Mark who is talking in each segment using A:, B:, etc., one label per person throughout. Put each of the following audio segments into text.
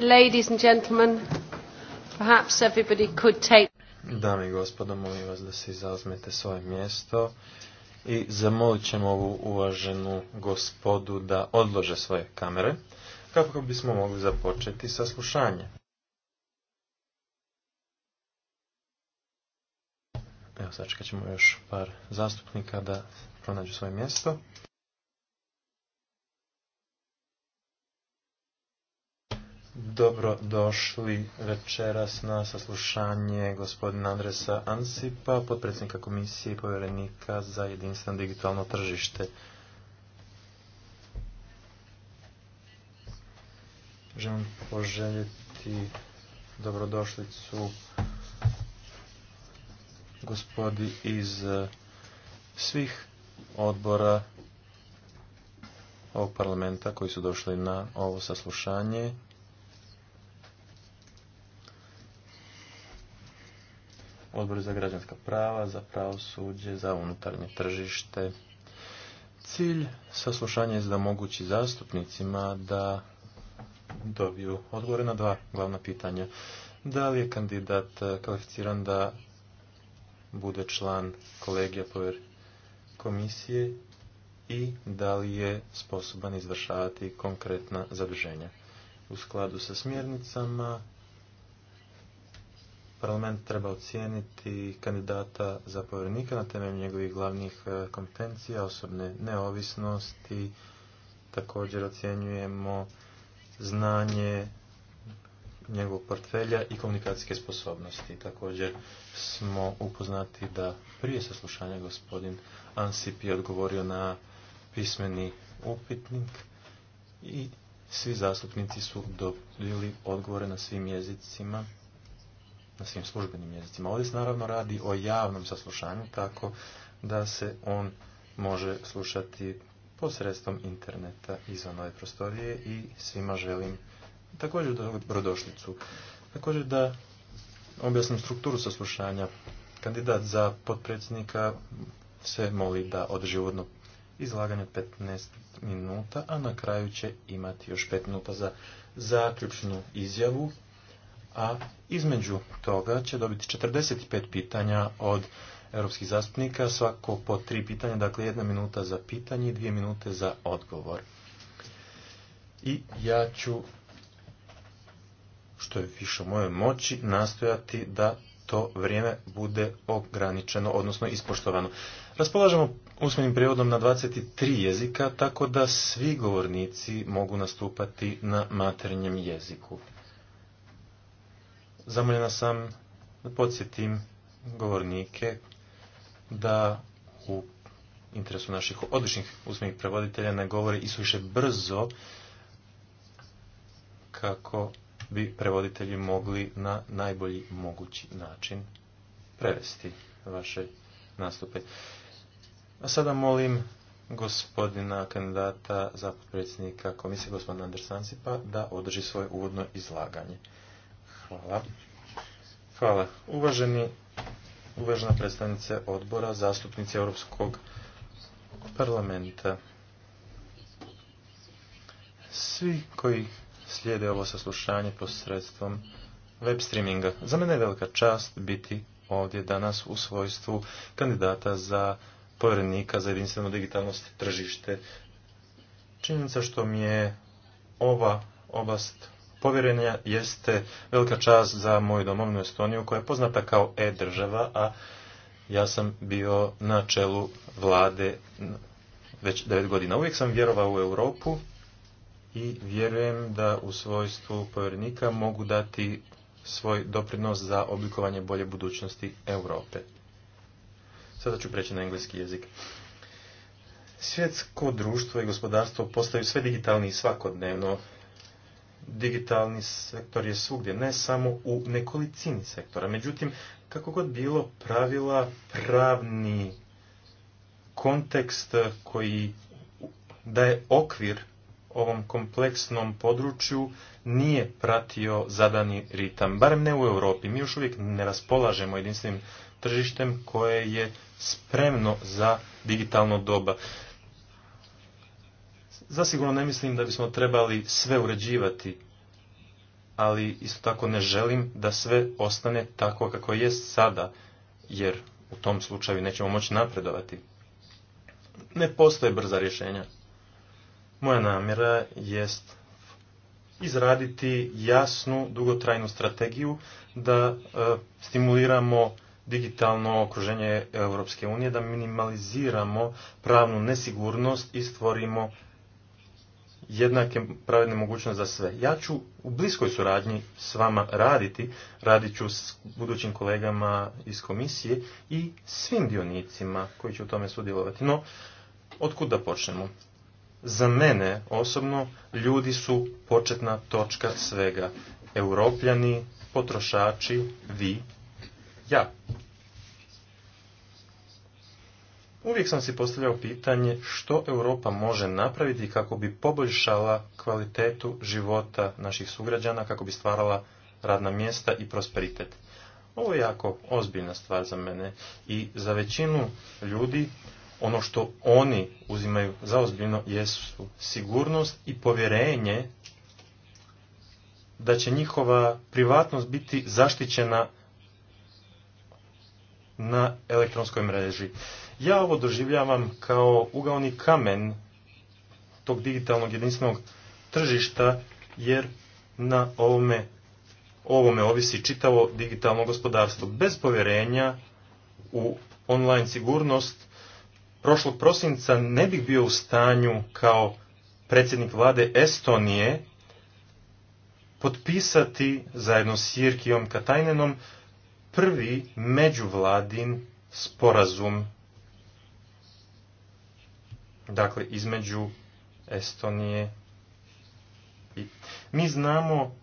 A: Ladies and gentlemen, perhaps everybody could take...
B: Dame i gospodo, molim vas da se zauzmete svoje mjesto i zamolit ćemo ovu uvaženu gospodu da odlože svoje kamere kako bismo mogli započeti sa slušanjem. Evo, sačekat ćemo još par zastupnika da pronađu svoje mjesto. Dobro došli večeras na saslušanje gospodina Andresa Ansipa, potpredsjednika komisije i povjerenika za jedinstveno digitalno tržište. Želim poželjeti dobrodošlicu gospodi iz svih odbora ovog parlamenta koji su došli na ovo saslušanje odbor za građanska prava, za pravosuđe, za unutarnje tržište. Cilj saslušanja je da mogući zastupnicima da dobiju odgovore na dva glavna pitanja. Da li je kandidat kvalificiran da bude član kolegija povjer komisije i da li je sposoban izvršavati konkretna zaduženja. U skladu sa smjernicama parlament treba ocijeniti kandidata za povjerenika na temelju njegovih glavnih e, kompetencija, osobne neovisnosti, također ocjenjujemo znanje njegovog portfelja i komunikacijske sposobnosti. Također smo upoznati da prije saslušanja gospodin Ansip je odgovorio na pismeni upitnik i svi zastupnici su dobili odgovore na svim jezicima na svim službenim jezicima. Ovdje se naravno radi o javnom saslušanju tako da se on može slušati posredstvom interneta izvan ove prostorije i svima želim također dobrodošlicu. Također da objasnim strukturu saslušanja. Kandidat za potpredsjednika se moli da održi uvodno izlaganje 15 minuta, a na kraju će imati još 5 minuta za zaključnu izjavu a između toga će dobiti 45 pitanja od europskih zastupnika, svako po tri pitanja, dakle jedna minuta za pitanje i dvije minute za odgovor. I ja ću, što je više u mojoj moći, nastojati da to vrijeme bude ograničeno, odnosno ispoštovano. Raspolažemo usmenim prijevodom na 23 jezika, tako da svi govornici mogu nastupati na maternjem jeziku. Zamoljena sam da podsjetim govornike da u interesu naših odličnih usmenih prevoditelja ne govori isuviše brzo kako bi prevoditelji mogli na najbolji mogući način prevesti vaše nastupe. A sada molim gospodina kandidata za potpredsjednika komisije gospodina Anders da održi svoje uvodno izlaganje. Hvala. Hvala. Uvaženi, uvažena predstavnice odbora, zastupnici Europskog parlamenta. Svi koji slijede ovo saslušanje posredstvom web streaminga. Za mene je velika čast biti ovdje danas u svojstvu kandidata za povjerenika za jedinstveno digitalnost tržište. Činjenica što mi je ova oblast povjerenja jeste velika čast za moju domovnu Estoniju koja je poznata kao e-država, a ja sam bio na čelu vlade već devet godina. Uvijek sam vjerovao u Europu i vjerujem da u svojstvu povjerenika mogu dati svoj doprinos za oblikovanje bolje budućnosti Europe. Sada ću preći na engleski jezik. Svjetsko društvo i gospodarstvo postaju sve digitalni svakodnevno digitalni sektor je svugdje, ne samo u nekolicini sektora. Međutim, kako god bilo pravila, pravni kontekst koji daje okvir ovom kompleksnom području nije pratio zadani ritam, barem ne u Europi. Mi još uvijek ne raspolažemo jedinstvenim tržištem koje je spremno za digitalno doba. Zasigurno ne mislim da bismo trebali sve uređivati, ali isto tako ne želim da sve ostane tako kako je sada, jer u tom slučaju nećemo moći napredovati. Ne postoje brza rješenja. Moja namjera jest izraditi jasnu, dugotrajnu strategiju da e, stimuliramo digitalno okruženje Europske unije, da minimaliziramo pravnu nesigurnost i stvorimo jednake pravedne mogućnosti za sve. Ja ću u bliskoj suradnji s vama raditi, radit ću s budućim kolegama iz komisije i svim dionicima koji će u tome sudjelovati. No, otkud da počnemo? Za mene osobno ljudi su početna točka svega. Europljani, potrošači, vi, ja. Uvijek sam si postavljao pitanje što Europa može napraviti kako bi poboljšala kvalitetu života naših sugrađana, kako bi stvarala radna mjesta i prosperitet. Ovo je jako ozbiljna stvar za mene i za većinu ljudi ono što oni uzimaju za ozbiljno jesu sigurnost i povjerenje da će njihova privatnost biti zaštićena na elektronskoj mreži. Ja ovo doživljavam kao ugaoni kamen tog digitalnog jedinstvenog tržišta, jer na ovome, ovome ovisi čitavo digitalno gospodarstvo. Bez povjerenja u online sigurnost prošlog prosinca ne bih bio u stanju kao predsjednik vlade Estonije potpisati zajedno s Jirkijom Katajnenom prvi međuvladin sporazum dakle između Estonije i... Mi znamo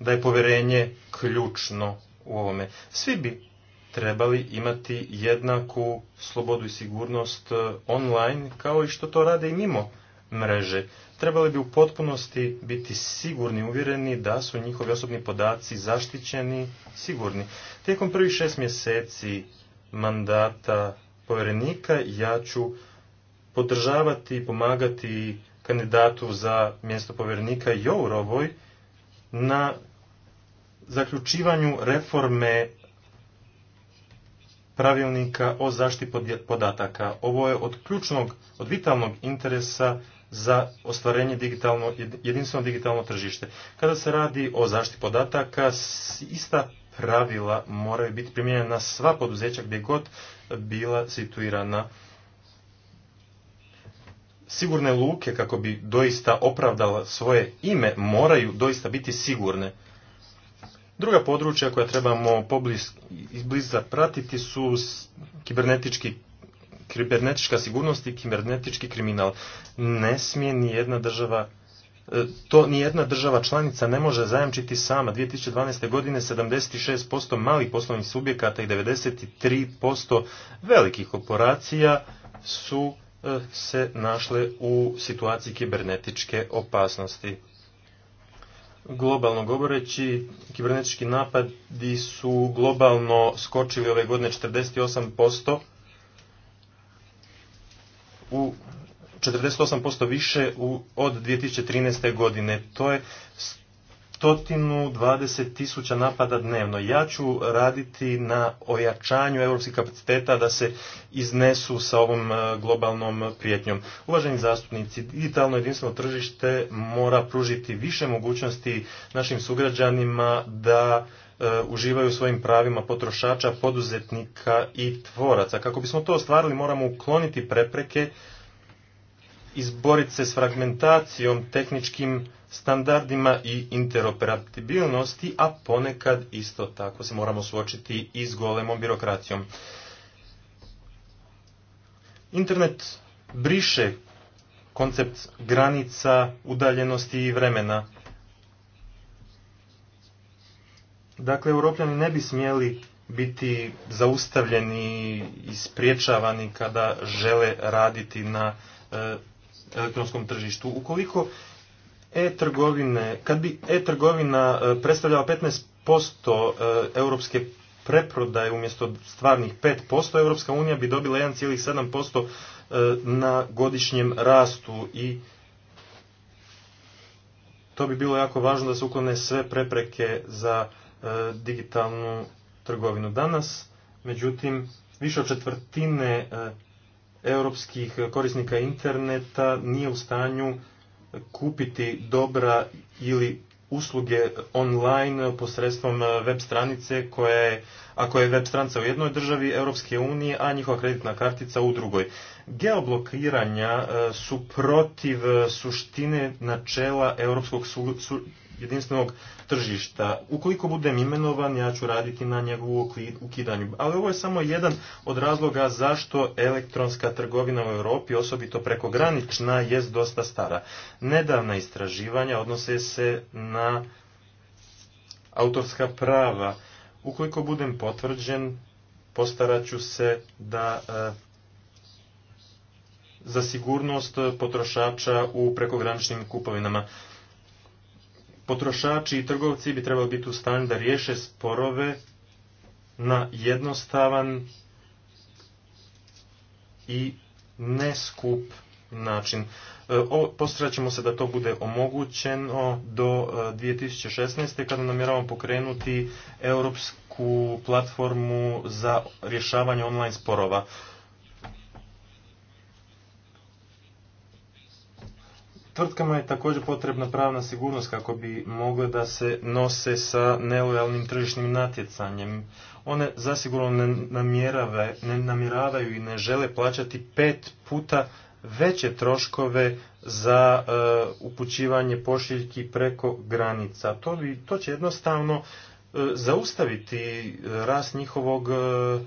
B: da je povjerenje ključno u ovome. Svi bi trebali imati jednaku slobodu i sigurnost e, online kao i što to rade i mimo mreže. Trebali bi u potpunosti biti sigurni, uvjereni da su njihovi osobni podaci zaštićeni, sigurni. Tijekom prvih šest mjeseci mandata povjerenika ja ću podržavati i pomagati kandidatu za mjesto povjernika Jourovoj na zaključivanju reforme pravilnika o zaštiti podataka. Ovo je od ključnog, od vitalnog interesa za ostvarenje digitalno, jedinstveno digitalno tržište. Kada se radi o zaštiti podataka, ista pravila moraju biti primijenjena na sva poduzeća gdje god bila situirana sigurne luke kako bi doista opravdala svoje ime moraju doista biti sigurne. Druga područja koja trebamo pobliz, izbliza pratiti su kibernetički kibernetička sigurnost i kibernetički kriminal. Ne smije ni jedna država e, to ni jedna država članica ne može zajamčiti sama. 2012. godine 76% malih poslovnih subjekata i 93% velikih korporacija su se našle u situaciji kibernetičke opasnosti. Globalno govoreći, kibernetički napadi su globalno skočili ove godine 48%, u 48% više u, od 2013. godine. To je dvadeset tisuća napada dnevno. Ja ću raditi na ojačanju europskih kapaciteta da se iznesu sa ovom e, globalnom prijetnjom. Uvaženi zastupnici, digitalno jedinstveno tržište mora pružiti više mogućnosti našim sugrađanima da e, uživaju svojim pravima potrošača, poduzetnika i tvoraca. Kako bismo to ostvarili moramo ukloniti prepreke izboriti se s fragmentacijom, tehničkim standardima i interoperabilnosti, a ponekad isto tako se moramo suočiti i s golemom birokracijom. Internet briše koncept granica, udaljenosti i vremena. Dakle, europljani ne bi smjeli biti zaustavljeni i spriječavani kada žele raditi na e, elektronskom tržištu. Ukoliko e-trgovine, kad bi e-trgovina e, predstavljala 15% e, europske preprodaje umjesto stvarnih 5%, Europska unija bi dobila 1,7% e, na godišnjem rastu i to bi bilo jako važno da se uklone sve prepreke za digitalnu trgovinu. Danas, međutim, više od četvrtine europskih korisnika interneta nije u stanju kupiti dobra ili usluge online posredstvom web stranice koja, ako je web stranica u jednoj državi Europske unije, a njihova kreditna kartica u drugoj. Geoblokiranja e, su protiv e, suštine načela europskog jedinstvenog tržišta. Ukoliko budem imenovan, ja ću raditi na njegovu ukidanju. Ali ovo je samo jedan od razloga zašto elektronska trgovina u Europi, osobito prekogranična, jest dosta stara. Nedavna istraživanja odnose se na autorska prava. Ukoliko budem potvrđen, postarat ću se da e, za sigurnost potrošača u prekograničnim kupovinama. Potrošači i trgovci bi trebali biti u stanju da riješe sporove na jednostavan i neskup način. E, Postraćemo se da to bude omogućeno do 2016. E, kada namjeravamo pokrenuti europsku platformu za rješavanje online sporova. Tvrtkama je također potrebna pravna sigurnost kako bi mogle da se nose sa nelojalnim tržišnim natjecanjem. One zasigurno ne, namjerave, ne namjeravaju i ne žele plaćati pet puta veće troškove za e, upućivanje pošiljki preko granica. To, bi, to će jednostavno e, zaustaviti e, rast njihovog,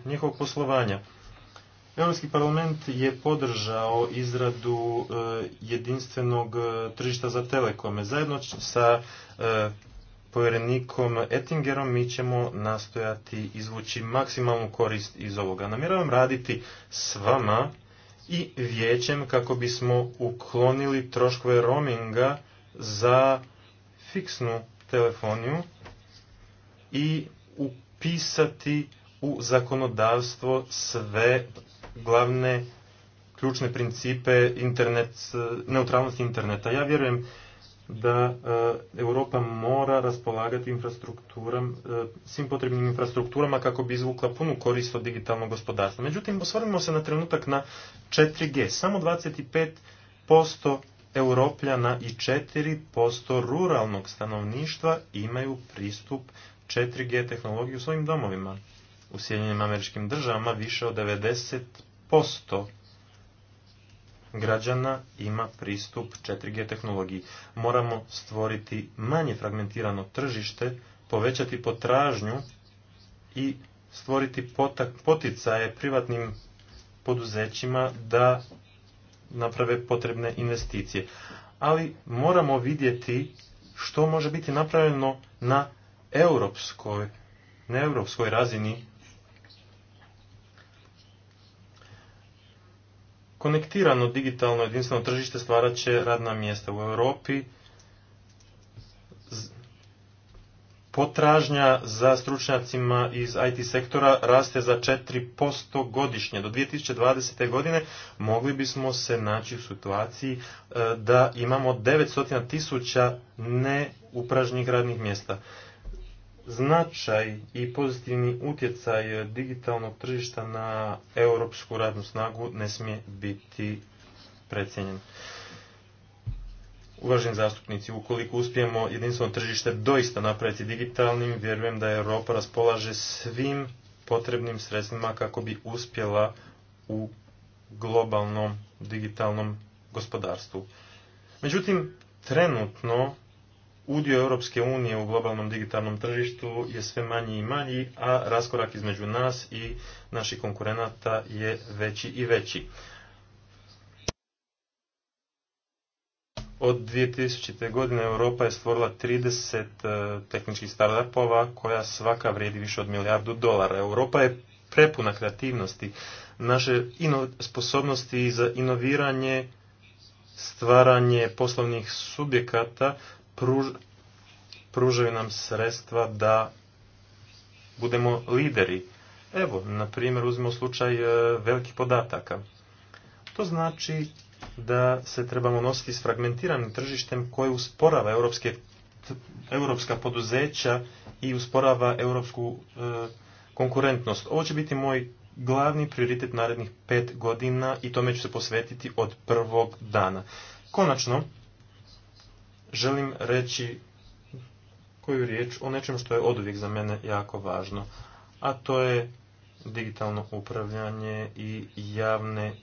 B: njihovog poslovanja. Europski parlament je podržao izradu e, jedinstvenog e, tržišta za telekome. Zajedno sa e, povjerenikom Ettingerom mi ćemo nastojati izvući maksimalnu korist iz ovoga. Namjeravam raditi s vama i vijećem kako bismo uklonili troškove roaminga za fiksnu telefoniju i upisati u zakonodavstvo sve glavne ključne principe internet, neutralnosti interneta. Ja vjerujem da e, Europa mora raspolagati infrastrukturam, e, svim potrebnim infrastrukturama kako bi izvukla punu korist od digitalnog gospodarstva. Međutim, osvrnimo se na trenutak na 4G. Samo 25% europljana i 4% ruralnog stanovništva imaju pristup 4G tehnologiji u svojim domovima u Sjedinjenim američkim državama više od 90% građana ima pristup 4G tehnologiji. Moramo stvoriti manje fragmentirano tržište, povećati potražnju i stvoriti poticaje privatnim poduzećima da naprave potrebne investicije. Ali moramo vidjeti što može biti napravljeno na europskoj, na europskoj razini Konektirano digitalno jedinstveno tržište stvarat će radna mjesta u Europi. Potražnja za stručnjacima iz IT sektora raste za 4% godišnje. Do 2020. godine mogli bismo se naći u situaciji e, da imamo 900 tisuća neupražnjih radnih mjesta značaj i pozitivni utjecaj digitalnog tržišta na europsku radnu snagu ne smije biti precijenjen. Uvaženi zastupnici, ukoliko uspijemo jedinstveno tržište doista napraviti digitalnim, vjerujem da Europa raspolaže svim potrebnim sredstvima kako bi uspjela u globalnom digitalnom gospodarstvu. Međutim, trenutno Udio Europske unije u globalnom digitalnom tržištu je sve manji i manji, a raskorak između nas i naših konkurenata je veći i veći. Od 2000. godine Europa je stvorila 30 e, tehničkih startupova koja svaka vrijedi više od milijardu dolara. Europa je prepuna kreativnosti, naše sposobnosti za inoviranje, stvaranje poslovnih subjekata pružaju nam sredstva da budemo lideri. Evo, na primjer, uzmemo slučaj e, velikih podataka. To znači da se trebamo nositi s fragmentiranim tržištem koje usporava europske, europska poduzeća i usporava europsku e, konkurentnost. Ovo će biti moj glavni prioritet narednih pet godina i tome ću se posvetiti od prvog dana. Konačno, želim reći koju riječ o nečem što je oduvijek za mene jako važno, a to je digitalno upravljanje i javne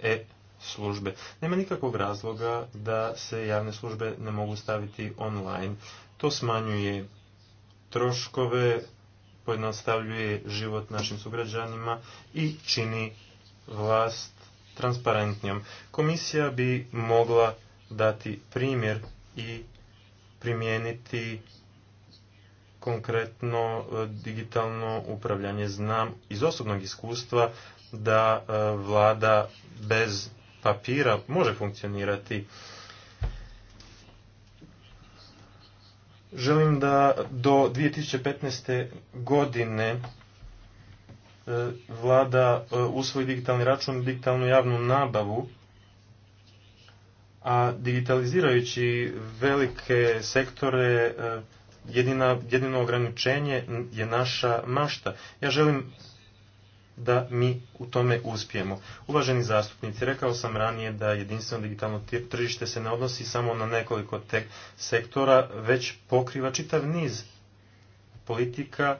B: e-službe. Nema nikakvog razloga da se javne službe ne mogu staviti online. To smanjuje troškove, pojednostavljuje život našim sugrađanima i čini vlast transparentnijom. Komisija bi mogla dati primjer i primijeniti konkretno e, digitalno upravljanje. Znam iz osobnog iskustva da e, vlada bez papira može funkcionirati. Želim da do 2015. godine E, vlada e, usvoji digitalni račun, digitalnu javnu nabavu, a digitalizirajući velike sektore e, jedina, jedino ograničenje je naša mašta. Ja želim da mi u tome uspijemo. Uvaženi zastupnici, rekao sam ranije da jedinstveno digitalno tržište se ne odnosi samo na nekoliko tek sektora, već pokriva čitav niz politika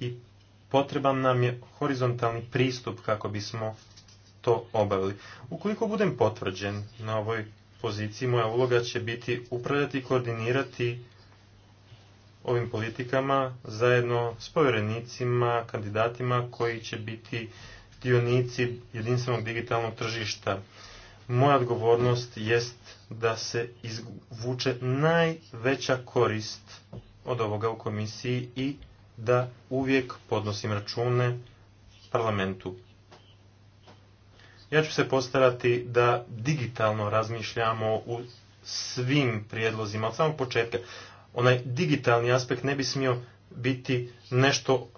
B: i Potreban nam je horizontalni pristup kako bismo to obavili. Ukoliko budem potvrđen na ovoj poziciji, moja uloga će biti upravljati i koordinirati ovim politikama zajedno s povjerenicima, kandidatima koji će biti dionici jedinstvenog digitalnog tržišta. Moja odgovornost jest da se izvuče najveća korist od ovoga u komisiji i da uvijek podnosim račune parlamentu. Ja ću se postarati da digitalno razmišljamo u svim prijedlozima od samog početka. Onaj digitalni aspekt ne bi smio biti nešto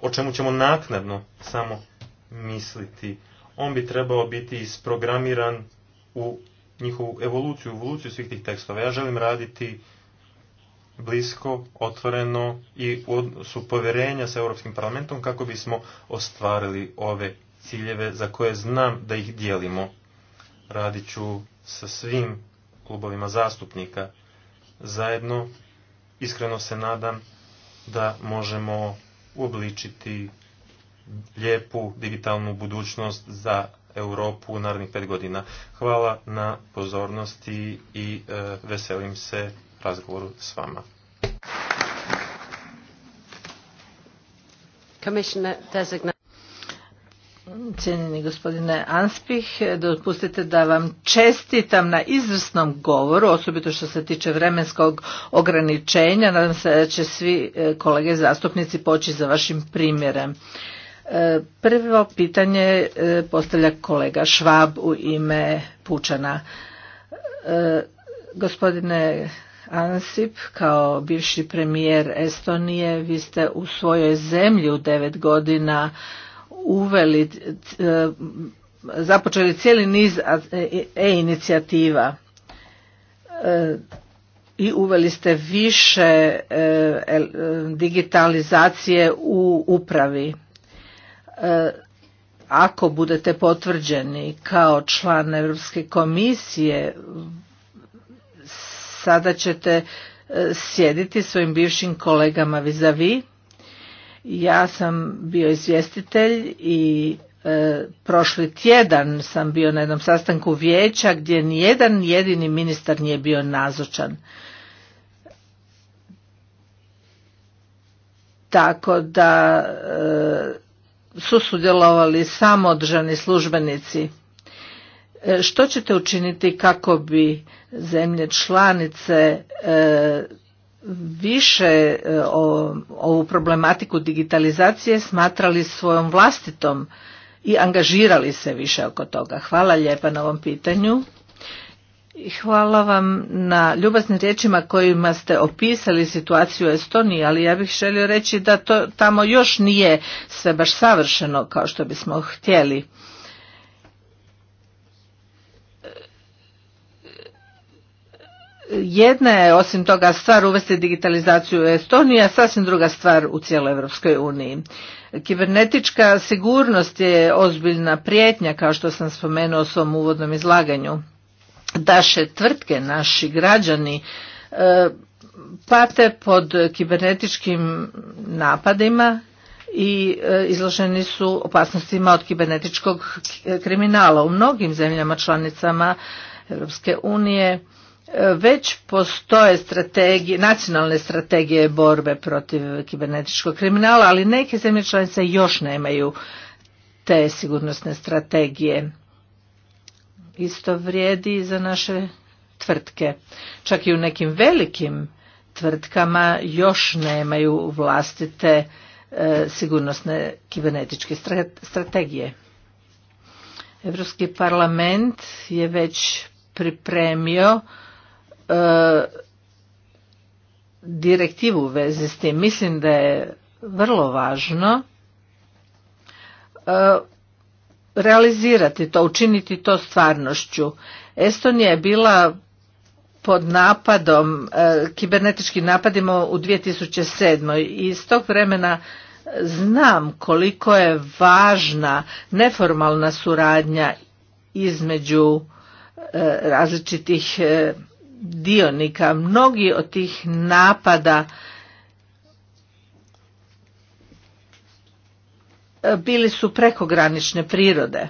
B: o čemu ćemo naknadno samo misliti. On bi trebao biti isprogramiran u njihovu evoluciju, evoluciju svih tih tekstova. Ja želim raditi blisko, otvoreno i su povjerenja sa Europskim parlamentom kako bismo ostvarili ove ciljeve za koje znam da ih dijelimo. Radit ću sa svim klubovima zastupnika zajedno. Iskreno se nadam da možemo uobličiti lijepu digitalnu budućnost za Europu u narednih pet godina. Hvala na pozornosti i e, veselim se razgovoru s vama.
A: Cijenjeni gospodine Anspih, dopustite da vam čestitam na izvrsnom govoru, osobito što se tiče vremenskog ograničenja. Nadam se da će svi e, kolege zastupnici poći za vašim primjerem. E, prvo pitanje e, postavlja kolega Švab u ime Pučana. Gospodine Ansip, kao bivši premijer Estonije, vi ste u svojoj zemlji u devet godina uveli, e, započeli cijeli niz e-inicijativa e, e, i uveli ste više digitalizacije u upravi. Ako budete potvrđeni kao član Europske komisije, sada ćete e, sjediti svojim bivšim kolegama vis-a-vis. Ja sam bio izvjestitelj i e, prošli tjedan sam bio na jednom sastanku vijeća gdje nijedan jedini ministar nije bio nazočan. Tako da e, su sudjelovali samo državni službenici. E, što ćete učiniti kako bi zemlje članice e, više e, ovu problematiku digitalizacije smatrali svojom vlastitom i angažirali se više oko toga. Hvala lijepa na ovom pitanju. I hvala vam na ljubaznim riječima kojima ste opisali situaciju u Estoniji, ali ja bih želio reći da to tamo još nije sve baš savršeno kao što bismo htjeli. jedna je osim toga stvar uvesti digitalizaciju u Estoniju, a sasvim druga stvar u cijeloj Europskoj uniji. Kibernetička sigurnost je ozbiljna prijetnja, kao što sam spomenuo u svom uvodnom izlaganju. Daše tvrtke, naši građani, e, pate pod kibernetičkim napadima i e, izloženi su opasnostima od kibernetičkog kriminala. U mnogim zemljama članicama Europske unije već postoje strategije, nacionalne strategije borbe protiv kibernetičkog kriminala, ali neke zemlje članice još nemaju te sigurnosne strategije. Isto vrijedi i za naše tvrtke. Čak i u nekim velikim tvrtkama još nemaju vlastite e, sigurnosne kibernetičke strategije. Europski parlament je već pripremio direktivu u vezi s tim. Mislim da je vrlo važno e, realizirati to, učiniti to stvarnošću. Estonija je bila pod napadom, e, kibernetičkim napadima u 2007. i s tog vremena znam koliko je važna neformalna suradnja između e, različitih dionika. Mnogi od tih napada e, bili su prekogranične prirode.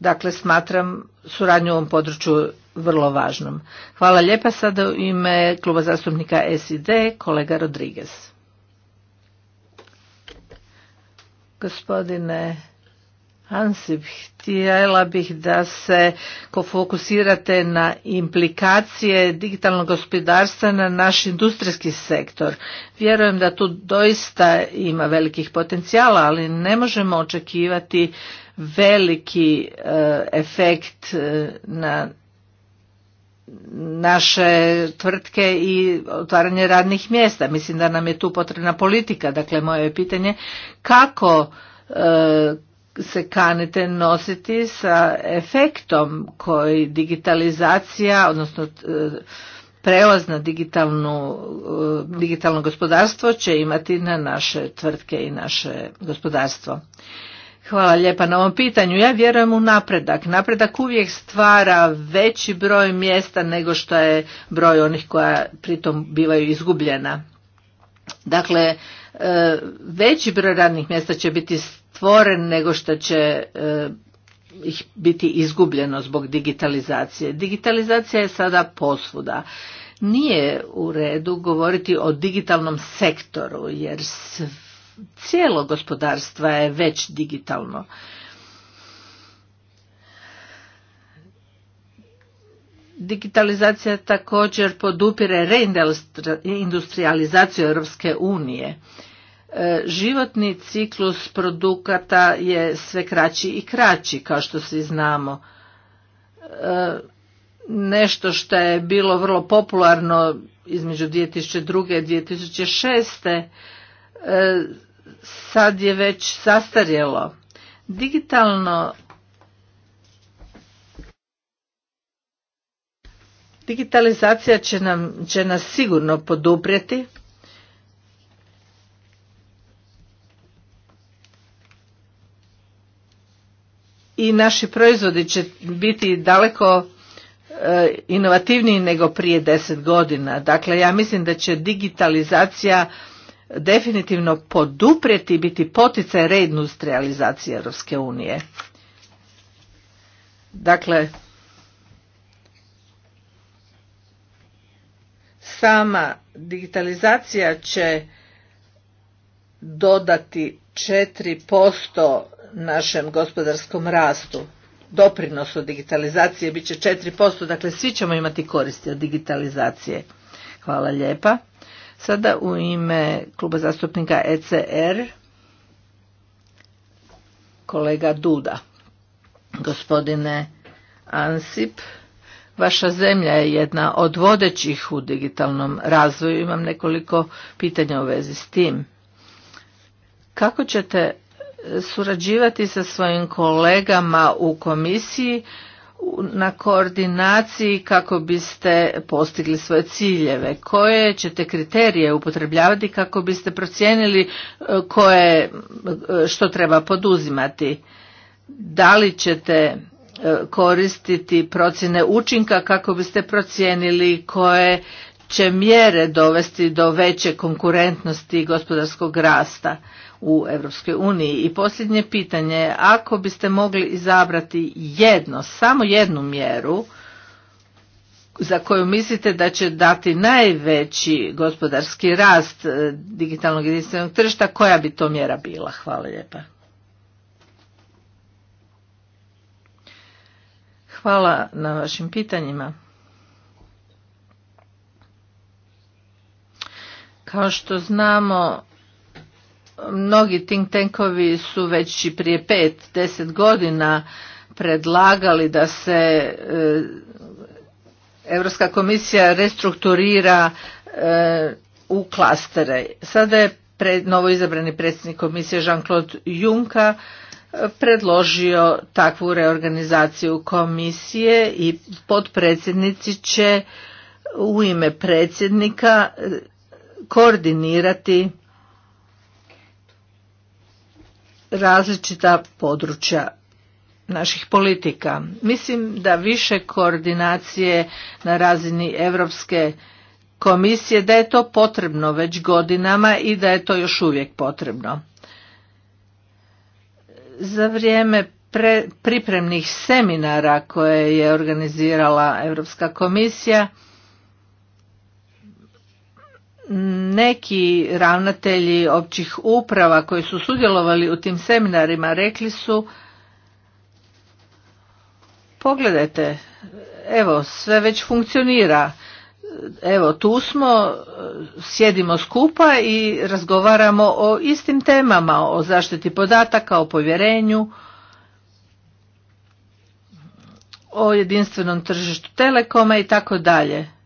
A: Dakle, smatram suradnju u ovom području vrlo važnom. Hvala lijepa sada u ime kluba zastupnika SID, kolega Rodriguez. Gospodine Ansip, htjela bih da se fokusirate na implikacije digitalnog gospodarstva na naš industrijski sektor. Vjerujem da tu doista ima velikih potencijala, ali ne možemo očekivati veliki e, efekt e, na naše tvrtke i otvaranje radnih mjesta. Mislim da nam je tu potrebna politika. Dakle, moje pitanje kako e, se kanite nositi sa efektom koji digitalizacija, odnosno e, prelaz na e, digitalno gospodarstvo će imati na naše tvrtke i naše gospodarstvo. Hvala lijepa na ovom pitanju. Ja vjerujem u napredak. Napredak uvijek stvara veći broj mjesta nego što je broj onih koja pritom bivaju izgubljena. Dakle, e, veći broj radnih mjesta će biti stvoren nego što će e, ih biti izgubljeno zbog digitalizacije. Digitalizacija je sada posvuda. Nije u redu govoriti o digitalnom sektoru jer cijelo gospodarstva je već digitalno. Digitalizacija također podupire reindustrializaciju Europske unije E, životni ciklus produkata je sve kraći i kraći kao što svi znamo e, nešto što je bilo vrlo popularno između 2002. i 2006. E, sad je već sastarjelo. Digitalno Digitalizacija će, će nas sigurno poduprijeti i naši proizvodi će biti daleko e, inovativniji nego prije deset godina. Dakle, ja mislim da će digitalizacija definitivno poduprijeti i biti poticaj reindustrializacije Europske unije. Dakle, sama digitalizacija će dodati posto našem gospodarskom rastu. Doprinos od digitalizacije bit će 4%, dakle svi ćemo imati koristi od digitalizacije. Hvala lijepa. Sada u ime kluba zastupnika ECR kolega Duda. Gospodine Ansip, vaša zemlja je jedna od vodećih u digitalnom razvoju. Imam nekoliko pitanja u vezi s tim. Kako ćete surađivati sa svojim kolegama u komisiji na koordinaciji kako biste postigli svoje ciljeve koje ćete kriterije upotrebljavati kako biste procijenili e, koje e, što treba poduzimati da li ćete e, koristiti procjene učinka kako biste procijenili koje će mjere dovesti do veće konkurentnosti i gospodarskog rasta u Europskoj uniji. I posljednje pitanje, ako biste mogli izabrati jedno, samo jednu mjeru za koju mislite da će dati najveći gospodarski rast e, digitalnog jedinstvenog tržišta, koja bi to mjera bila? Hvala lijepa. Hvala na vašim pitanjima. Kao što znamo, mnogi think tankovi su već i prije pet, deset godina predlagali da se Europska komisija restrukturira e, u klastere. Sada je pred, novo izabrani predsjednik komisije Jean-Claude Juncker e, predložio takvu reorganizaciju komisije i podpredsjednici će u ime predsjednika e, koordinirati različita područja naših politika. Mislim da više koordinacije na razini Europske komisije da je to potrebno već godinama i da je to još uvijek potrebno. Za vrijeme pripremnih seminara koje je organizirala Europska komisija neki ravnatelji općih uprava koji su sudjelovali u tim seminarima rekli su pogledajte evo sve već funkcionira evo tu smo sjedimo skupa i razgovaramo o istim temama o zaštiti podataka o povjerenju o jedinstvenom tržištu telekoma i tako dalje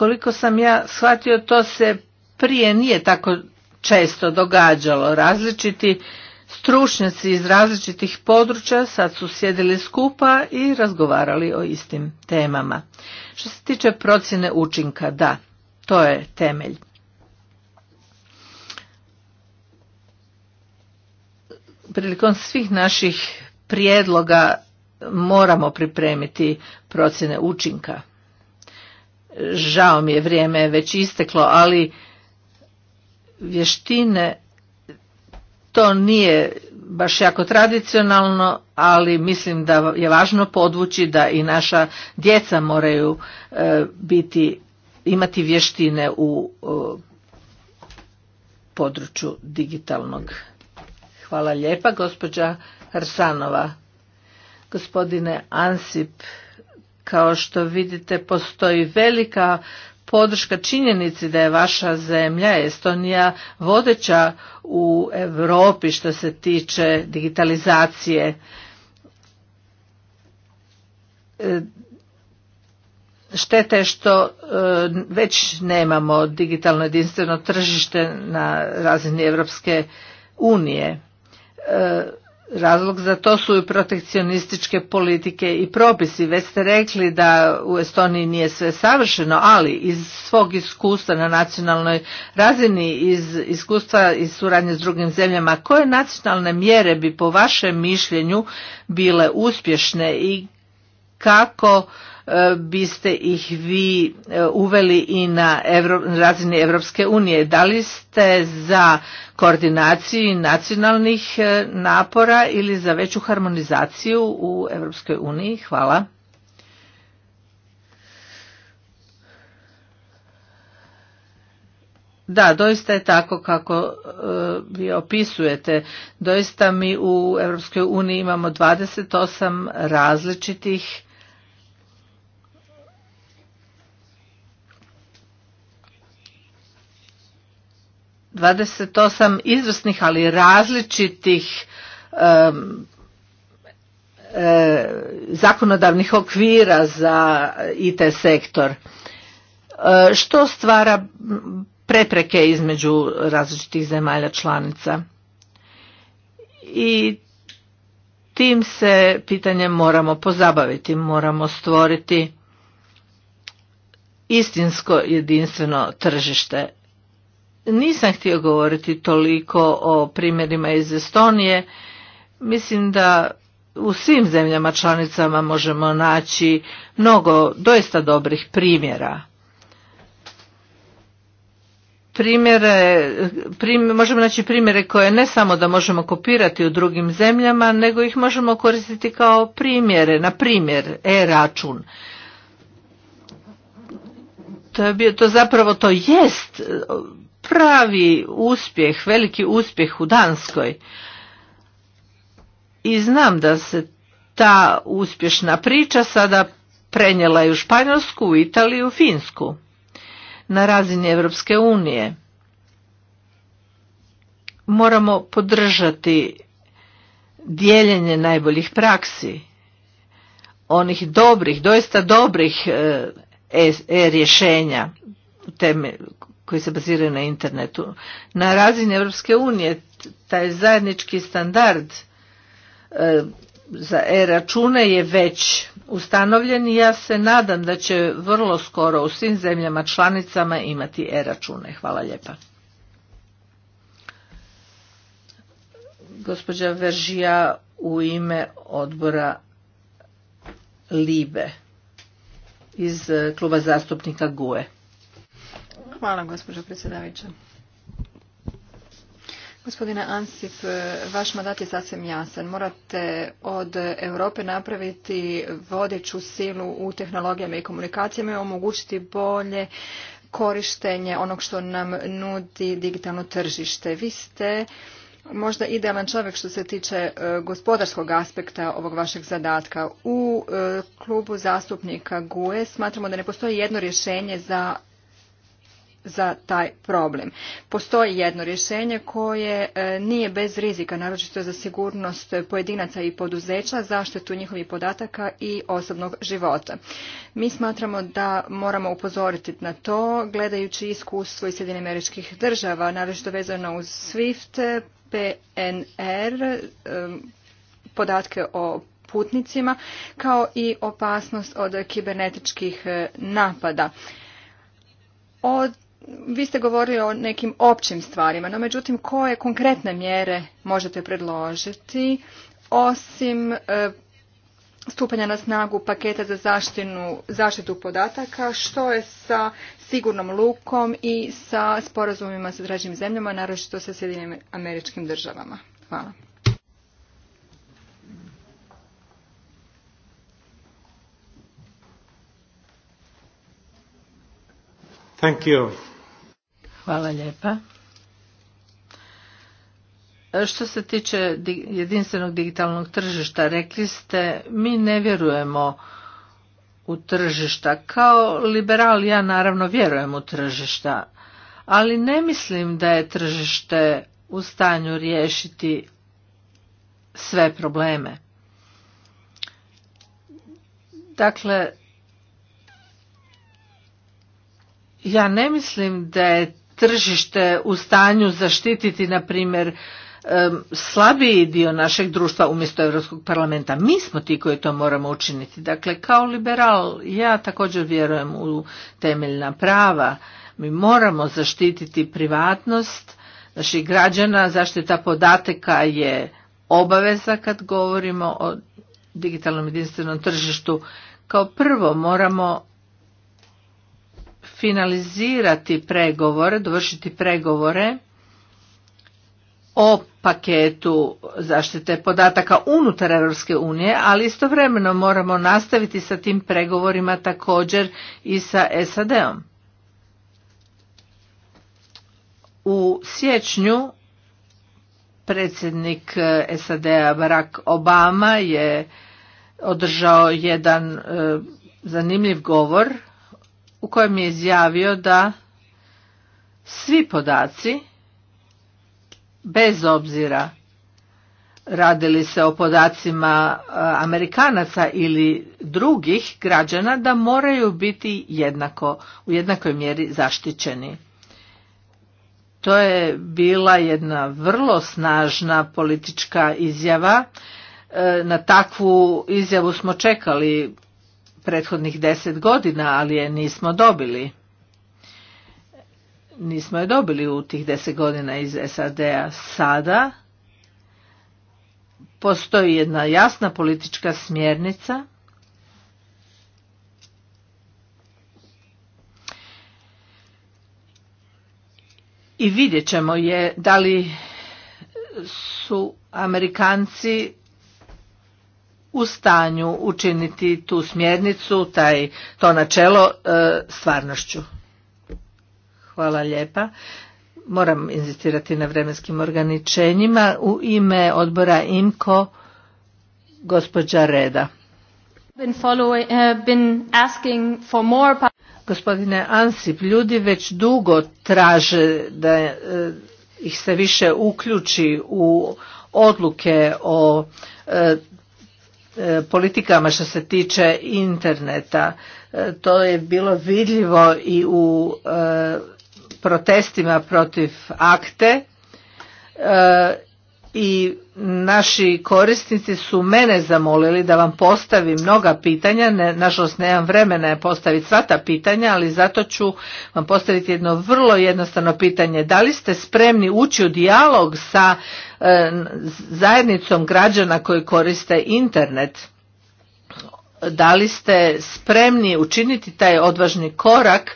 A: Koliko sam ja shvatio, to se prije nije tako često događalo. Različiti stručnjaci iz različitih područja sad su sjedili skupa i razgovarali o istim temama. Što se tiče procjene učinka, da, to je temelj. Prilikom svih naših prijedloga moramo pripremiti procjene učinka žao mi je vrijeme je već isteklo, ali vještine to nije baš jako tradicionalno, ali mislim da je važno podvući da i naša djeca moraju e, biti imati vještine u e, području digitalnog. Hvala lijepa, gospođa Hrsanova. Gospodine Ansip, kao što vidite, postoji velika podrška činjenici da je vaša zemlja Estonija vodeća u Europi što se tiče digitalizacije. E, šteta je što e, već nemamo digitalno jedinstveno tržište na razini Europske unije. E, Razlog za to su i protekcionističke politike i propisi. Već ste rekli da u Estoniji nije sve savršeno, ali iz svog iskustva na nacionalnoj razini, iz iskustva i suradnje s drugim zemljama, koje nacionalne mjere bi po vašem mišljenju bile uspješne i kako E, biste ih vi e, uveli i na razini Evropske unije. Da li ste za koordinaciju nacionalnih e, napora ili za veću harmonizaciju u Evropskoj uniji? Hvala. Da, doista je tako kako vi opisujete. Doista mi u EU uniji imamo 28 različitih 28 izvrsnih, ali različitih e, zakonodavnih okvira za IT sektor. E, što stvara prepreke između različitih zemalja članica? I tim se pitanjem moramo pozabaviti, moramo stvoriti istinsko jedinstveno tržište nisam htio govoriti toliko o primjerima iz Estonije. Mislim da u svim zemljama članicama možemo naći mnogo doista dobrih primjera. Primjere, možemo naći primjere koje ne samo da možemo kopirati u drugim zemljama, nego ih možemo koristiti kao primjere, na primjer e-račun. To to zapravo to jest pravi uspjeh, veliki uspjeh u Danskoj. I znam da se ta uspješna priča sada prenijela i u Španjolsku, u Italiju, u Finsku na razini Europske unije. Moramo podržati dijeljenje najboljih praksi, onih dobrih, doista dobrih e, e, e rješenja koji se baziraju na internetu. Na razini Europske unije taj zajednički standard e, za e-račune je već ustanovljen i ja se nadam da će vrlo skoro u svim zemljama članicama imati e-račune. Hvala lijepa. Gospođa Veržija u ime odbora Libe iz kluba zastupnika GUE.
C: Hvala, gospođo predsjedavajuća. Gospodine Ansip, vaš mandat je sasvim jasan. Morate od Europe napraviti vodeću silu u tehnologijama i komunikacijama i omogućiti bolje korištenje onog što nam nudi digitalno tržište. Vi ste možda idealan čovjek što se tiče e, gospodarskog aspekta ovog vašeg zadatka. U e, klubu zastupnika GUE smatramo da ne postoji jedno rješenje za za taj problem. Postoji jedno rješenje koje e, nije bez rizika, naročito za sigurnost pojedinaca i poduzeća, zaštitu njihovih podataka i osobnog života. Mi smatramo da moramo upozoriti na to, gledajući iskustvo iz Sjedine američkih država, naročito vezano uz SWIFT, PNR, e, podatke o putnicima, kao i opasnost od kibernetičkih e, napada. Od vi ste govorili o nekim općim stvarima, no međutim koje konkretne mjere možete predložiti osim e, stupanja na snagu paketa za zaštinu, zaštitu podataka, što je sa sigurnom lukom i sa sporazumima sa dražim zemljama, naročito sa Sjedinim američkim državama. Hvala.
D: Thank you.
A: Hvala lijepa. Što se tiče jedinstvenog digitalnog tržišta, rekli ste, mi ne vjerujemo u tržišta. Kao liberal ja naravno vjerujem u tržišta, ali ne mislim da je tržište u stanju riješiti sve probleme. Dakle, ja ne mislim da je tržište u stanju zaštititi, na primjer, slabiji dio našeg društva umjesto Europskog parlamenta. Mi smo ti koji to moramo učiniti. Dakle, kao liberal ja također vjerujem u temeljna prava. Mi moramo zaštititi privatnost naših građana. Zaštita podataka je obaveza kad govorimo o digitalnom jedinstvenom tržištu. Kao prvo moramo finalizirati pregovore, dovršiti pregovore o paketu zaštite podataka unutar Europske unije, ali istovremeno moramo nastaviti sa tim pregovorima također i sa SAD-om. U siječnju predsjednik SAD-a Barack Obama je održao jedan e, zanimljiv govor u kojem je izjavio da svi podaci, bez obzira radili se o podacima e, Amerikanaca ili drugih građana, da moraju biti jednako, u jednakoj mjeri zaštićeni. To je bila jedna vrlo snažna politička izjava. E, na takvu izjavu smo čekali prethodnih deset godina, ali je nismo dobili. Nismo je dobili u tih deset godina iz SAD-a. Sada postoji jedna jasna politička smjernica i vidjet ćemo je da li su Amerikanci u stanju učiniti tu smjernicu, taj, to načelo e, stvarnošću. Hvala lijepa. Moram inzistirati na vremenskim organičenjima. U ime odbora IMKO, gospođa Reda. Been uh, pa- Gospodine Ansip, ljudi već dugo traže da e, ih se više uključi u odluke o e, E, politikama što se tiče interneta. E, to je bilo vidljivo i u e, protestima protiv akte i naši korisnici su mene zamolili da vam postavim mnoga pitanja, ne, nažalost nemam vremena postaviti sva ta pitanja, ali zato ću vam postaviti jedno vrlo jednostavno pitanje. Da li ste spremni ući u dijalog sa zajednicom građana koji koriste internet da li ste spremni učiniti taj odvažni korak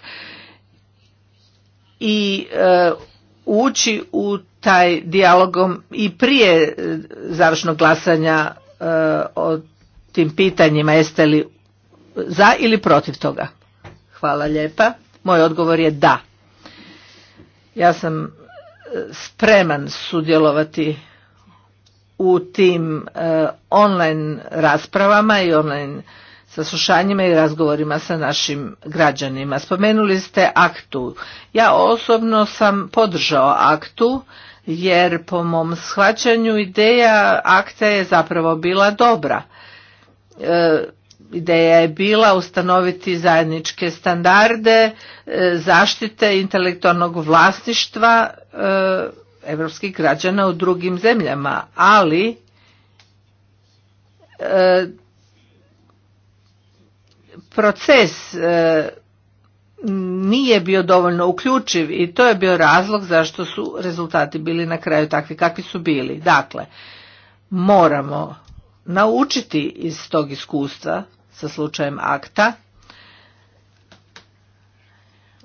A: i eh, ući u taj dijalogom i prije eh, završnog glasanja eh, o tim pitanjima jeste li za ili protiv toga hvala lijepa moj odgovor je da ja sam spreman sudjelovati u tim e, online raspravama i online saslušanjima i razgovorima sa našim građanima. Spomenuli ste aktu. Ja osobno sam podržao aktu jer po mom shvaćanju ideja akta je zapravo bila dobra. E, Ideja je bila ustanoviti zajedničke standarde e, zaštite intelektualnog vlasništva e, evropskih građana u drugim zemljama, ali e, proces nije bio dovoljno uključiv i to je bio razlog zašto su rezultati bili na kraju takvi kakvi su bili. Dakle, moramo naučiti iz tog iskustva sa slučajem akta.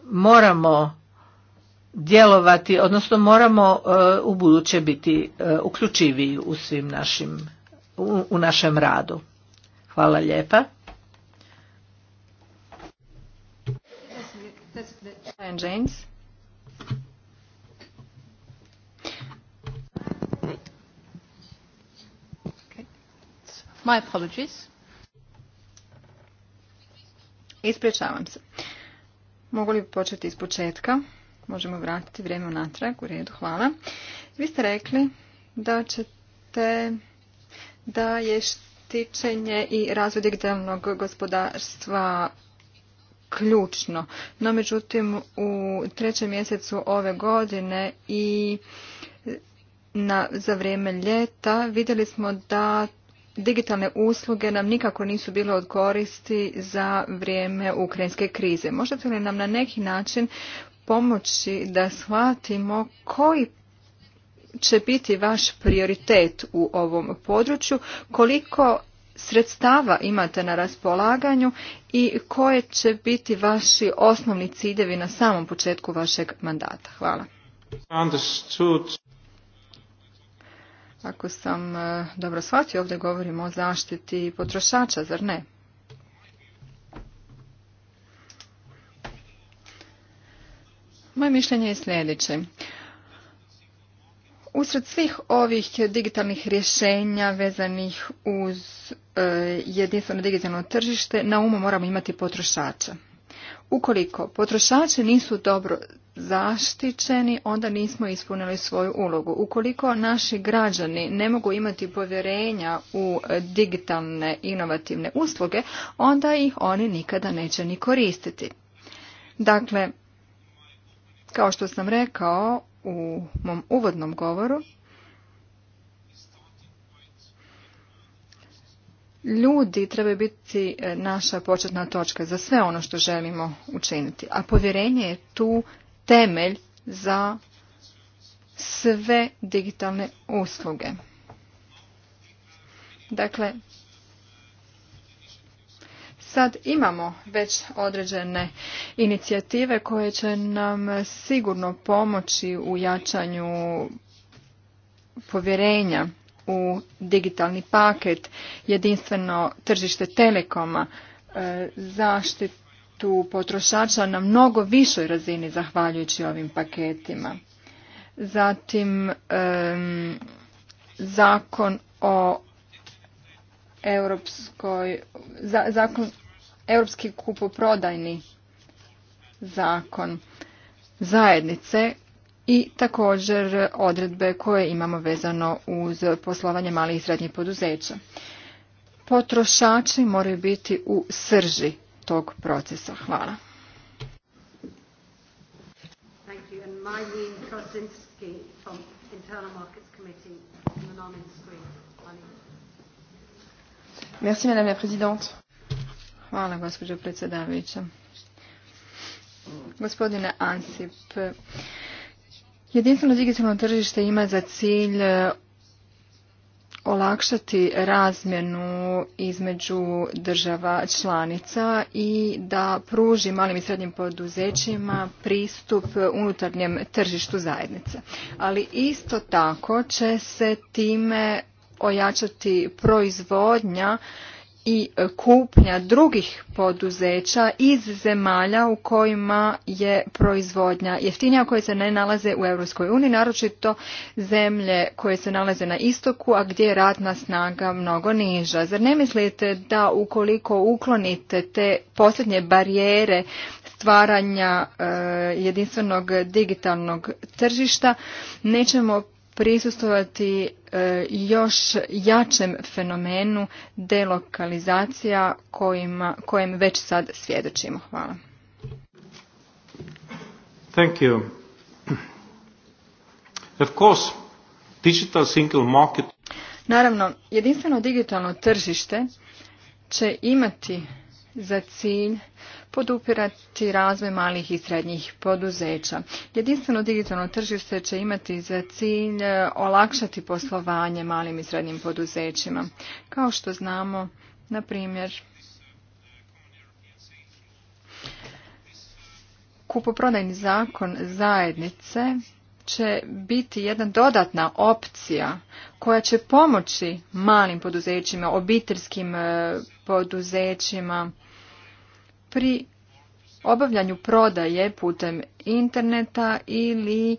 A: Moramo djelovati, odnosno moramo e, u buduće biti e, uključiviji u svim našim, u, našem radu. Hvala lijepa.
C: My apologies. Ispričavam se. Mogu li početi iz početka? Možemo vratiti vrijeme u natrag. U redu, hvala. Vi ste rekli da ćete da je štićenje i razvoj digitalnog gospodarstva ključno. No, međutim, u trećem mjesecu ove godine i na, za vrijeme ljeta vidjeli smo da digitalne usluge nam nikako nisu bile od koristi za vrijeme ukrajinske krize. Možete li nam na neki način pomoći da shvatimo koji će biti vaš prioritet u ovom području, koliko sredstava imate na raspolaganju i koje će biti vaši osnovni ciljevi na samom početku vašeg mandata. Hvala. Ako sam e, dobro shvatio, ovdje govorimo o zaštiti potrošača, zar ne? Moje mišljenje je sljedeće. Usred svih ovih digitalnih rješenja vezanih uz e, jedinstveno digitalno tržište, na umu moramo imati potrošača. Ukoliko potrošače nisu dobro zaštićeni, onda nismo ispunili svoju ulogu. Ukoliko naši građani ne mogu imati povjerenja u digitalne inovativne usluge, onda ih oni nikada neće ni koristiti. Dakle, kao što sam rekao u mom uvodnom govoru, ljudi trebaju biti e, naša početna točka za sve ono što želimo učiniti, a povjerenje je tu temelj za sve digitalne usluge. Dakle, sad imamo već određene inicijative koje će nam sigurno pomoći u jačanju povjerenja u digitalni paket, jedinstveno tržište telekoma, e, zaštitu zaštitu potrošača na mnogo višoj razini zahvaljujući ovim paketima. Zatim zakon o europskoj zakon europski kupoprodajni zakon zajednice i također odredbe koje imamo vezano uz poslovanje malih i srednjih poduzeća. Potrošači moraju biti u srži tog procesa. Hvala. Merci Madame la Présidente. Hvala gospođo predsjedavajuća. Gospodine Ansip, jedinstveno digitalno tržište ima za cilj olakšati razmjenu između država članica i da pruži malim i srednjim poduzećima pristup unutarnjem tržištu zajednice. Ali isto tako će se time ojačati proizvodnja i kupnja drugih poduzeća iz zemalja u kojima je proizvodnja jeftinija koje se ne nalaze u Europskoj uniji, naročito zemlje koje se nalaze na istoku, a gdje je radna snaga mnogo niža. Zar ne mislite da ukoliko uklonite te posljednje barijere stvaranja e, jedinstvenog digitalnog tržišta nećemo prisustovati e, još jačem fenomenu delokalizacija kojim kojem već sad svjedočimo. Hvala.
D: Thank you. Of course, digital single market...
C: Naravno, jedinstveno digitalno tržište će imati za cilj podupirati razvoj malih i srednjih poduzeća. Jedinstveno digitalno tržište će imati za cilj e, olakšati poslovanje malim i srednjim poduzećima. Kao što znamo, na primjer, kupoprodajni zakon zajednice će biti jedna dodatna opcija koja će pomoći malim poduzećima, obiteljskim e, poduzećima pri obavljanju prodaje putem interneta ili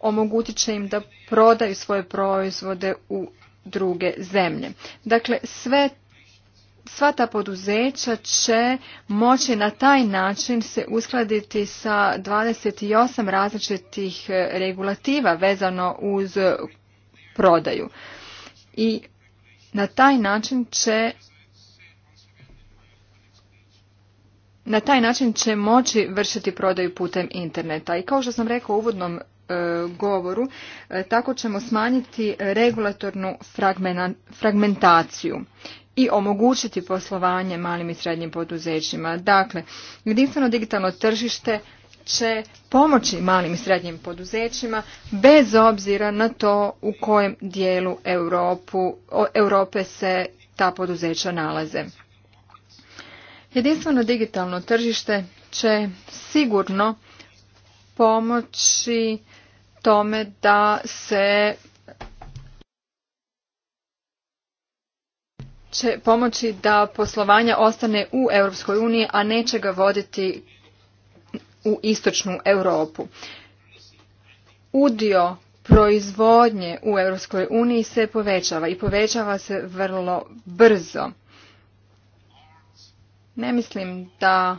C: omogućit će im da prodaju svoje proizvode u druge zemlje. Dakle, sve Sva ta poduzeća će moći na taj način se uskladiti sa 28 različitih e, regulativa vezano uz prodaju. I na taj način će na taj način će moći vršiti prodaju putem interneta. I kao što sam rekao u uvodnom e, govoru, e, tako ćemo smanjiti regulatornu fragmentaciju i omogućiti poslovanje malim i srednjim poduzećima. Dakle, jedinstveno digitalno tržište će pomoći malim i srednjim poduzećima bez obzira na to u kojem dijelu Europu, Europe se ta poduzeća nalaze. Jedinstveno digitalno tržište će sigurno pomoći tome da se će pomoći da poslovanja ostane u Europskoj uniji, a neće ga voditi u istočnu Europu. Udio proizvodnje u Europskoj uniji se povećava i povećava se vrlo brzo. Ne mislim da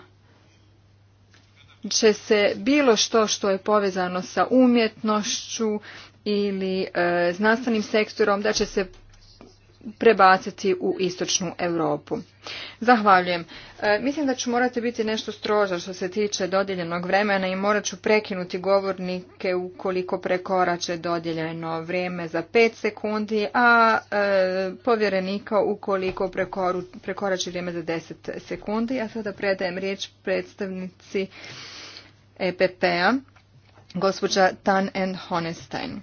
C: će se bilo što što je povezano sa umjetnošću ili e, znanstvenim sektorom da će se prebaciti u istočnu Europu. Zahvaljujem. E, mislim da ću morati biti nešto stroža što se tiče dodijeljenog vremena i morat ću prekinuti govornike ukoliko prekorače dodijeljeno vrijeme za 5 sekundi, a e, povjerenika ukoliko prekoru, prekorači vrijeme za 10 sekundi. Ja sada predajem riječ predstavnici EPP-a, gospođa Tan and Honestein.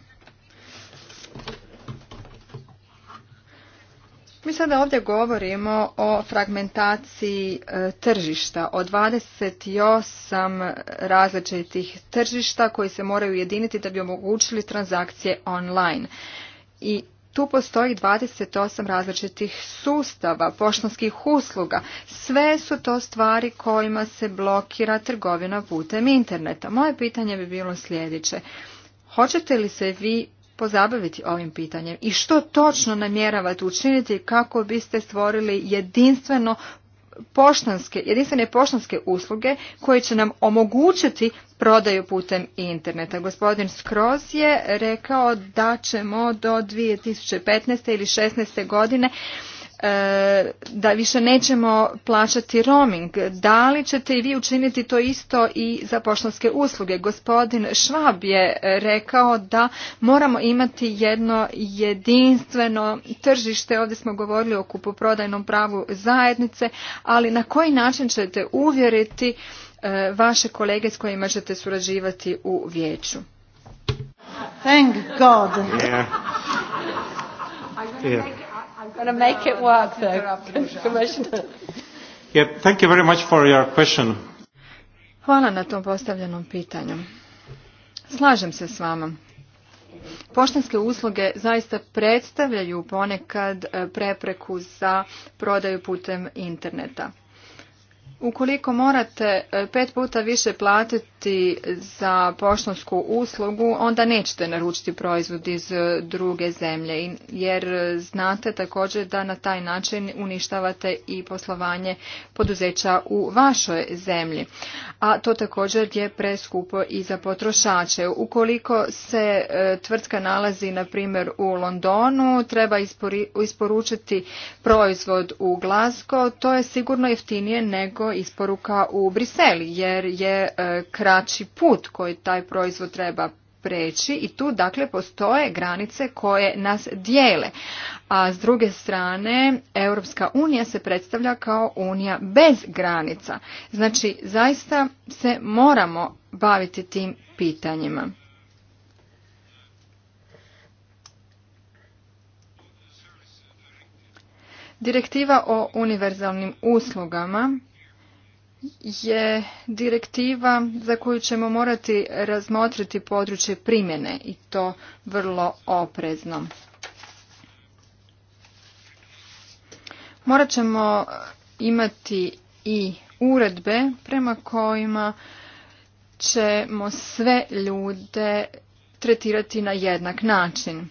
C: Mi sada ovdje govorimo o fragmentaciji e, tržišta, o 28 različitih tržišta koji se moraju ujediniti da bi omogućili transakcije online. I tu postoji 28 različitih sustava, poštanskih usluga. Sve su to stvari kojima se blokira trgovina putem interneta. Moje pitanje bi bilo sljedeće. Hoćete li se vi pozabaviti ovim pitanjem i što točno namjeravate učiniti kako biste stvorili jedinstveno poštanske, jedinstvene poštanske usluge koje će nam omogućiti prodaju putem interneta. Gospodin Skroz je rekao da ćemo do 2015. ili 2016. godine E, da više nećemo plaćati roaming. Da li ćete i vi učiniti to isto i za poštanske usluge? Gospodin Švab je rekao da moramo imati jedno jedinstveno tržište. Ovdje smo govorili o kupoprodajnom pravu zajednice, ali na koji način ćete uvjeriti e, vaše kolege s kojima ćete surađivati u vijeću? Thank God.
A: Yeah. Yeah. I'm going to make
C: it work, though,
D: thank you very much for your question.
C: Hvala na tom postavljenom pitanju. Slažem se s vama. Poštanske usluge zaista predstavljaju ponekad e, prepreku za prodaju putem interneta. Ukoliko morate e, pet puta više platiti za poštansku uslugu, onda nećete naručiti proizvod iz e, druge zemlje, jer e, znate također da na taj način uništavate i poslovanje poduzeća u vašoj zemlji. A to također je preskupo i za potrošače. Ukoliko se tvrtka nalazi, na primjer, u Londonu, treba isporučiti proizvod u Glasgow, to je sigurno jeftinije nego isporuka u Briseli jer je e, kraći put koji taj proizvod treba preći i tu dakle postoje granice koje nas dijele. A s druge strane Europska unija se predstavlja kao unija bez granica. Znači zaista se moramo baviti tim pitanjima. Direktiva o univerzalnim uslugama je direktiva za koju ćemo morati razmotriti područje primjene i to vrlo oprezno. Morat ćemo imati i uredbe prema kojima ćemo sve ljude tretirati na jednak način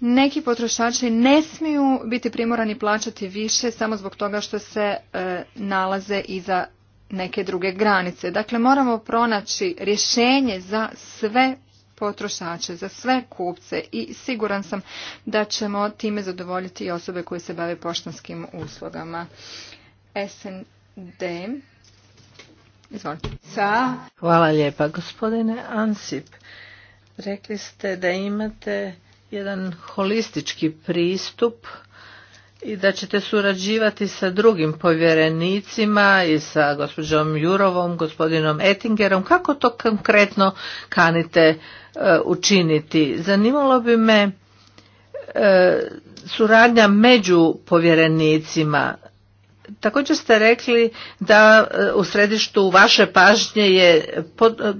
C: neki potrošači ne smiju biti primorani plaćati više samo zbog toga što se e, nalaze iza neke druge granice. Dakle, moramo pronaći rješenje za sve potrošače, za sve kupce i siguran sam da ćemo time zadovoljiti i osobe koje se bave poštanskim uslugama. SND.
A: Izvolite. Hvala lijepa, gospodine Ansip. Rekli ste da imate jedan holistički pristup i da ćete surađivati sa drugim povjerenicima i sa gospođom Jurovom, gospodinom Ettingerom. Kako to konkretno kanite e, učiniti? Zanimalo bi me e, suradnja među povjerenicima Također ste rekli da e, u središtu vaše pažnje je e,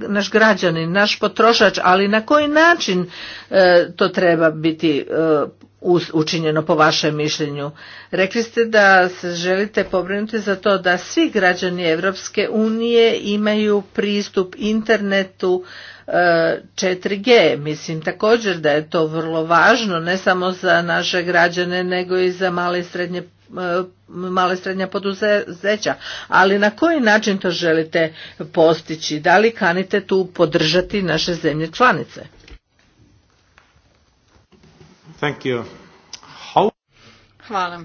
A: naš građanin, naš potrošač, ali na koji način e, to treba biti učinjeno po vašem mišljenju. Rekli ste da se želite pobrinuti za to da svi građani Europske unije imaju pristup internetu 4G. Mislim također da je to vrlo važno ne samo za naše građane nego i za male i srednje male srednja poduzeća, ali na koji način to želite postići? Da li kanite tu podržati naše zemlje članice?
D: Thank you. How...
C: Hvala.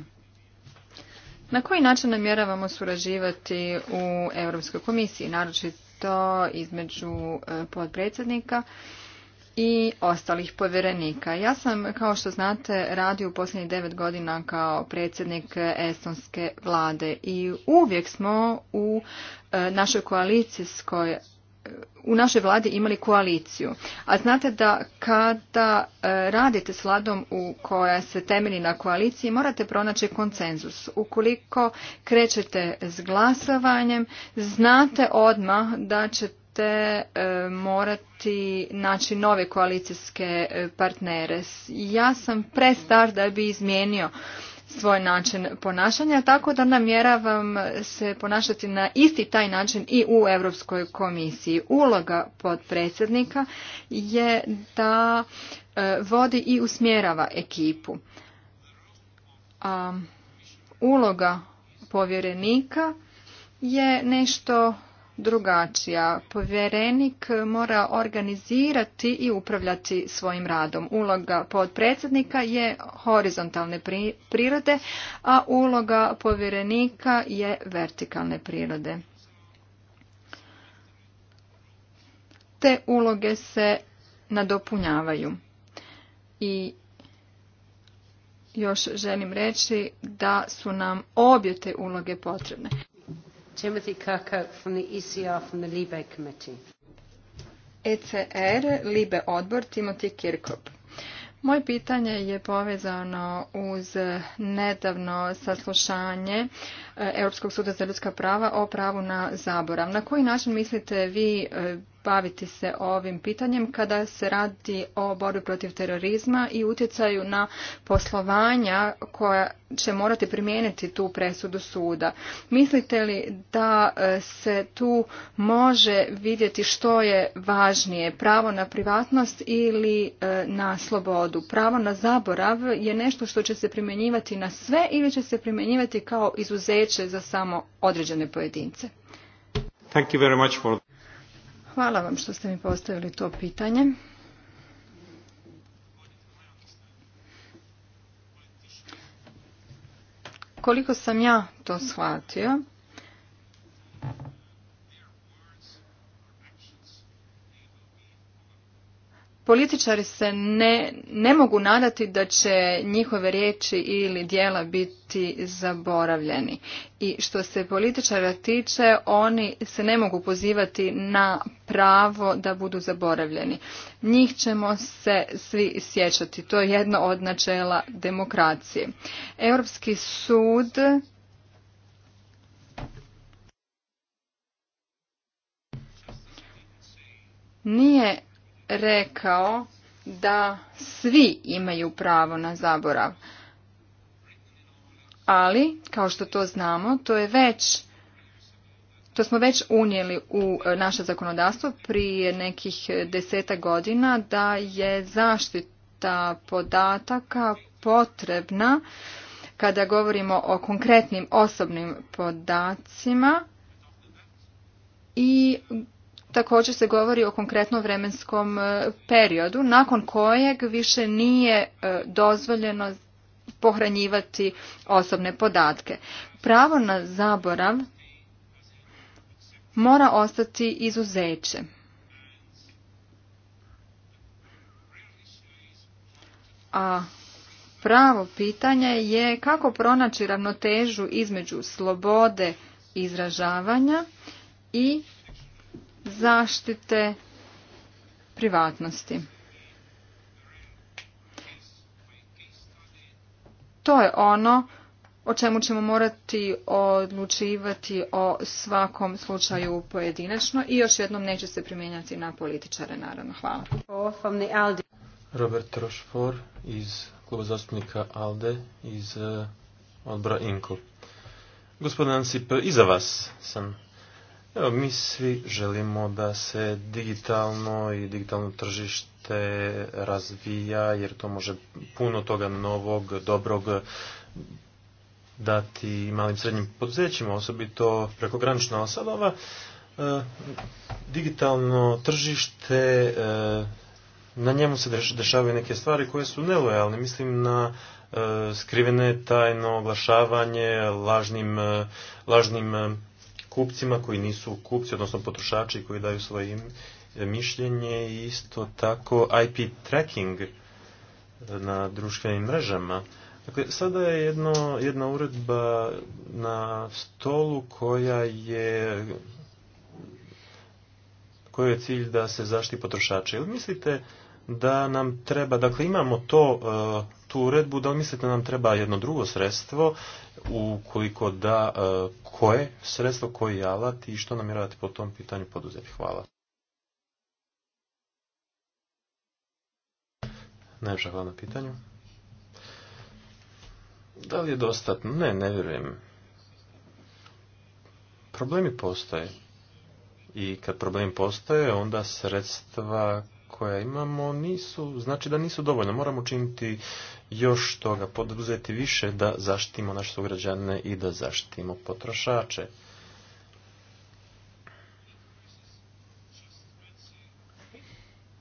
C: Na koji način namjeravamo surađivati u Europskoj komisiji, naročito između e, podpredsjednika i ostalih povjerenika. Ja sam, kao što znate, radio u posljednjih devet godina kao predsjednik Estonske vlade i uvijek smo u e, našoj koalicijskoj e, u našoj vladi imali koaliciju. A znate da kada e, radite s vladom u koja se temelji na koaliciji, morate pronaći konsenzus. Ukoliko krećete s glasovanjem, znate odmah da će ćete e, morati naći nove koalicijske e, partnere. Ja sam prestar da bi izmijenio svoj način ponašanja, tako da namjeravam se ponašati na isti taj način i u Europskoj komisiji. Uloga podpredsjednika je da e, vodi i usmjerava ekipu. A uloga povjerenika je nešto drugačija. Povjerenik mora organizirati i upravljati svojim radom. Uloga podpredsjednika je horizontalne prirode, a uloga povjerenika je vertikalne prirode. Te uloge se nadopunjavaju. I još želim reći da su nam obje te uloge potrebne. Timothy Kirkhope from the ECR from the Libe Committee. ECR, Libe odbor, Timothy Kirkhope. Moje pitanje je povezano uz nedavno saslušanje e, Europskog suda za ljudska prava o pravu na zaborav. Na koji način mislite vi e, baviti se ovim pitanjem kada se radi o borbi protiv terorizma i utjecaju na poslovanja koja će morati primijeniti tu presudu suda. Mislite li da e, se tu može vidjeti što je važnije, pravo na privatnost ili e, na slobodu? Pravo na zaborav je nešto što će se primjenjivati na sve ili će se primjenjivati kao izuzeće za samo određene pojedince?
D: Thank you very much for...
C: Hvala vam što ste mi postavili to pitanje. Koliko sam ja to shvatio, političari se ne, ne mogu nadati da će njihove riječi ili dijela biti zaboravljeni. I što se političara tiče, oni se ne mogu pozivati na pravo da budu zaboravljeni. Njih ćemo se svi sjećati. To je jedno od načela demokracije. Europski sud nije rekao da svi imaju pravo na zaborav. Ali, kao što to znamo, to je već to smo već unijeli u naše zakonodavstvo prije nekih deseta godina da je zaštita podataka potrebna kada govorimo o konkretnim osobnim podacima i također se govori o konkretnom vremenskom e, periodu nakon kojeg više nije e, dozvoljeno pohranjivati osobne podatke. Pravo na zaborav mora ostati izuzeće. A pravo pitanje je kako pronaći ravnotežu između slobode izražavanja i zaštite privatnosti. To je ono o čemu ćemo morati odlučivati o svakom slučaju pojedinačno i još jednom neće se primjenjati na političare, naravno. Hvala.
B: Robert Rošfor iz kluba zastupnika ALDE iz eh, odbora INKO. Gospodin Ansip, iza vas sam Evo, mi svi želimo da se digitalno i digitalno tržište razvija, jer to može puno toga novog, dobrog dati malim srednjim poduzećima, osobito prekogranična Ali e, digitalno tržište, e, na njemu se dešavaju neke stvari koje su nelojalne. Mislim na e, skrivene tajno oglašavanje lažnim, lažnim kupcima koji nisu kupci, odnosno potrošači koji daju svoje e, mišljenje i isto tako IP tracking e, na društvenim mrežama. Dakle, sada je jedno, jedna uredba na stolu koja je koji je cilj da se zaštiti potrošače. Ili mislite da nam treba, dakle imamo to e, tu uredbu, da li mislite nam treba jedno drugo sredstvo, ukoliko da, e, koje sredstvo, koji alat i što namjeravate po tom pitanju poduzeti? Hvala. Najviše hvala na pitanju. Da li je dostatno? Ne, ne vjerujem. Problemi postoje. I kad problemi postoje, onda sredstva koja imamo nisu, znači da nisu dovoljna. Moramo učiniti još toga poduzeti više da zaštitimo naše sugrađane i da zaštitimo potrošače.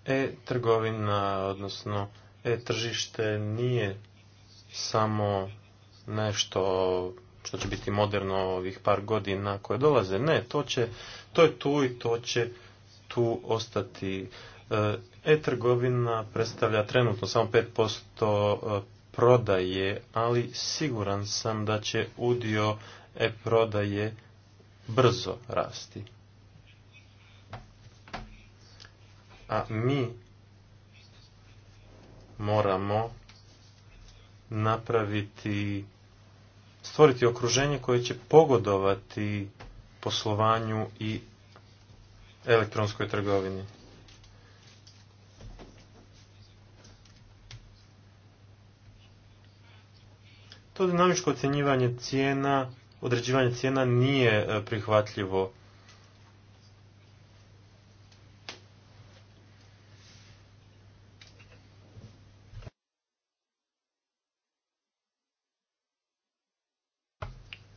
B: E-trgovina, odnosno e-tržište nije samo nešto što će biti moderno ovih par godina koje dolaze. Ne, to, će, to je tu i to će tu ostati. E, E-trgovina predstavlja trenutno samo 5% e, prodaje, ali siguran sam da će udio e-prodaje brzo rasti. A mi moramo napraviti, stvoriti okruženje koje će pogodovati poslovanju i elektronskoj trgovini. To dinamičko ocjenjivanje cijena, određivanje cijena nije e, prihvatljivo.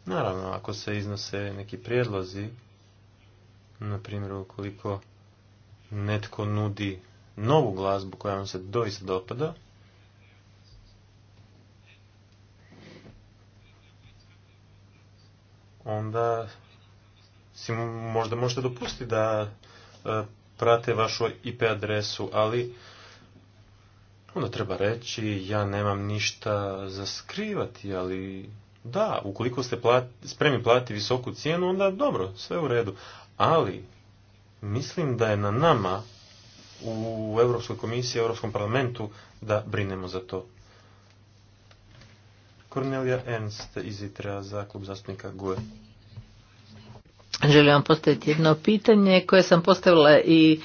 B: Naravno, ako se iznose neki prijedlozi, na primjer ukoliko netko nudi novu glazbu koja vam se doista dopada, onda si možda možete dopustiti da e, prate vašu IP adresu, ali onda treba reći ja nemam ništa za skrivati, ali da, ukoliko ste spremni platiti visoku cijenu, onda dobro, sve u redu. Ali mislim da je na nama u Europskoj komisiji, Europskom parlamentu da brinemo za to. Kornelija Ernst iz Itra za klub zastupnika GUE.
A: Želim vam postaviti jedno pitanje koje sam postavila i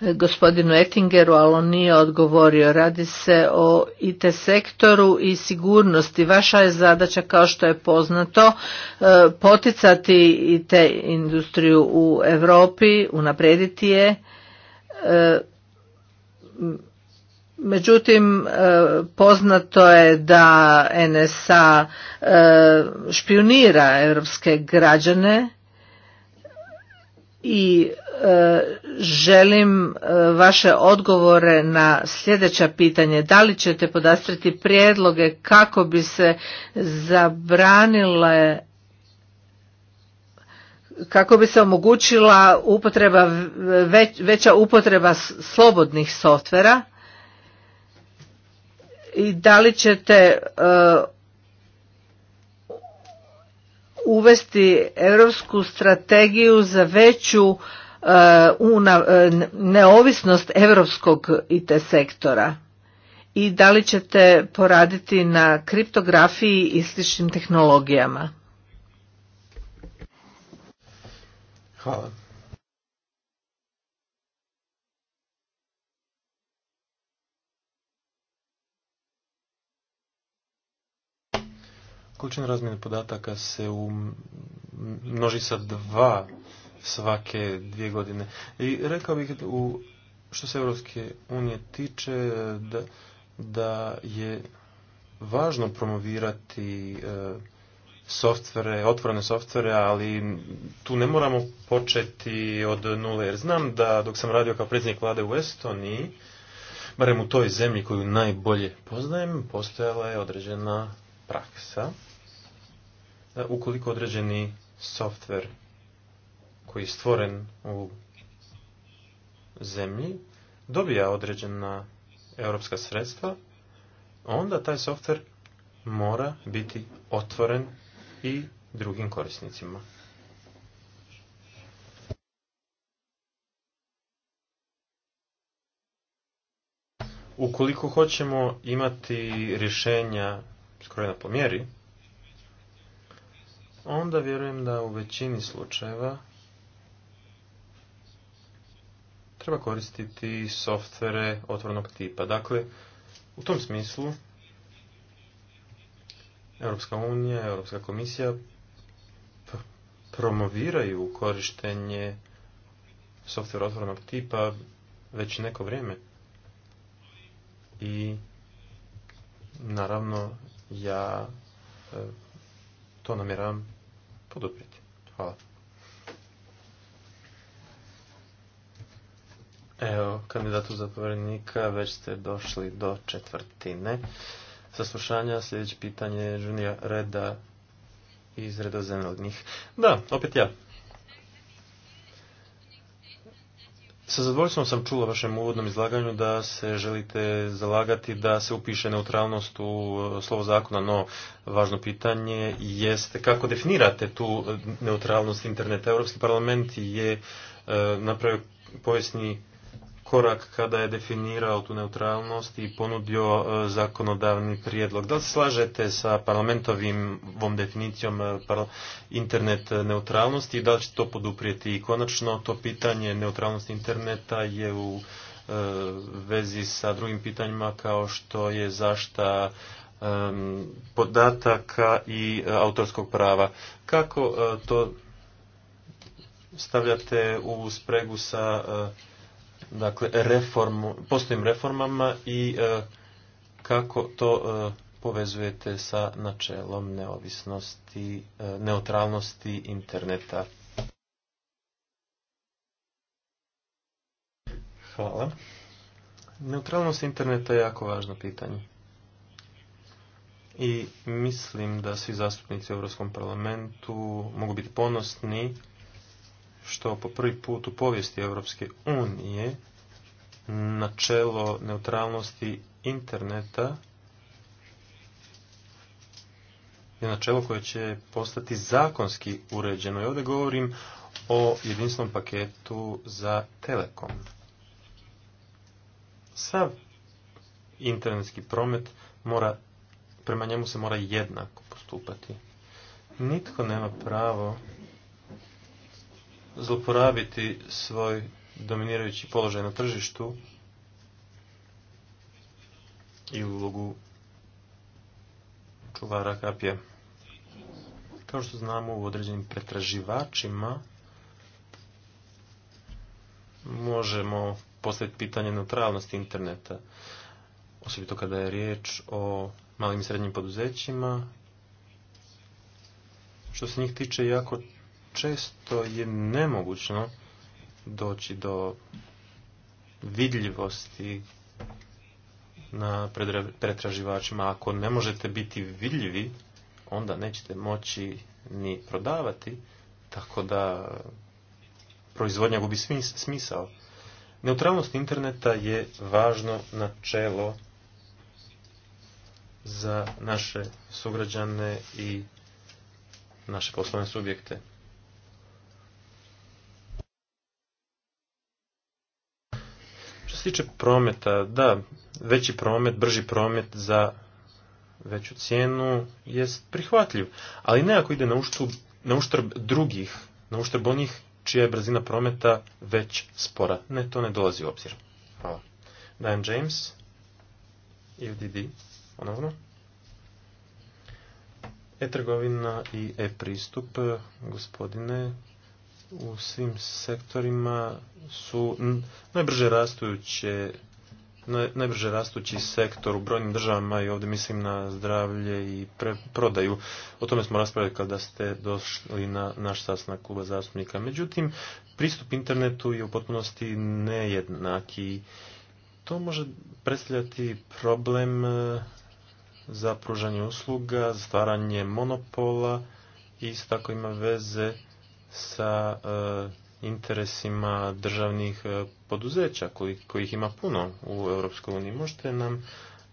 A: e, gospodinu Ettingeru, ali on nije odgovorio. Radi se o IT sektoru i sigurnosti. Vaša je zadaća, kao što je poznato, e, poticati IT industriju u Europi, unaprediti je e, Međutim, e, poznato je da NSA e, špionira europske građane i e, želim vaše odgovore na sljedeća pitanje. Da li ćete podastriti prijedloge kako bi se zabranile kako bi se omogućila upotreba, veća upotreba slobodnih softvera i da li ćete e, uvesti europsku strategiju za veću e, e, neovisnost europskog IT sektora i da li ćete poraditi na kriptografiji i sličnim tehnologijama?
B: Hvala. Količina razmjene podataka se množi sa dva svake dvije godine. I rekao bih u, što se Europske unije tiče da, da je važno promovirati e, softvere, otvorene softvere, ali tu ne moramo početi od nule. Jer znam da dok sam radio kao predsjednik vlade u Estoniji, barem u toj zemlji koju najbolje poznajem, postojala je određena praksa E, ukoliko određeni softver koji je stvoren u zemlji dobija određena europska sredstva, onda taj softver mora biti otvoren i drugim korisnicima. Ukoliko hoćemo imati rješenja skoro na pomjeri, onda vjerujem da u većini slučajeva treba koristiti softvere otvornog tipa. Dakle, u tom smislu Europska unija, Europska komisija promoviraju korištenje softvera otvornog tipa već neko vrijeme. I naravno ja e, to namjeram poduprijeti. Hvala. Evo, kandidatu za povjerenika, već ste došli do četvrtine. Saslušanja, sljedeće pitanje je Junija Reda iz Redozemljog njih. Da, opet ja. Sa zadovoljstvom sam čula vašem uvodnom izlaganju da se želite zalagati da se upiše neutralnost u e, slovo zakona, no važno pitanje jeste kako definirate tu e, neutralnost interneta. Europski parlament je e, napravio povijesni korak kada je definirao tu neutralnost i ponudio e, zakonodavni prijedlog. Da li slažete sa parlamentovim ovom definicijom e, internet e, neutralnosti i da li će to poduprijeti? I konačno to pitanje neutralnosti interneta je u vezi sa drugim pitanjima kao što je zašta podataka i autorskog prava. Kako to stavljate u spregu sa dakle, reformu, postojim reformama i e, kako to e, povezujete sa načelom neovisnosti, e, neutralnosti interneta. Hvala. Neutralnost interneta je jako važno pitanje. I mislim da svi zastupnici u Europskom parlamentu mogu biti ponosni što po prvi put u povijesti Europske unije načelo neutralnosti interneta je načelo koje će postati zakonski uređeno. I ovdje govorim o jedinstvenom paketu za telekom. Sav internetski promet mora, prema njemu se mora jednako postupati. Nitko nema pravo zloporabiti svoj dominirajući položaj na tržištu i ulogu čuvara kapija. Kao što znamo u određenim pretraživačima možemo postaviti pitanje neutralnosti interneta. Osobito kada je riječ o malim i srednjim poduzećima. Što se njih tiče, jako često je nemogućno doći do vidljivosti na pretraživačima. Ako ne možete biti vidljivi, onda nećete moći ni prodavati, tako da proizvodnja gubi smisao. Neutralnost interneta je važno načelo za naše sugrađane i naše poslovne subjekte. se tiče prometa, da, veći promet, brži promet za veću cijenu jest prihvatljiv, ali ne ako ide na uštrb, drugih, na uštrb onih čija je brzina prometa već spora. Ne, to ne dolazi u obzir. Hvala. Dan James, e UDD, ponovno. E-trgovina i e-pristup, gospodine u svim sektorima su najbrže rastujuće najbrže rastući sektor u brojnim državama i ovdje mislim na zdravlje i prodaju. O tome smo raspravili kada ste došli na naš sastanak kluba zastupnika. Međutim, pristup internetu je u potpunosti nejednaki. to može predstavljati problem e, za pružanje usluga, stvaranje monopola i isto tako ima veze sa e, interesima državnih e, poduzeća kojih ima puno u Europskoj uniji. Možete nam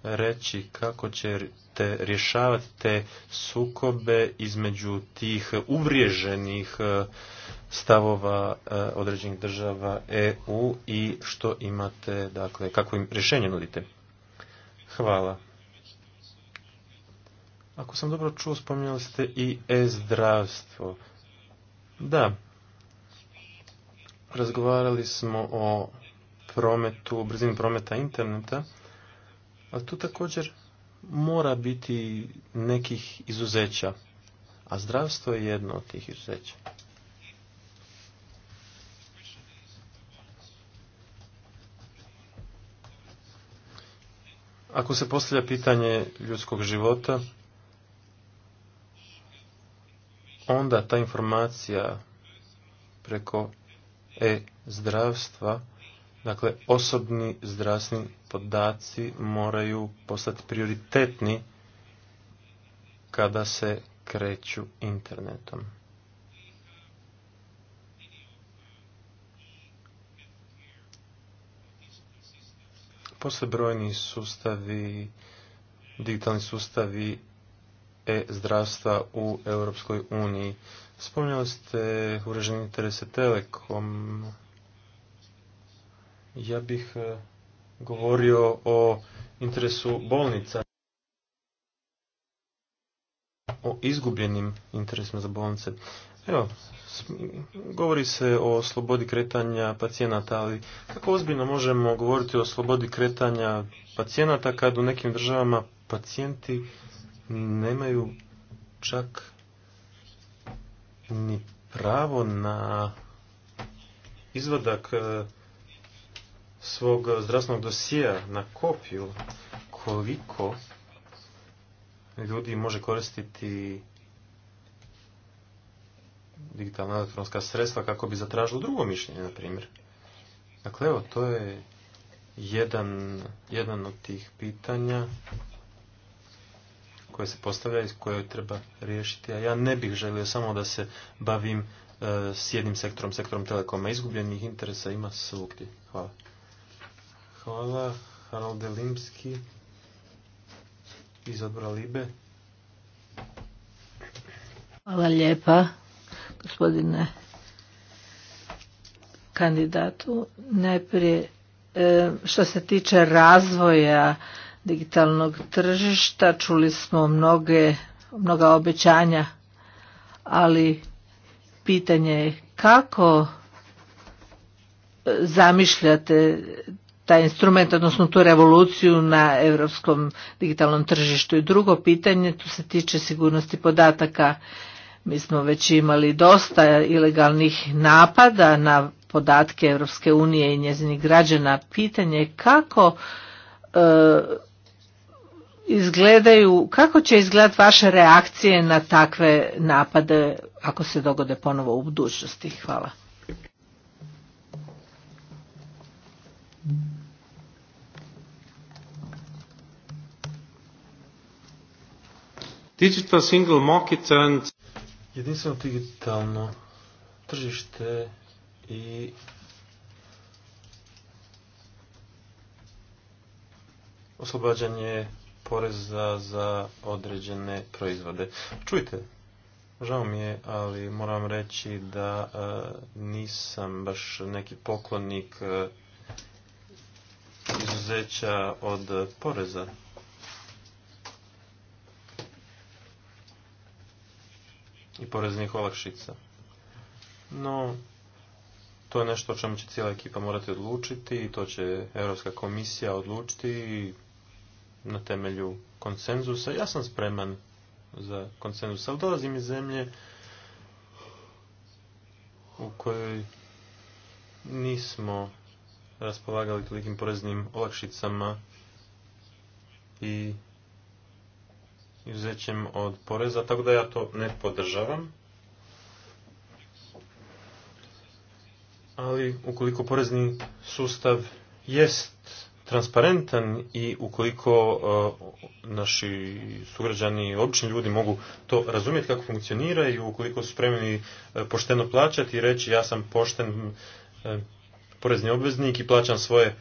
B: reći kako ćete rješavati te sukobe između tih uvriježenih e, stavova određenih država EU i što imate, dakle, kako im rješenje nudite? Hvala. Ako sam dobro čuo, spominjali ste i e-zdravstvo. Da, razgovarali smo o prometu, brzini prometa interneta, ali tu također mora biti nekih izuzeća, a zdravstvo je jedno od tih izuzeća. Ako se postavlja pitanje ljudskog života, onda ta informacija preko e-zdravstva, dakle osobni zdravstveni podaci moraju postati prioritetni kada se kreću internetom. Postoje brojni sustavi, digitalni sustavi e-zdravstva u Europskoj uniji. Spominjali ste ureženi interese Telekom. Ja bih e, govorio o interesu bolnica, o izgubljenim interesima za bolnice. Evo, govori se o slobodi kretanja pacijenata, ali kako ozbiljno možemo govoriti o slobodi kretanja pacijenata kad u nekim državama pacijenti nemaju čak ni pravo na izvadak e, svog zdravstvenog dosija na kopiju koliko ljudi može koristiti digitalna elektronska sredstva kako bi zatražilo drugo mišljenje, na primjer. Dakle, evo, to je jedan, jedan od tih pitanja koje se postavlja i koje treba riješiti. A ja ne bih želio samo da se bavim e, s jednim sektorom, sektorom telekoma. Izgubljenih interesa ima svugdje. Hvala. Hvala. Harald Limski iz odbora Libe.
A: Hvala lijepa gospodine kandidatu. Najprije e, što se tiče razvoja digitalnog tržišta. Čuli smo mnoge, mnoga obećanja, ali pitanje je kako e, zamišljate taj instrument, odnosno tu revoluciju na europskom digitalnom tržištu. I drugo pitanje, tu se tiče sigurnosti podataka. Mi smo već imali dosta ilegalnih napada na podatke Europske unije i njezinih građana. Pitanje je kako e, izgledaju, kako će izgledati vaše reakcije na takve napade ako se dogode ponovo u budućnosti? Hvala.
D: Digital single market
B: and... Jedinstveno digitalno tržište i oslobađanje poreza za određene proizvode. Čujte, žao mi je, ali moram reći da e, nisam baš neki poklonik e, izuzeća od poreza. i poreznih olakšica. No, to je nešto o čemu će cijela ekipa morati odlučiti i to će Europska komisija odlučiti i na temelju konsenzusa. Ja sam spreman za konsenzus, ali dolazim iz zemlje u kojoj nismo raspolagali tolikim poreznim olakšicama i izvećem od poreza, tako da ja to ne podržavam. Ali ukoliko porezni sustav jest transparentan i ukoliko eh, naši sugrađani, obični ljudi mogu to razumjeti kako funkcionira i ukoliko su spremni eh, pošteno plaćati i reći ja sam pošten eh, porezni obveznik i plaćam svoje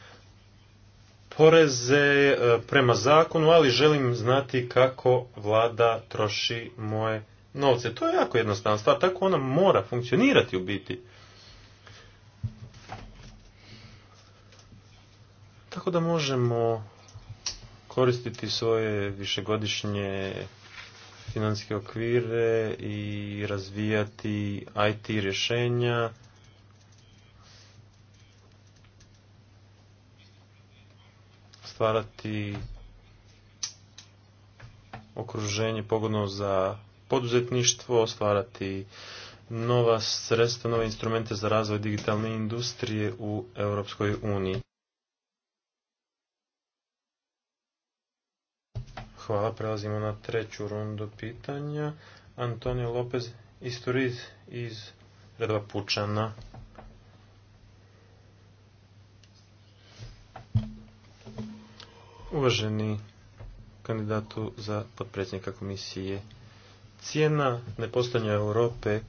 B: poreze prema zakonu, ali želim znati kako vlada troši moje novce. To je jako jednostavna stvar, tako ona mora funkcionirati u biti. Tako da možemo koristiti svoje višegodišnje financijske okvire i razvijati IT rješenja. Stvarati okruženje pogodno za poduzetništvo, stvarati nova sredstva, nove instrumente za razvoj digitalne industrije u Europskoj uniji. Hvala, prelazimo na treću rundu pitanja. Antonio Lopez turiz iz Redova Pučana. Uvaženi kandidatu za potpredsjednika komisije, cijena nepostanja Europe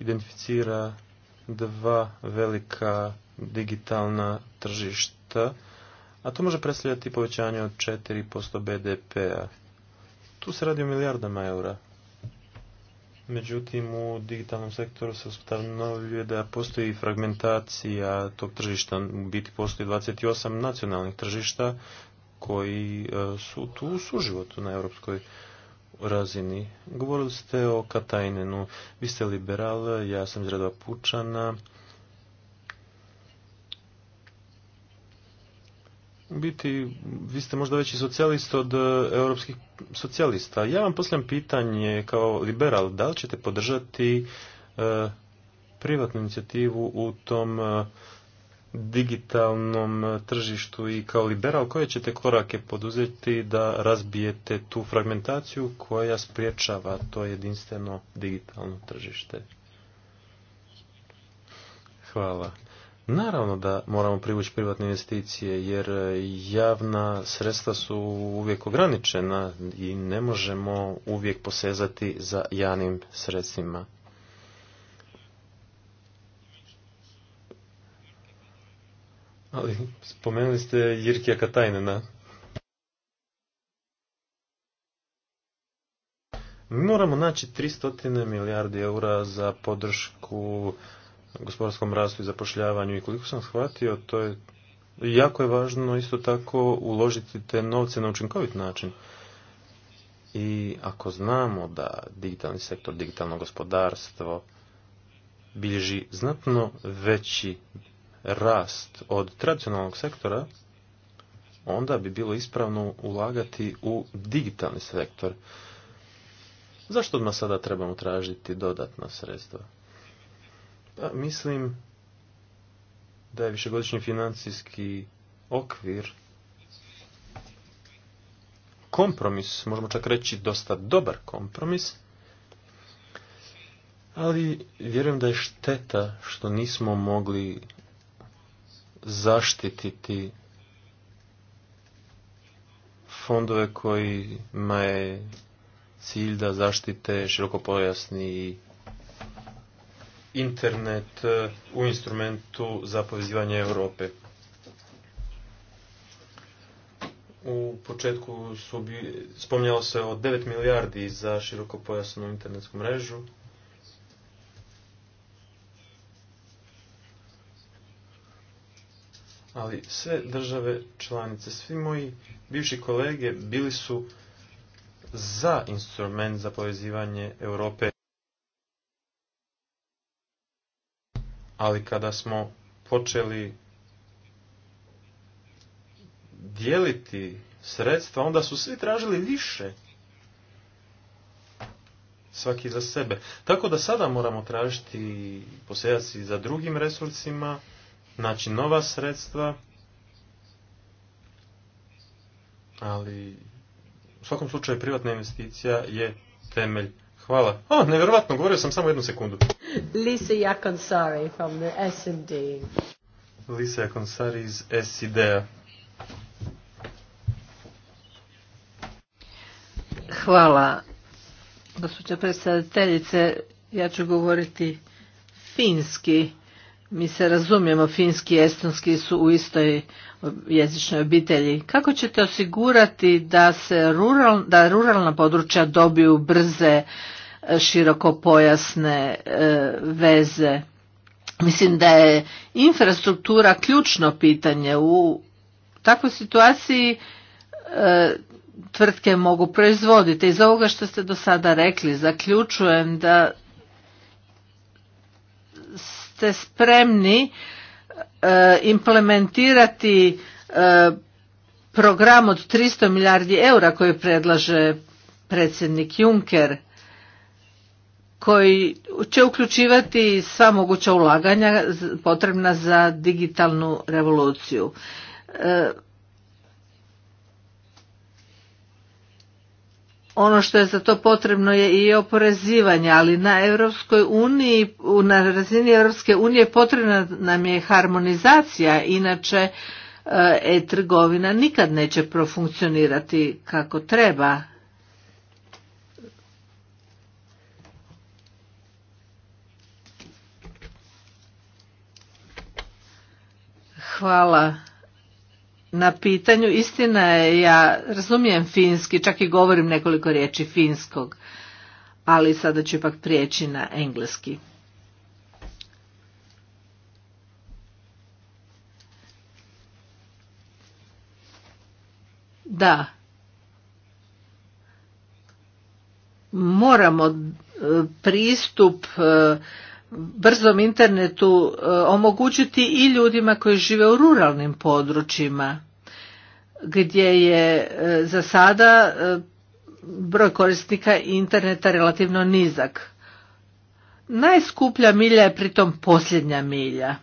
B: identificira dva velika digitalna tržišta a to može predstavljati povećanje od 4% BDP-a. Tu se radi o milijardama eura. Međutim, u digitalnom sektoru se ustanovljuje da postoji fragmentacija tog tržišta. U biti postoji 28 nacionalnih tržišta koji e, su tu u suživotu na europskoj razini. Govorili ste o Katajnenu. Vi ste liberal, ja sam iz Pučana. biti, vi ste možda veći socijalist od e, europskih socijalista. Ja vam postavljam pitanje kao liberal, da li ćete podržati e, privatnu inicijativu u tom e, digitalnom tržištu i kao liberal koje ćete korake poduzeti da razbijete tu fragmentaciju koja spriječava to jedinstveno digitalno tržište? Hvala. Naravno da moramo privući privatne investicije jer e, javna sredstva su uvijek ograničena i ne možemo uvijek posezati za javnim sredstvima. Ali spomenuli ste Jirkija Katajnena. Mi moramo naći 300 milijardi eura za podršku gospodarskom rastu i zapošljavanju i koliko sam shvatio, to je jako je važno isto tako uložiti te novce na učinkovit način. I ako znamo da digitalni sektor, digitalno gospodarstvo bilježi znatno veći rast od tradicionalnog sektora, onda bi bilo ispravno ulagati u digitalni sektor. Zašto odmah sada trebamo tražiti dodatna sredstva? mislim da je višegodišnji financijski okvir kompromis, možemo čak reći dosta dobar kompromis, ali vjerujem da je šteta što nismo mogli zaštititi fondove kojima je cilj da zaštite širokopojasni internet e, u instrumentu za povezivanje Europe. U početku su spominjalo se o 9 milijardi za širokopojasnu internetsku mrežu. Ali sve države članice, svi moji bivši kolege bili su za instrument za povezivanje Europe. ali kada smo počeli dijeliti sredstva, onda su svi tražili više. Svaki za sebe. Tako da sada moramo tražiti i za drugim resursima, naći nova sredstva, ali u svakom slučaju privatna investicija je temelj Hvala. O, nevjerovatno, govorio sam samo jednu sekundu.
A: Lisa Jakonsari from the SMD.
B: Lisa Jakonsari iz sid
A: Hvala. Gospođo predstaviteljice, ja ću govoriti finski. Mi se razumijemo, finski i estonski su u istoj jezičnoj obitelji. Kako ćete osigurati da se rural, da ruralna područja dobiju brze širokopojasne e, veze. Mislim da je infrastruktura ključno pitanje. U takvoj situaciji e, tvrtke mogu proizvoditi. Iz ovoga što ste do sada rekli, zaključujem da ste spremni e, implementirati program od 300 milijardi eura koje predlaže predsjednik Juncker koji će uključivati sva moguća ulaganja potrebna za digitalnu revoluciju. E, ono što je za to potrebno je i oporezivanje, ali na Europskoj uniji, na razini Europske unije potrebna nam je harmonizacija, inače e, e-trgovina nikad neće profunkcionirati kako treba. Hvala na pitanju. Istina je, ja razumijem finski, čak i govorim nekoliko riječi finskog, ali sada ću ipak prijeći na engleski. Da. Moramo e, pristup e, brzom internetu e, omogućiti i ljudima koji žive u ruralnim područjima gdje je e, za sada e, broj korisnika interneta relativno nizak. Najskuplja milja je pritom posljednja milja.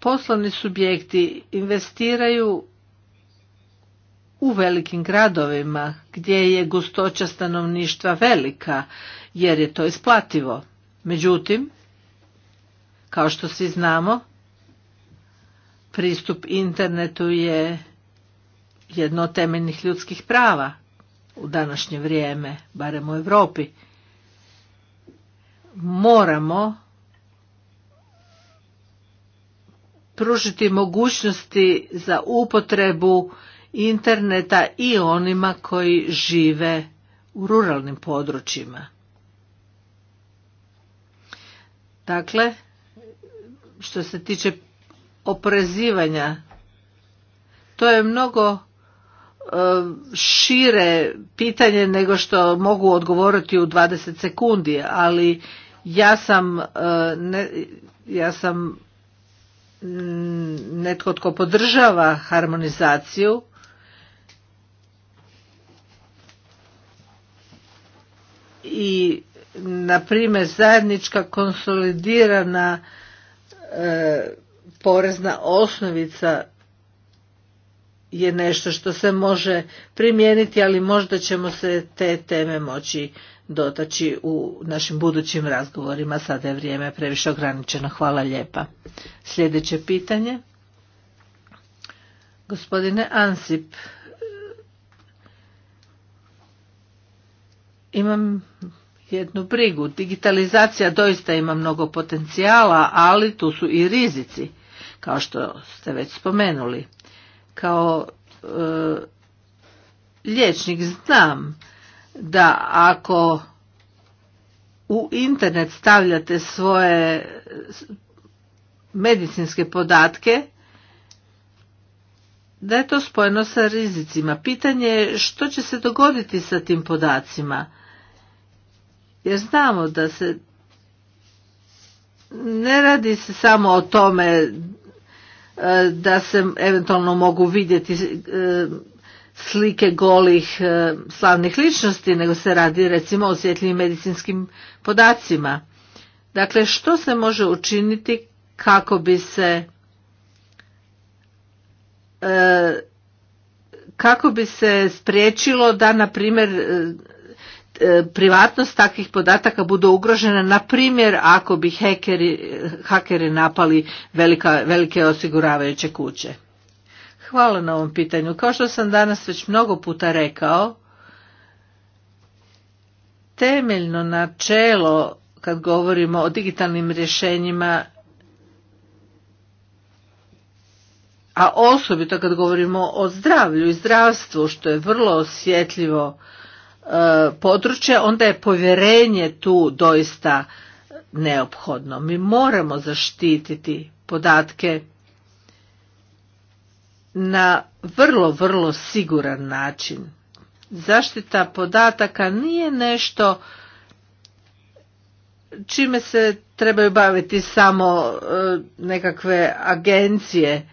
A: Poslovni subjekti investiraju u velikim gradovima gdje je gustoća stanovništva velika jer je to isplativo. Međutim, kao što svi znamo, pristup internetu je jedno od temeljnih ljudskih prava u današnje vrijeme, barem u Europi. Moramo pružiti mogućnosti za upotrebu interneta i onima koji žive u ruralnim područjima. Dakle, što se tiče oprezivanja, to je mnogo e, šire pitanje nego što mogu odgovoriti u 20 sekundi, ali ja sam, e, ne, ja sam netko tko podržava harmonizaciju i na primjer zajednička konsolidirana e, porezna osnovica je nešto što se može primijeniti, ali možda ćemo se te teme moći dotaći u našim budućim razgovorima. Sada je vrijeme previše ograničeno. Hvala lijepa. Sljedeće pitanje. Gospodine Ansip. Imam jednu brigu. Digitalizacija doista ima mnogo potencijala, ali tu su i rizici, kao što ste već spomenuli. Kao e, liječnik znam da ako u internet stavljate svoje medicinske podatke, da je to spojeno sa rizicima. Pitanje je što će se dogoditi sa tim podacima. Jer znamo da se ne radi se samo o tome e, da se eventualno mogu vidjeti e, slike golih e, slavnih ličnosti, nego se radi recimo o osjetljivim medicinskim podacima. Dakle, što se može učiniti kako bi se kako bi se spriječilo da, na primjer, E, privatnost takvih podataka bude ugrožena, na primjer ako bi hekeri, hakeri napali velika, velike osiguravajuće kuće. Hvala na ovom pitanju. Kao što sam danas već mnogo puta rekao, temeljno načelo kad govorimo o digitalnim rješenjima a osobito kad govorimo o zdravlju i zdravstvu što je vrlo osjetljivo područje, onda je povjerenje tu doista neophodno. Mi moramo zaštititi podatke na vrlo, vrlo siguran način. Zaštita podataka nije nešto čime se trebaju baviti samo e, nekakve agencije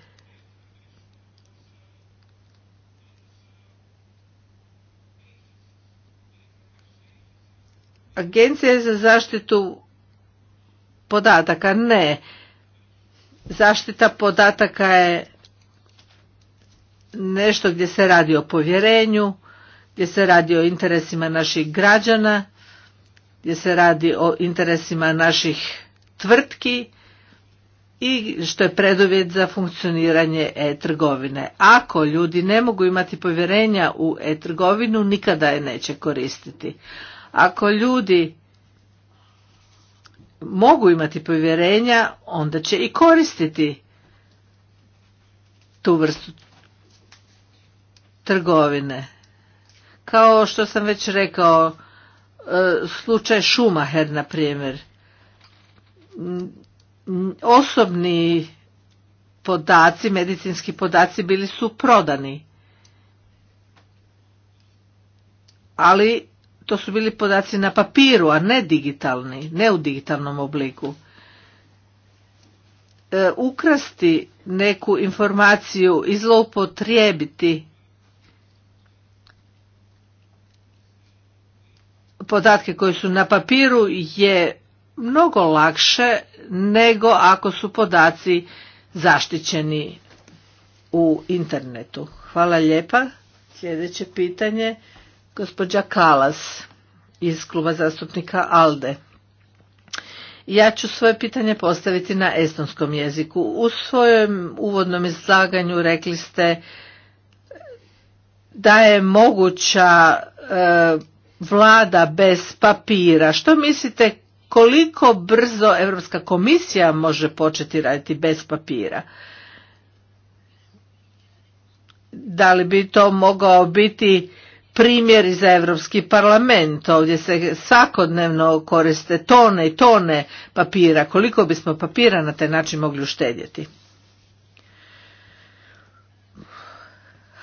A: Agencija za zaštitu podataka ne. Zaštita podataka je nešto gdje se radi o povjerenju, gdje se radi o interesima naših građana, gdje se radi o interesima naših tvrtki i što je preduvjet za funkcioniranje e-trgovine. Ako ljudi ne mogu imati povjerenja u e-trgovinu, nikada je neće koristiti. Ako ljudi mogu imati povjerenja, onda će i koristiti tu vrstu trgovine. Kao što sam već rekao, e, slučaj Šumaher, na primjer. Osobni podaci, medicinski podaci bili su prodani. Ali to su bili podaci na papiru, a ne digitalni, ne u digitalnom obliku. E, ukrasti neku informaciju i zloupotrijebiti podatke koji su na papiru je mnogo lakše nego ako su podaci zaštićeni u internetu. Hvala lijepa. Sljedeće pitanje gospođa Kalas iz kluba zastupnika ALDE. Ja ću svoje pitanje postaviti na estonskom jeziku. U svojem uvodnom izlaganju rekli ste da je moguća e, vlada bez papira. Što mislite koliko brzo Europska komisija može početi raditi bez papira? Da li bi to mogao biti primjeri za Europski parlament. Ovdje se svakodnevno koriste tone i tone papira. Koliko bismo papira na taj način mogli uštedjeti?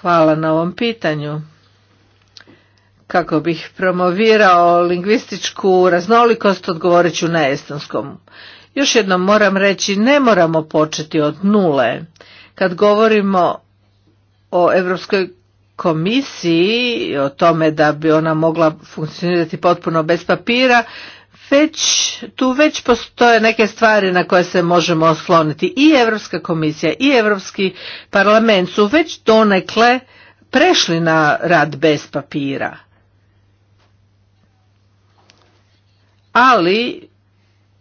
A: Hvala na ovom pitanju. Kako bih promovirao lingvističku raznolikost, odgovorit ću na estonskom. Još jednom moram reći, ne moramo početi od nule. Kad govorimo o Europskoj komisiji o tome da bi ona mogla funkcionirati potpuno bez papira, već, tu već postoje neke stvari na koje se možemo osloniti. I Europska komisija i Europski parlament su već donekle prešli na rad bez papira. Ali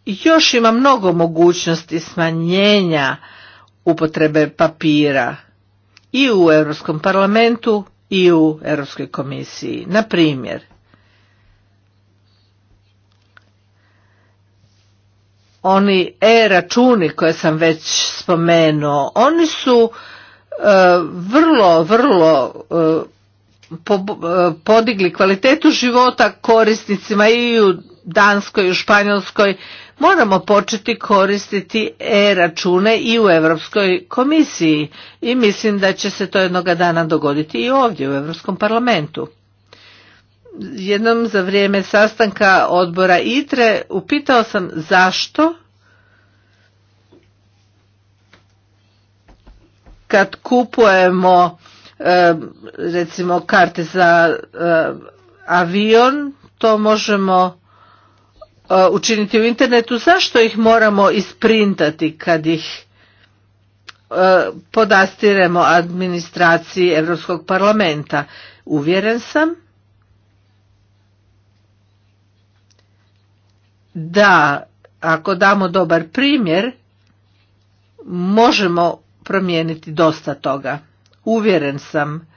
A: još ima mnogo mogućnosti smanjenja upotrebe papira i u Europskom parlamentu i u Europskoj komisiji. Na primjer, oni e-računi koje sam već spomenuo, oni su e, vrlo, vrlo e, e, podigli kvalitetu života korisnicima i u Danskoj i u Španjolskoj moramo početi koristiti e-račune i u Europskoj komisiji i mislim da će se to jednoga dana dogoditi i ovdje u Europskom parlamentu. Jednom za vrijeme sastanka odbora ITRE upitao sam zašto kad kupujemo e, recimo karte za e, avion to možemo E, učiniti u internetu, zašto ih moramo isprintati kad ih e, podastiremo administraciji Europskog parlamenta. Uvjeren sam da ako damo dobar primjer, možemo promijeniti dosta toga. Uvjeren sam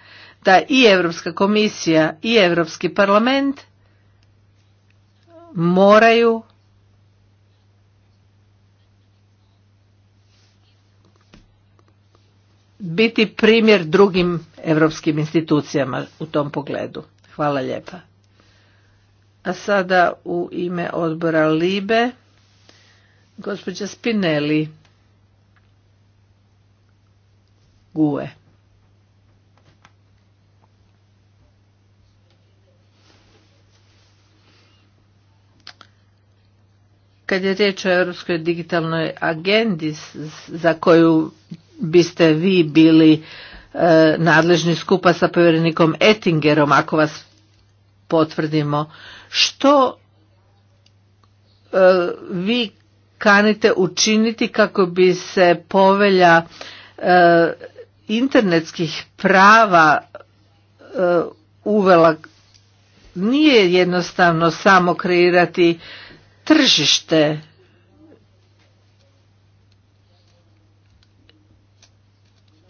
A: da i Europska komisija i Europski parlament moraju biti primjer drugim europskim institucijama u tom pogledu. Hvala lijepa. A sada u ime odbora Libe, gospođa Spinelli Gue. Kad je riječ o Europskoj digitalnoj agendi za koju biste vi bili e, nadležni skupa sa povjerenikom Ettingerom, ako vas potvrdimo, što e, vi kanite učiniti kako bi se povelja e, internetskih prava uvela nije jednostavno samo kreirati tržište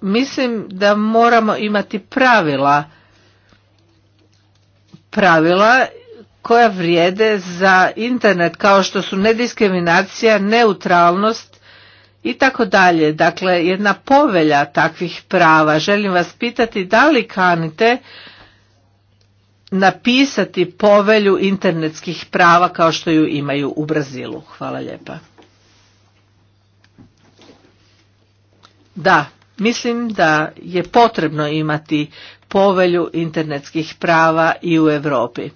A: mislim da moramo imati pravila pravila koja vrijede za internet kao što su nediskriminacija, neutralnost i tako dalje. Dakle, jedna povelja takvih prava. Želim vas pitati da li kanite napisati povelju internetskih prava kao što ju imaju u Brazilu. Hvala lijepa. Da, mislim da je potrebno imati povelju internetskih prava i u Europi.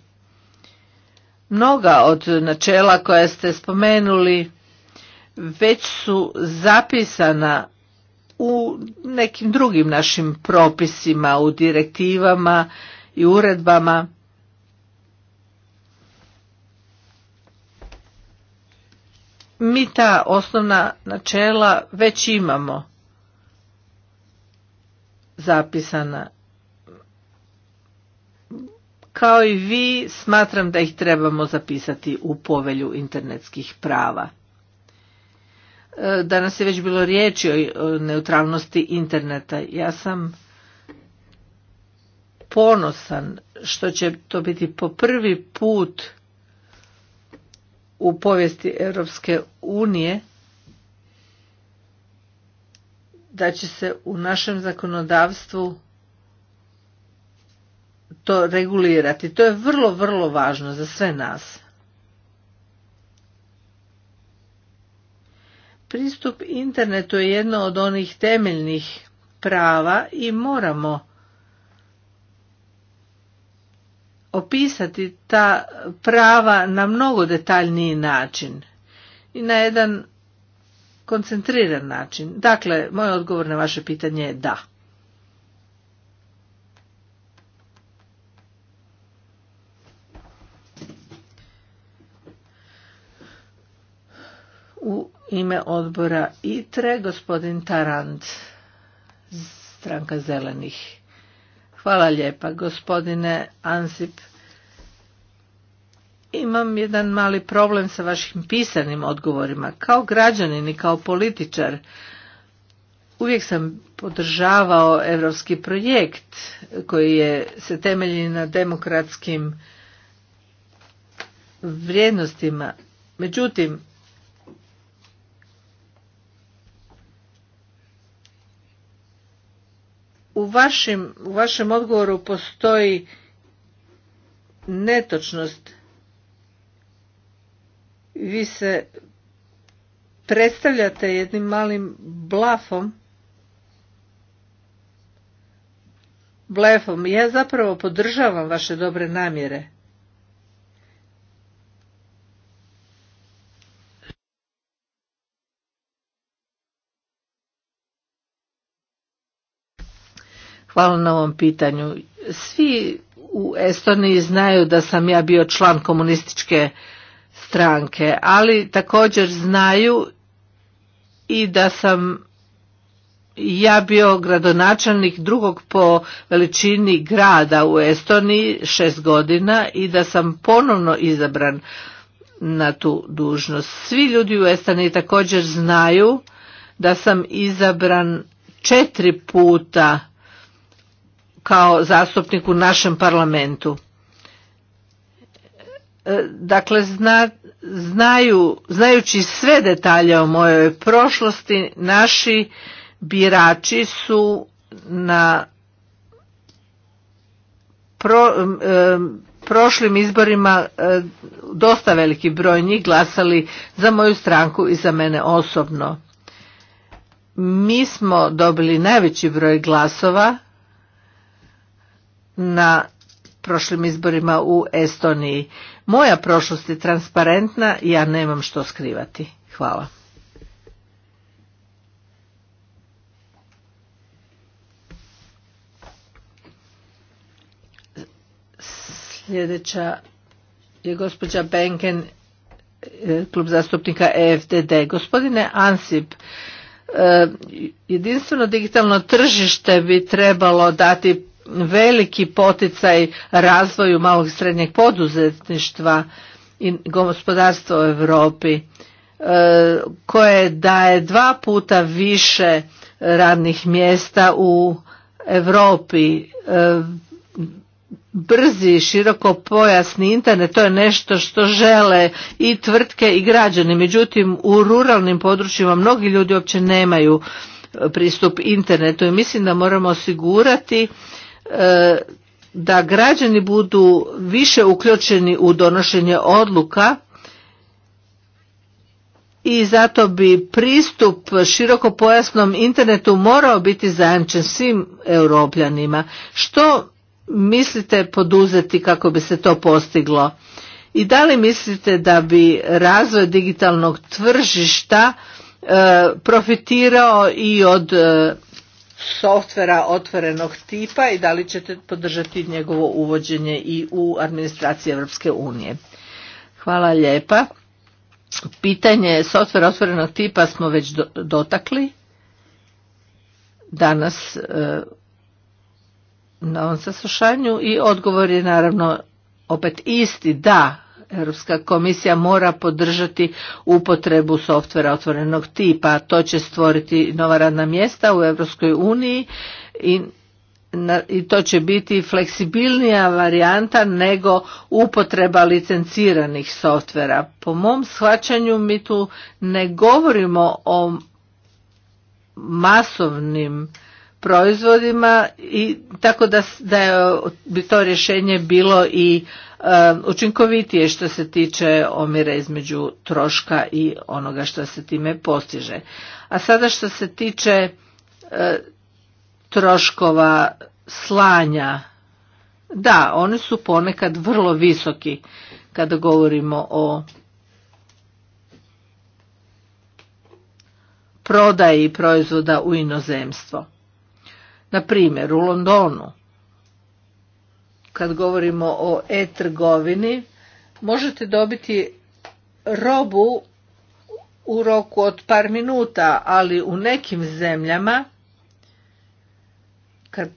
A: Mnoga od načela koje ste spomenuli već su zapisana u nekim drugim našim propisima, u direktivama i uredbama. Mi ta osnovna načela već imamo zapisana. Kao i vi smatram da ih trebamo zapisati u povelju internetskih prava. E, danas je već bilo riječi o neutralnosti interneta. Ja sam ponosan što će to biti po prvi put u povijesti Europske unije da će se u našem zakonodavstvu to regulirati. To je vrlo, vrlo važno za sve nas. Pristup internetu je jedno od onih temeljnih prava i moramo opisati ta prava na mnogo detaljniji način i na jedan koncentriran način. Dakle, moj odgovor na vaše pitanje je da. U ime odbora ITRE gospodin Tarant, stranka zelenih. Hvala lijepa, gospodine Ansip. Imam jedan mali problem sa vašim pisanim odgovorima. Kao građanin i kao političar uvijek sam podržavao europski projekt koji je, se temelji na demokratskim vrijednostima. Međutim, u u vašem odgovoru postoji netočnost. Vi se predstavljate jednim malim blafom. Blefom. Ja zapravo podržavam vaše dobre namjere. Hvala na ovom pitanju. Svi u Estoniji znaju da sam ja bio član komunističke stranke, ali također znaju i da sam ja bio gradonačelnik drugog po veličini grada u Estoniji šest godina i da sam ponovno izabran na tu dužnost. Svi ljudi u Estoniji također znaju da sam izabran četiri puta kao zastupnik u našem parlamentu. E, dakle, znaju, znajući sve detalje o mojoj prošlosti, naši birači su na prošlim izborima e, dosta veliki broj njih glasali za moju stranku i za mene osobno. Mi smo dobili najveći broj glasova na prošlim izborima u Estoniji. Moja prošlost je transparentna i ja nemam što skrivati. Hvala. Sljedeća je gospođa Benken, e, klub zastupnika EFDD. Gospodine Ansip, e, jedinstveno digitalno tržište bi trebalo dati veliki poticaj razvoju malog i srednjeg poduzetništva i gospodarstva u Europi e, koje daje dva puta više radnih mjesta u Europi e, brzi široko pojasni internet to je nešto što žele i tvrtke i građani međutim u ruralnim područjima mnogi ljudi uopće nemaju e, pristup internetu i mislim da moramo osigurati E, da građani budu više uključeni u donošenje odluka i zato bi pristup širokopojasnom internetu morao biti zajamčen svim europljanima. Što mislite poduzeti kako bi se to postiglo? I da li mislite da bi razvoj digitalnog tržišta e, profitirao i od e, softvera otvorenog tipa i da li ćete podržati njegovo uvođenje i u administraciji Europske unije. Hvala lijepa. Pitanje softvera otvorenog tipa smo već dotakli danas e, na ovom saslušanju i odgovor je naravno opet isti, da, Europska komisija mora podržati upotrebu softvera otvorenog tipa. To će stvoriti nova radna mjesta u Europskoj uniji i i to će biti fleksibilnija varijanta nego upotreba licenciranih softvera. Po mom shvaćanju mi tu ne govorimo o masovnim proizvodima i tako da, da bi to rješenje bilo i učinkovitije što se tiče omjera između troška i onoga što se time postiže. A sada što se tiče e, troškova slanja, da, oni su ponekad vrlo visoki kada govorimo o prodaji proizvoda u inozemstvo. Na primjer, u Londonu kad govorimo o e-trgovini, možete dobiti robu u roku od par minuta, ali u nekim zemljama, kad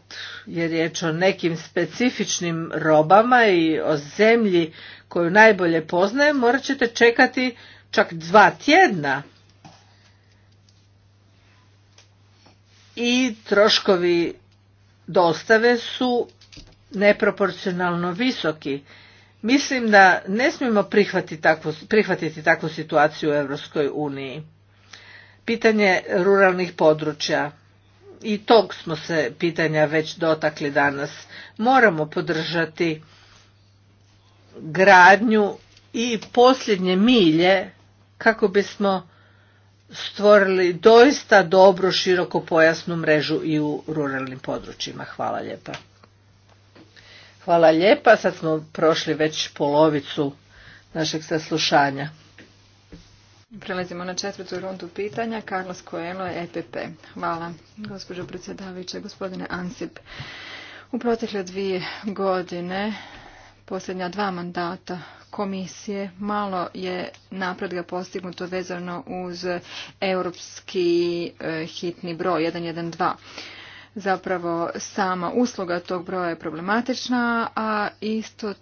A: je riječ o nekim specifičnim robama i o zemlji koju najbolje poznajem, morat ćete čekati čak dva tjedna. I troškovi dostave su neproporcionalno visoki. Mislim da ne smijemo prihvatiti takvu, prihvatiti takvu situaciju u Europskoj uniji. Pitanje ruralnih područja. I tog smo se pitanja već dotakli danas. Moramo podržati gradnju i posljednje milje kako bismo stvorili doista dobru širokopojasnu mrežu i u ruralnim područjima. Hvala lijepa. Hvala lijepa, sad smo prošli već polovicu našeg saslušanja.
C: Prelazimo na četvrtu rundu pitanja. Carlos Coelho, EPP. Hvala, gospođo predsjedavajuće, gospodine Ansip. U protekle dvije godine, posljednja dva mandata komisije, malo je napredga postignuto vezano uz europski e, hitni broj 112. Zapravo sama usluga tog broja je problematična, a isto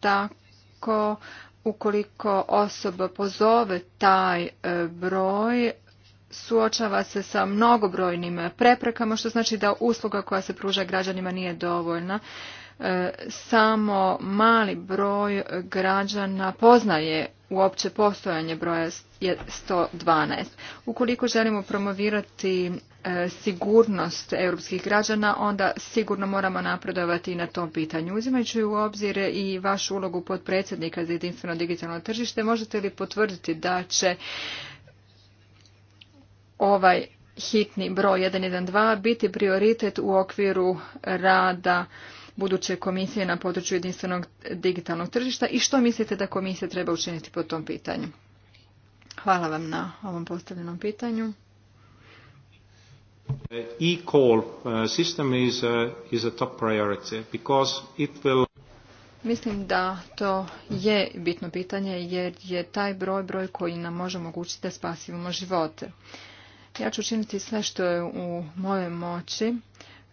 C: tako ukoliko osoba pozove taj e, broj, suočava se sa mnogobrojnim preprekama, što znači da usluga koja se pruža građanima nije dovoljna. E, samo mali broj građana poznaje uopće postojanje broja 112. Ukoliko želimo promovirati E, sigurnost europskih građana, onda sigurno moramo napredovati i na tom pitanju. Uzimajući u obzir i vašu ulogu podpredsjednika za jedinstveno digitalno tržište, možete li potvrditi da će ovaj hitni broj 112 biti prioritet u okviru rada buduće komisije na području jedinstvenog digitalnog tržišta i što mislite da komisija treba učiniti po tom pitanju? Hvala vam na ovom postavljenom pitanju
D: e top priority
C: Mislim da to je bitno pitanje jer je taj broj broj koji nam može omogućiti da spasimo živote. Ja ću učiniti sve što je u mojoj moći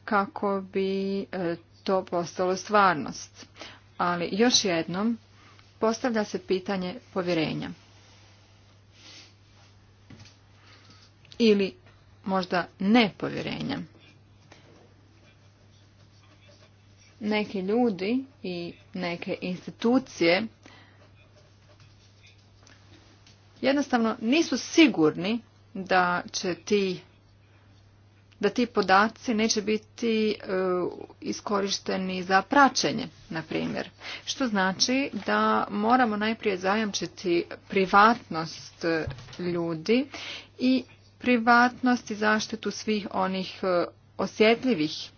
C: kako bi e, to postalo stvarnost. Ali još jednom postavlja se pitanje povjerenja. Ili možda nepovjerenja. Neki ljudi i neke institucije jednostavno nisu sigurni da će ti da ti podaci neće biti e, iskorišteni za praćenje, na primjer. Što znači da moramo najprije zajamčiti privatnost ljudi i privatnost i zaštitu svih onih e, osjetljivih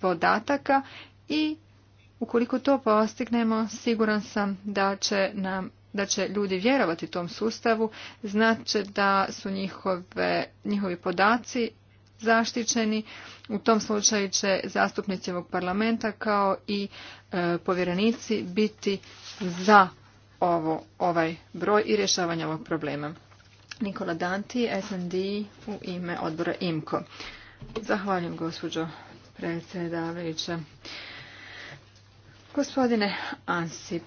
C: podataka i ukoliko to postignemo siguran sam da će da će ljudi vjerovati tom sustavu, znači da su njihove, njihovi podaci zaštićeni. U tom slučaju će zastupnici ovog parlamenta kao i e, povjerenici biti za ovo, ovaj broj i rješavanje ovog problema. Nikola Danti, SND u ime odbora IMKO. Zahvaljujem gospođo predsjedavajuća. Gospodine Ansip,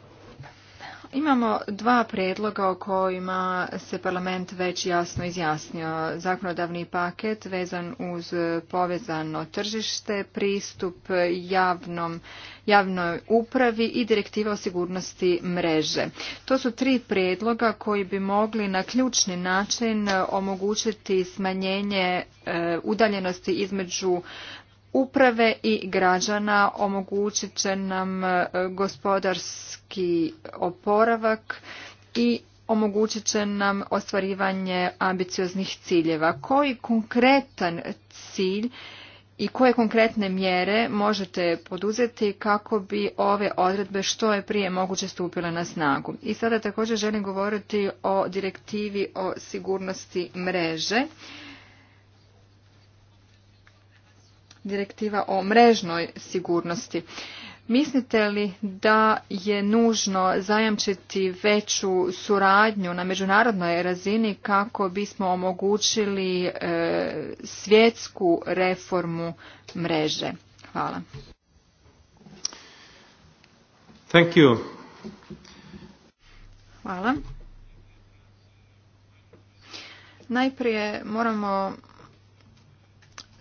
C: Imamo dva predloga o kojima se parlament već jasno izjasnio. Zakonodavni paket vezan uz povezano tržište, pristup javnom, javnoj upravi i direktiva o sigurnosti mreže. To su tri predloga koji bi mogli na ključni način omogućiti smanjenje e, udaljenosti između uprave i građana omogućit će nam e, gospodarski oporavak i omogućit će nam ostvarivanje ambicioznih ciljeva. Koji konkretan cilj i koje konkretne mjere možete poduzeti kako bi ove odredbe što je prije moguće stupile na snagu. I sada također želim govoriti o direktivi o sigurnosti mreže. direktiva o mrežnoj sigurnosti. Mislite li da je nužno zajamčiti veću suradnju na međunarodnoj razini kako bismo omogućili e, svjetsku reformu mreže? Hvala. Thank you. Hvala. Najprije moramo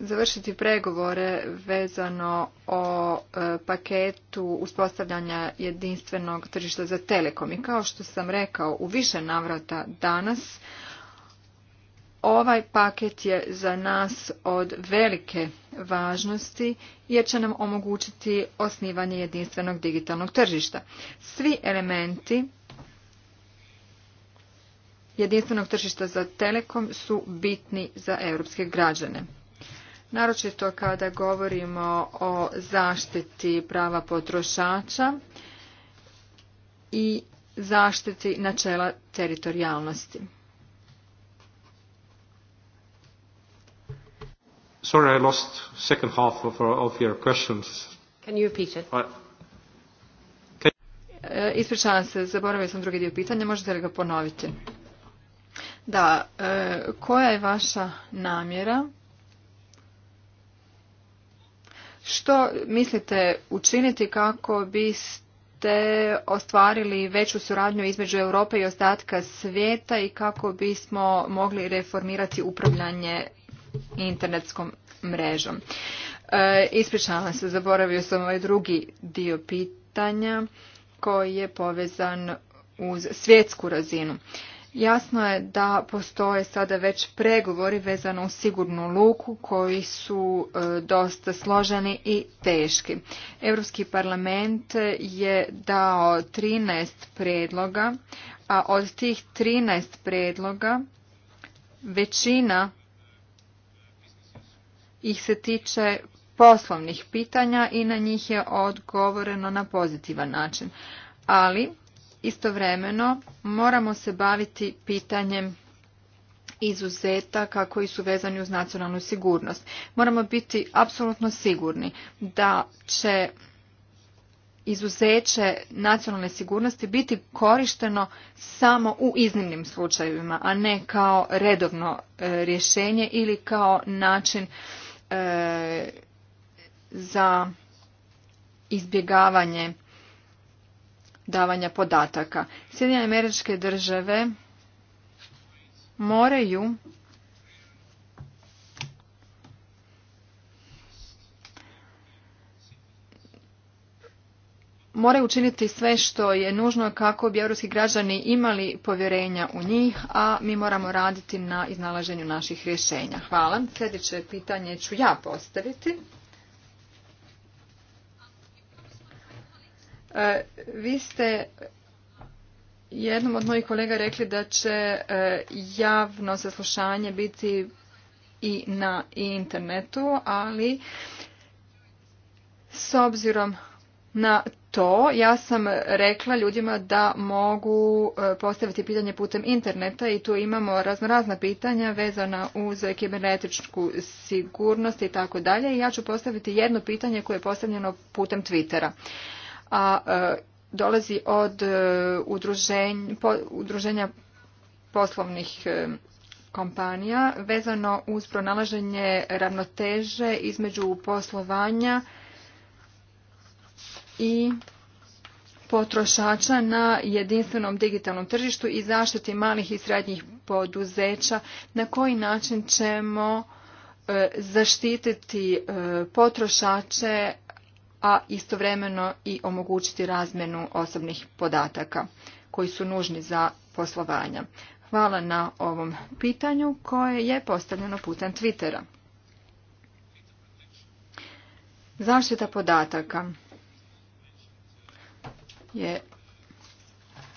C: završiti pregovore vezano o e, paketu uspostavljanja jedinstvenog tržišta za telekom. I kao što sam rekao u više navrata danas, ovaj paket je za nas od velike važnosti jer će nam omogućiti osnivanje jedinstvenog digitalnog tržišta. Svi elementi jedinstvenog tržišta za telekom su bitni za europske građane naročito kada govorimo o zaštiti prava potrošača i zaštiti načela teritorijalnosti.
D: Sorry, lost second half of, your questions. Can you repeat it? E,
C: ispričavam se, zaboravio sam drugi dio pitanja, možete li ga ponoviti? Da, e, koja je vaša namjera što mislite učiniti kako biste ostvarili veću suradnju između Europe i ostatka svijeta i kako bismo mogli reformirati upravljanje internetskom mrežom? E, ispričavam se, zaboravio sam ovaj drugi dio pitanja koji je povezan uz svjetsku razinu. Jasno je da postoje sada već pregovori vezano u sigurnu luku koji su e, dosta složeni i teški. Europski parlament je dao 13 predloga, a od tih 13 predloga većina ih se tiče poslovnih pitanja i na njih je odgovoreno na pozitivan način. Ali Istovremeno moramo se baviti pitanjem izuzetaka koji su vezani uz nacionalnu sigurnost. Moramo biti apsolutno sigurni da će izuzeće nacionalne sigurnosti biti korišteno samo u iznimnim slučajevima, a ne kao redovno e, rješenje ili kao način e, za izbjegavanje davanja podataka. Sjedinjene američke države moraju moraju učiniti sve što je nužno kako bi europski građani imali povjerenja u njih, a mi moramo raditi na iznalaženju naših rješenja. Hvala. Sljedeće pitanje ću ja postaviti. E, vi ste jednom od mojih kolega rekli da će e, javno saslušanje biti i na internetu, ali s obzirom na to, ja sam rekla ljudima da mogu e, postaviti pitanje putem interneta i tu imamo raznorazna pitanja vezana uz kibernetičku sigurnost i tako dalje. Ja ću postaviti jedno pitanje koje je postavljeno putem Twittera a e, dolazi od e, udruženja, poslovnih e, kompanija vezano uz pronalaženje ravnoteže između poslovanja i potrošača na jedinstvenom digitalnom tržištu i zaštiti malih i srednjih poduzeća na koji način ćemo zaštititi potrošače a istovremeno i omogućiti razmjenu osobnih podataka koji su nužni za poslovanja. Hvala na ovom pitanju koje je postavljeno putem Twittera. Zaštita podataka je,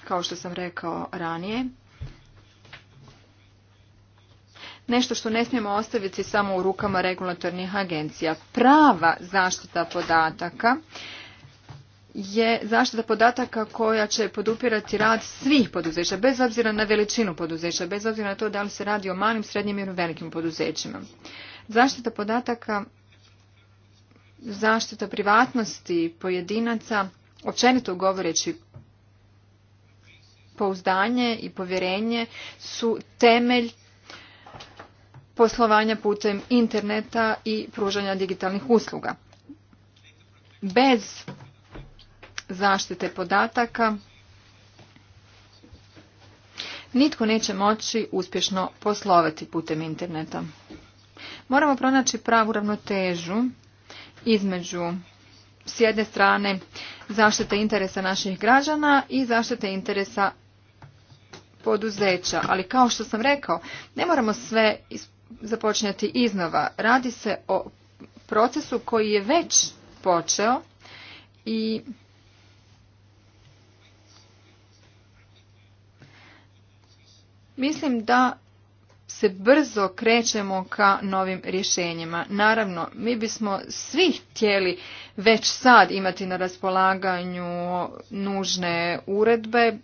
C: kao što sam rekao ranije, nešto što ne smijemo ostaviti samo u rukama regulatornih agencija. Prava zaštita podataka je zaštita podataka koja će podupirati rad svih poduzeća, bez obzira na veličinu poduzeća, bez obzira na to da li se radi o malim, srednjim ili velikim poduzećima. Zaštita podataka, zaštita privatnosti pojedinaca, općenito govoreći pouzdanje i povjerenje su temelj poslovanja putem interneta i pružanja digitalnih usluga. Bez zaštite podataka nitko neće moći uspješno poslovati putem interneta. Moramo pronaći pravu ravnotežu između s jedne strane zaštite interesa naših građana i zaštite interesa poduzeća. Ali kao što sam rekao, ne moramo sve započinjati iznova. Radi se o procesu koji je već počeo i mislim da se brzo krećemo ka novim rješenjima. Naravno, mi bismo svi htjeli već sad imati na raspolaganju nužne uredbe,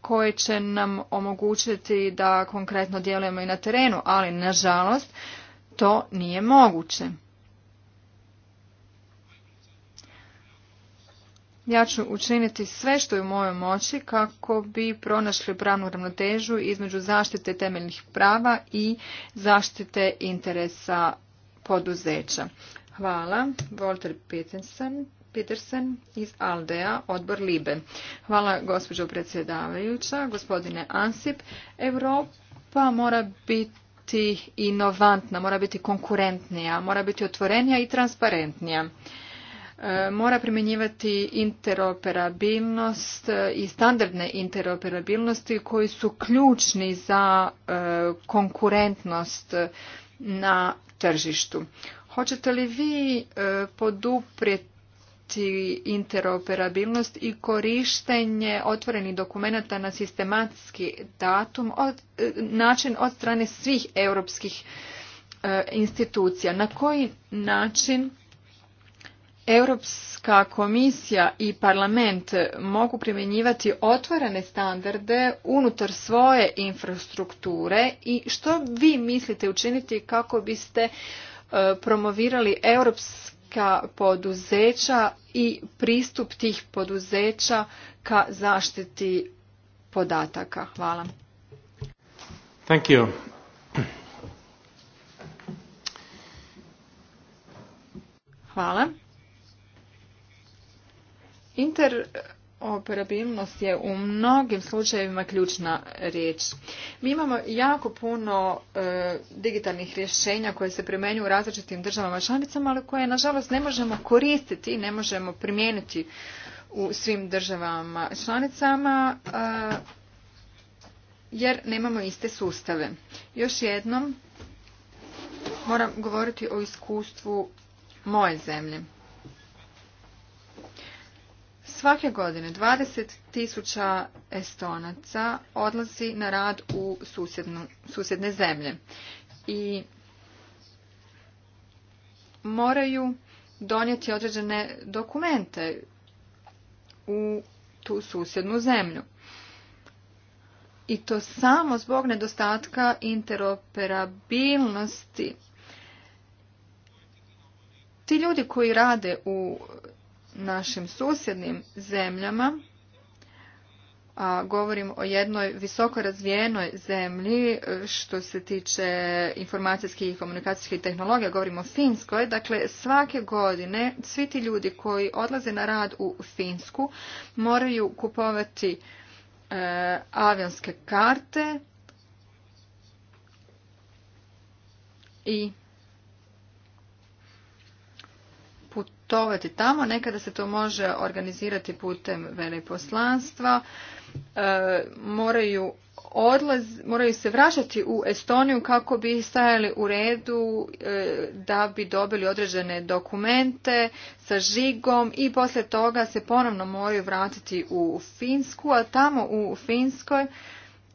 C: koje će nam omogućiti da konkretno djelujemo i na terenu, ali nažalost to nije moguće. Ja ću učiniti sve što je u mojoj moći kako bi pronašli pravnu ravnotežu između zaštite temeljnih prava i zaštite interesa poduzeća. Hvala. Walter Petersen iz Aldea, odbor Libe. Hvala gospođo predsjedavajuća, gospodine Ansip. Europa mora biti inovantna, mora biti konkurentnija, mora biti otvorenija i transparentnija e, mora primjenjivati interoperabilnost i standardne interoperabilnosti koji su ključni za e, konkurentnost na tržištu. Hoćete li vi e, poduprijeti interoperabilnost i korištenje otvorenih dokumenata na sistematski datum, e, način od strane svih europskih e, institucija. Na koji način Europska komisija i parlament mogu primjenjivati otvorene standarde unutar svoje infrastrukture i što vi mislite učiniti kako biste e, promovirali europski ka poduzeća i pristup tih poduzeća ka zaštiti podataka. Hvala. Thank you. Hvala. Inter Operabilnost je u mnogim slučajevima ključna riječ. Mi imamo jako puno e, digitalnih rješenja koje se primjenjuju u različitim državama članicama, ali koje nažalost ne možemo koristiti i ne možemo primijeniti u svim državama članicama e, jer nemamo iste sustave. Još jednom moram govoriti o iskustvu moje zemlje. Svake godine 20.000 estonaca odlazi na rad u susjedne zemlje i moraju donijeti određene dokumente u tu susjednu zemlju. I to samo zbog nedostatka interoperabilnosti. Ti ljudi koji rade u našim susjednim zemljama, a govorim o jednoj visoko razvijenoj zemlji e, što se tiče informacijskih i komunikacijskih tehnologija, govorim o Finskoj, dakle svake godine svi ti ljudi koji odlaze na rad u Finsku moraju kupovati e, avionske karte i putovati tamo. Nekada se to može organizirati putem veleposlanstva. E, moraju odlaz, moraju se vraćati u Estoniju kako bi stajali u redu e, da bi dobili određene dokumente sa žigom i poslije toga se ponovno moraju vratiti u Finsku, a tamo u Finskoj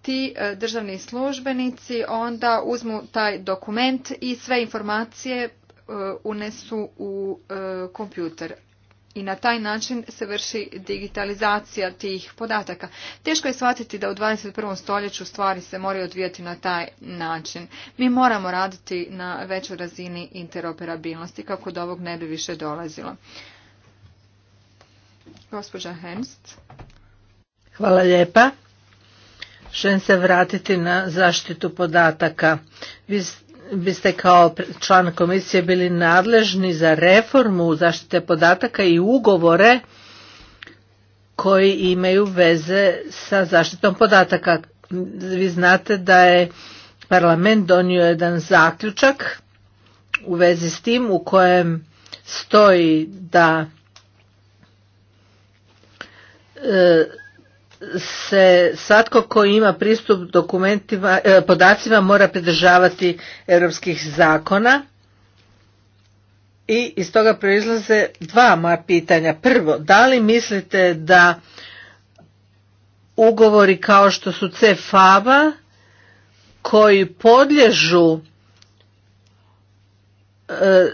C: ti e, državni službenici onda uzmu taj dokument i sve informacije E, unesu u e, kompjuter i na taj način se vrši digitalizacija tih podataka. Teško je shvatiti da u 21. stoljeću stvari se moraju odvijati na taj način. Mi moramo raditi na većoj razini interoperabilnosti kako do ovog ne bi više dolazilo. Gospođa Hemst.
A: Hvala lijepa. Želim se vratiti na zaštitu podataka. Vi biste kao član komisije bili nadležni za reformu zaštite podataka i ugovore koji imaju veze sa zaštitom podataka. Vi znate da je parlament donio jedan zaključak u vezi s tim u kojem stoji da e, se svatko tko ima pristup dokumentima, e, podacima mora pridržavati europskih zakona. I iz toga proizlaze dva moja pitanja. Prvo, da li mislite da ugovori kao što su CFAVA koji podlježu e,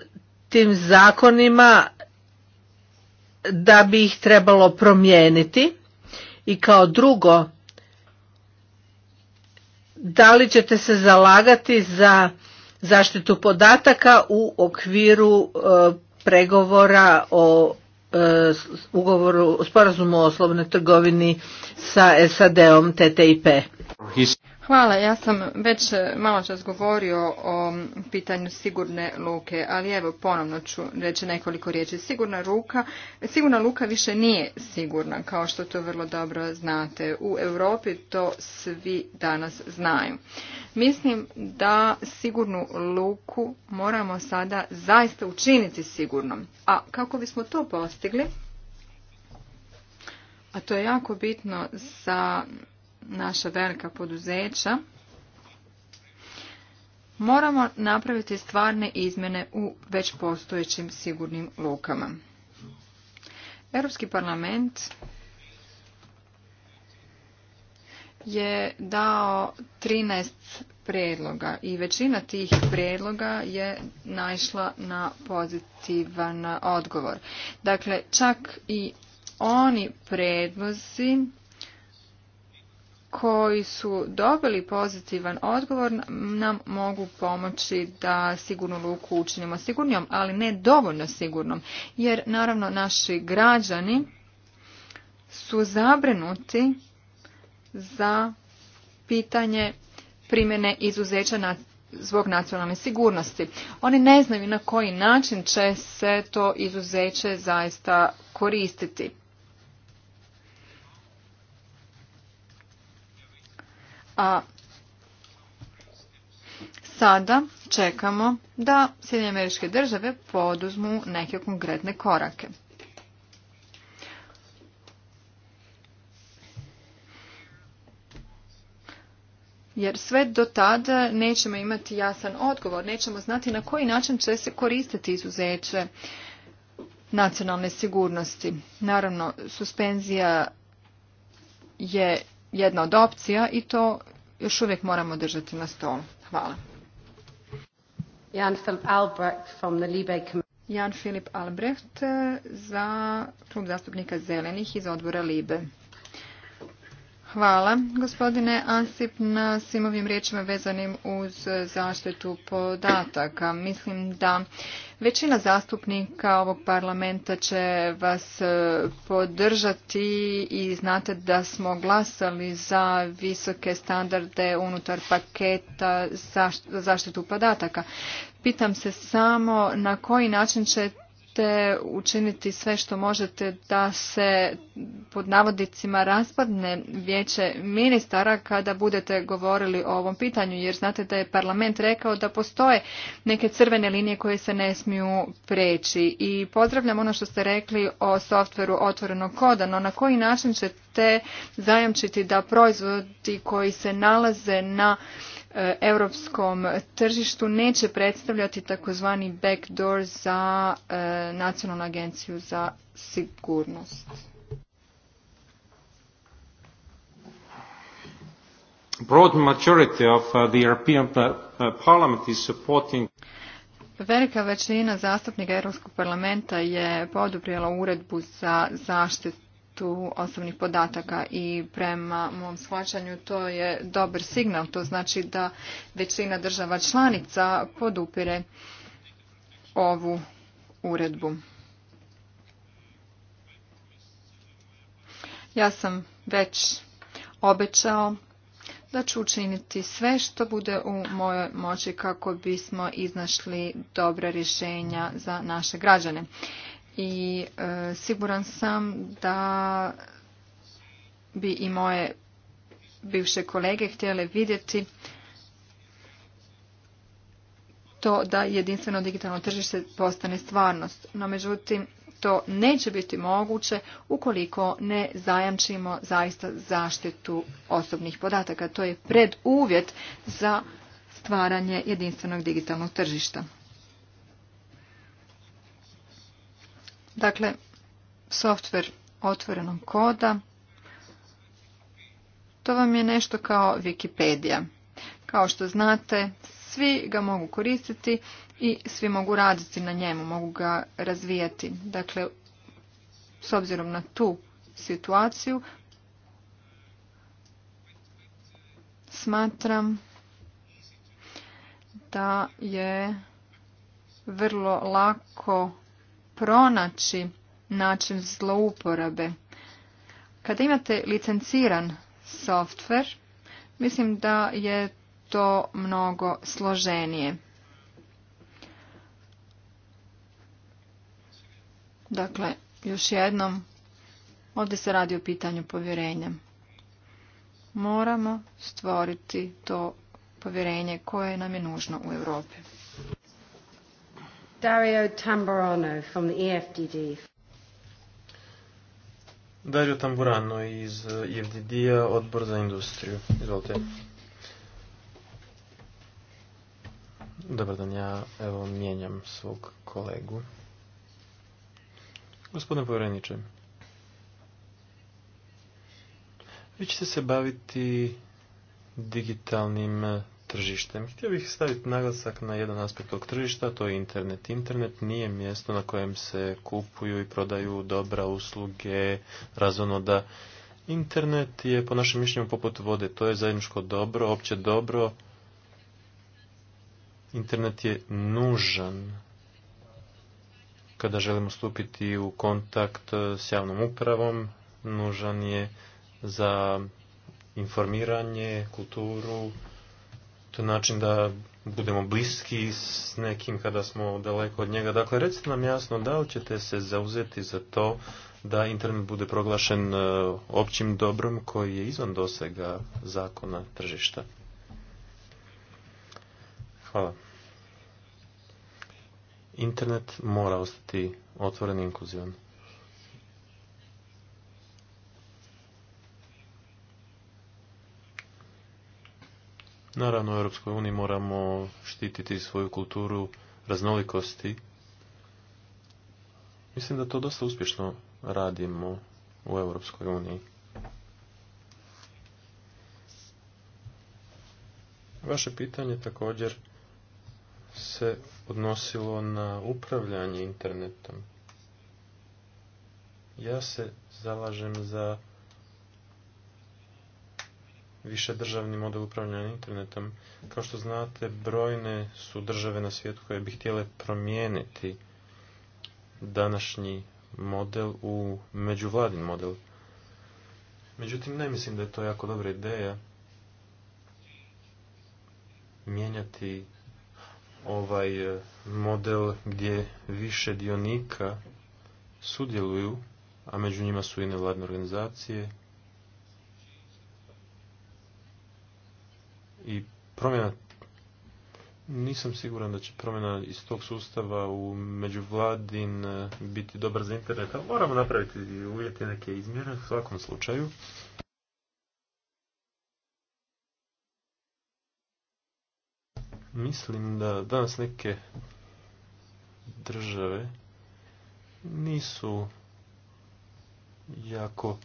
A: tim zakonima da bi ih trebalo promijeniti? I kao drugo, da li ćete se zalagati za zaštitu podataka u okviru e, pregovora o e, ugovoru, sporazumu o slobodnoj trgovini sa SAD-om TTIP?
C: Hvala, ja sam već e, malo čas govorio o pitanju sigurne luke, ali evo ponovno ću reći nekoliko riječi. Sigurna, ruka, sigurna luka više nije sigurna, kao što to vrlo dobro znate. U Europi to svi danas znaju. Mislim da sigurnu luku moramo sada zaista učiniti sigurnom. A kako bismo to postigli, a to je jako bitno za naša velika poduzeća, moramo napraviti stvarne izmjene u već postojećim sigurnim lukama. Europski parlament je dao 13 prijedloga i većina tih prijedloga je naišla na pozitivan odgovor. Dakle, čak i oni prijedlozi koji su dobili pozitivan odgovor nam mogu pomoći da sigurnu luku učinimo sigurnijom, ali ne dovoljno sigurnom, jer naravno naši građani su zabrinuti za pitanje primjene izuzeća zbog nacionalne sigurnosti. Oni ne znaju na koji način će se to izuzeće zaista koristiti. A sada čekamo da Sjedinje američke države poduzmu neke konkretne korake. jer sve do tada nećemo imati jasan odgovor, nećemo znati na koji način će se koristiti izuzeće nacionalne sigurnosti. Naravno, suspenzija je jedna od opcija i to još uvijek moramo držati na stolu. Hvala. Jan Filip Albrecht, eh, za klub zastupnika Zelenih iz odbora Libe. Hvala gospodine Ansip na svim ovim riječima vezanim uz zaštitu podataka. Mislim da većina zastupnika ovog parlamenta će vas podržati i znate da smo glasali za visoke standarde unutar paketa za zaštitu podataka. Pitam se samo na koji način ćete Možete učiniti sve što možete da se pod navodicima raspadne vijeće ministara kada budete govorili o ovom pitanju jer znate da je parlament rekao da postoje neke crvene linije koje se ne smiju preći i pozdravljam ono što ste rekli o softveru otvorenog koda no na koji način ćete zajamčiti da proizvodi koji se nalaze na E, europskom tržištu neće predstavljati takozvani backdoor za e, nacionalnu agenciju za sigurnost.
D: Broad majority of uh, the European uh, uh, Parliament is supporting
C: Velika većina zastupnika Europskog parlamenta je poduprijela uredbu za zaštitu zaštitu osobnih podataka i prema mom shvaćanju to je dobar signal. To znači da većina država članica podupire ovu uredbu. Ja sam već obećao da ću učiniti sve što bude u mojoj moći kako bismo iznašli dobra rješenja za naše građane i e, siguran sam da bi i moje bivše kolege htjele vidjeti to da jedinstveno digitalno tržište postane stvarnost. No međutim, to neće biti moguće ukoliko ne zajamčimo zaista zaštitu osobnih podataka. To je preduvjet za stvaranje jedinstvenog digitalnog tržišta. Dakle, softver otvorenog koda, to vam je nešto kao Wikipedia. Kao što znate, svi ga mogu koristiti i svi mogu raditi na njemu, mogu ga razvijati. Dakle, s obzirom na tu situaciju, smatram da je vrlo lako pronaći način zlouporabe. Kada imate licenciran softver, mislim da je to mnogo složenije. Dakle, još jednom, ovdje se radi o pitanju povjerenja. Moramo stvoriti to povjerenje koje nam je nužno u Europi. Dario Tamburano from the EFDD.
B: Dario Tamburano iz EFDD-a, eh, e odbor za industriju. Izvolite. Dobar dan, ja evo mijenjam svog kolegu. Gospodine povjereniče, vi ćete se baviti digitalnim eh, tržištem. Htio bih staviti naglasak na jedan aspekt tog tržišta, to je internet. Internet nije mjesto na kojem se kupuju i prodaju dobra usluge, razvojno da internet je po našem mišljenju poput vode, to je zajedničko dobro, opće dobro. Internet je nužan kada želimo stupiti u kontakt s javnom upravom, nužan je za informiranje, kulturu, to način da budemo bliski s nekim kada smo daleko od njega. Dakle, recite nam jasno da li ćete se zauzeti za to da internet bude proglašen e, općim dobrom koji je izvan dosega zakona tržišta. Hvala. Internet mora ostati otvoren i inkluzivan. Naravno, u Europskoj uniji moramo štititi svoju kulturu raznolikosti. Mislim da to dosta uspješno radimo u Europskoj uniji. Vaše pitanje također se odnosilo na upravljanje internetom. Ja se zalažem za više državni model upravljanja internetom. Kao što znate, brojne su države na svijetu koje bi htjele promijeniti današnji model u međuvladin model. Međutim, ne mislim da je to jako dobra ideja mijenjati ovaj eh, model gdje više dionika sudjeluju, a među njima su i nevladne organizacije, i promjena nisam siguran da će promjena iz tog sustava u međuvladin e, biti dobar za internet, ali moramo napraviti uvjeti neke izmjere u svakom slučaju. Mislim da danas neke države nisu jako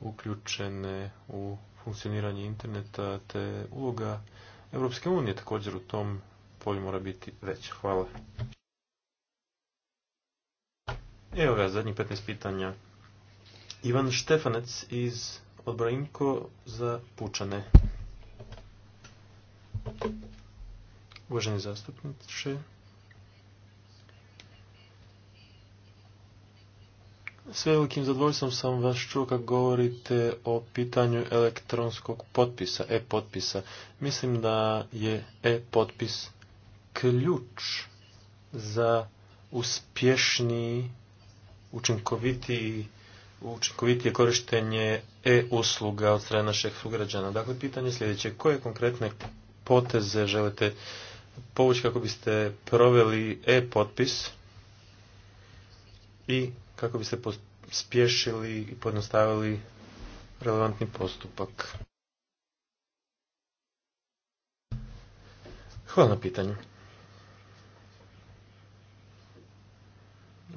B: uključene u funkcioniranje interneta te uloga Europske unije također u tom polju mora biti veća. Hvala. Evo ga, zadnjih 15 pitanja. Ivan Štefanec iz odbora za Pučane. Uvaženi zastupniče, S velikim zadovoljstvom sam vas čuo kad govorite o pitanju elektronskog potpisa, e-potpisa. Mislim da je e-potpis ključ za uspješniji, učinkovitiji učinkovitije korištenje e-usluga od strane naših sugrađana. Dakle, pitanje je sljedeće. Koje konkretne poteze želite povući kako biste proveli e-potpis i kako bi se spješili i podnostavili relevantni postupak. Hvala na pitanju.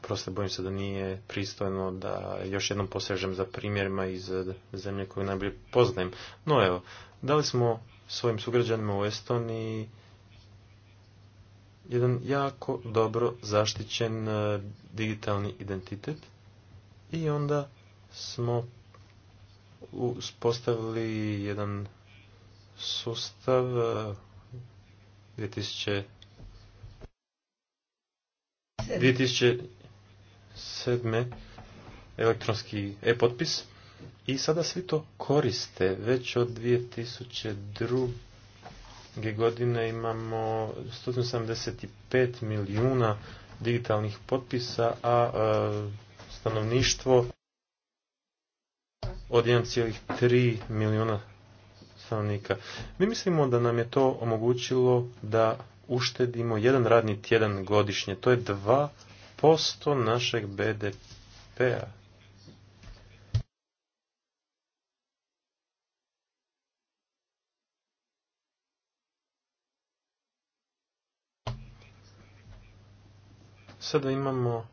B: Proste, bojim se da nije pristojno da još jednom posežem za primjerima iz zemlje koju najbolje poznajem. No evo, dali smo svojim sugrađanima u Estoniji jedan jako dobro zaštićen e, digitalni identitet i onda smo uspostavili jedan sustav 2007. E, elektronski e-potpis i sada svi to koriste već od 2002 godine imamo 175 milijuna digitalnih potpisa, a e, stanovništvo od 1,3 milijuna stanovnika. Mi mislimo da nam je to omogućilo da uštedimo jedan radni tjedan godišnje. To je 2% našeg BDP-a. Sada imamo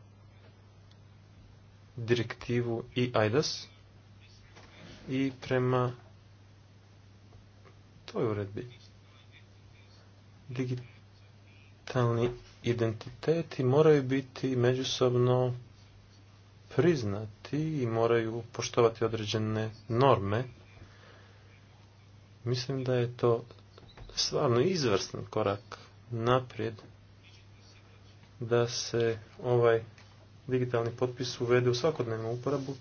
B: direktivu i IDAS i prema
D: toj uredbi
B: digitalni identiteti moraju biti međusobno priznati i moraju poštovati određene norme. Mislim da je to stvarno izvrstan korak naprijed da se ovaj digitalni potpis uvede u svakodnevnu uporabu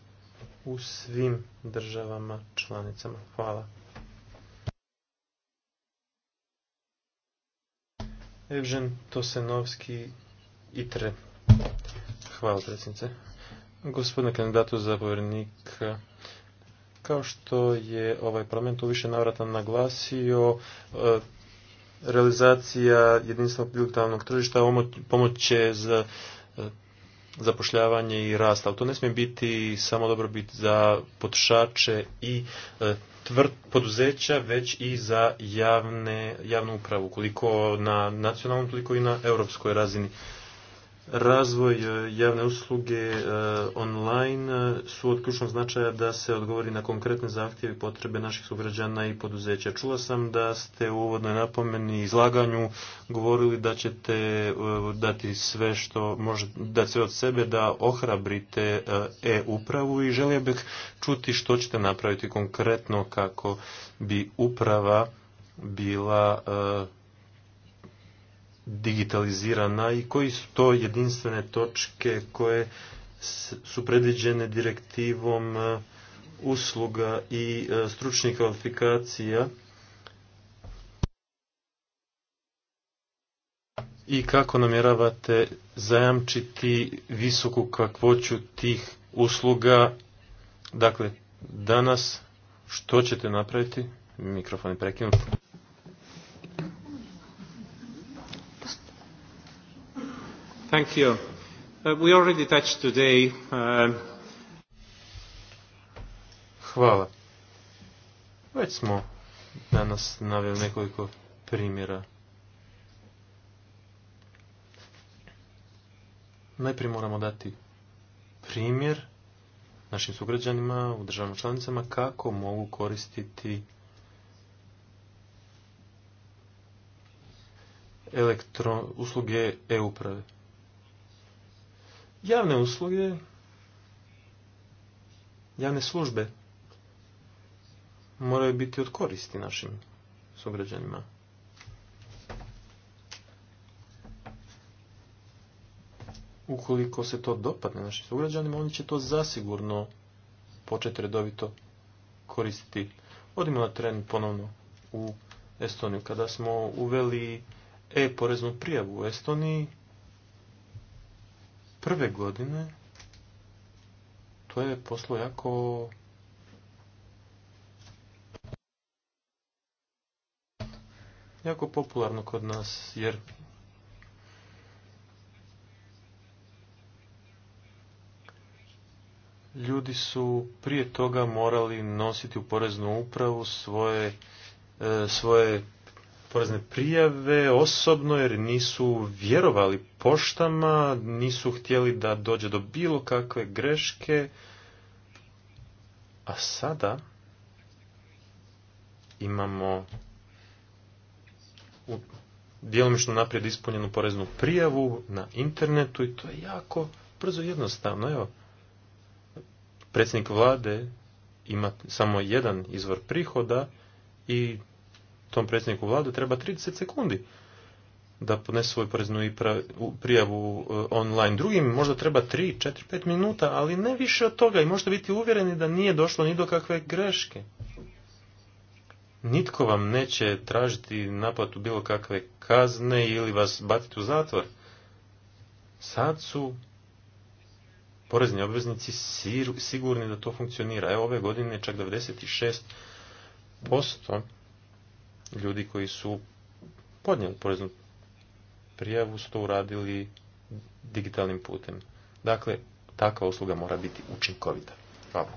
B: u svim državama članicama. Hvala. Evžen Tosenovski ITRE. Hvala predsjednice. Gospodine kandidatu za povjernik, kao što je ovaj parlament u više navrata naglasio, e, realizacija jedinstvenog digitalnog tržišta pomoće za e, zapošljavanje i rast, ali to ne smije biti samo dobrobit za potrošače i e, tvrt poduzeća, već i za javne, javnu upravu, koliko na nacionalnom, toliko i na europskoj razini razvoj e, javne usluge e, online e, su od ključnog značaja da se odgovori na konkretne zahtjeve i potrebe naših sugrađana i poduzeća. Čula sam da ste u uvodnoj napomeni izlaganju govorili da ćete dati sve što može, da sve od sebe da ohrabrite e-upravu i želio bih čuti što ćete napraviti konkretno kako bi uprava bila digitalizirana i koji su to jedinstvene točke koje su predviđene direktivom e, usluga i e, stručnih kvalifikacija i kako namjeravate zajamčiti visoku kakvoću tih usluga. Dakle, danas što ćete napraviti? Mikrofon je prekinut.
D: Uh, today.
B: Uh, Hvala. Već smo danas naveli nekoliko primjera. Najprije moramo dati primjer našim sugrađanima u državnom članicama kako mogu koristiti usluge e-uprave. Javne usluge, javne službe moraju biti od koristi našim sugrađanima. Ukoliko se to dopadne našim sugrađanima, oni će to zasigurno početi redovito koristiti. Odimo na tren ponovno u Estoniju. Kada smo uveli e-poreznu prijavu u Estoniji, Prve godine to je poslo jako jako popularno kod nas jer ljudi su prije toga morali nositi u poreznu upravu svoje, e, svoje porezne prijave osobno jer nisu vjerovali poštama, nisu htjeli da dođe do bilo kakve greške. A sada imamo djelomično naprijed ispunjenu poreznu prijavu na internetu i to je jako brzo jednostavno. Evo, predsjednik vlade ima samo jedan izvor prihoda i tom predsjedniku vlade treba 30 sekundi da podnese svoju poreznu prijavu e, online. Drugim možda treba 3, 4, 5 minuta, ali ne više od toga i možete biti uvjereni da nije došlo ni do kakve greške. Nitko vam neće tražiti naplatu bilo kakve kazne ili vas batiti u zatvor. Sad su porezni obveznici sigurni da to funkcionira. Evo ove godine čak 96% ljudi koji su podnijeli poreznu prijavu su to uradili digitalnim putem. Dakle, takva usluga mora biti učinkovita. Hvala.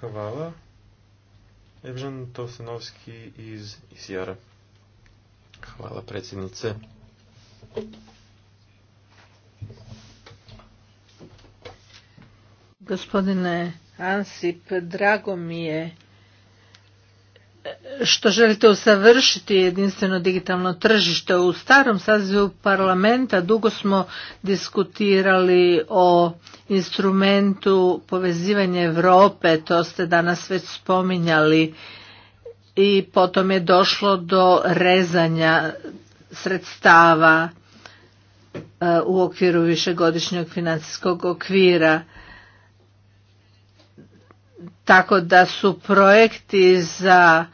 B: Hvala. Evžan iz Isjara. Hvala predsjednice.
A: Gospodine Ansip, drago mi je što želite usavršiti jedinstveno digitalno tržište. U starom sazivu parlamenta dugo smo diskutirali o instrumentu povezivanja Europe, to ste danas već spominjali i potom je došlo do rezanja sredstava e, u okviru višegodišnjeg financijskog okvira tako da su projekti za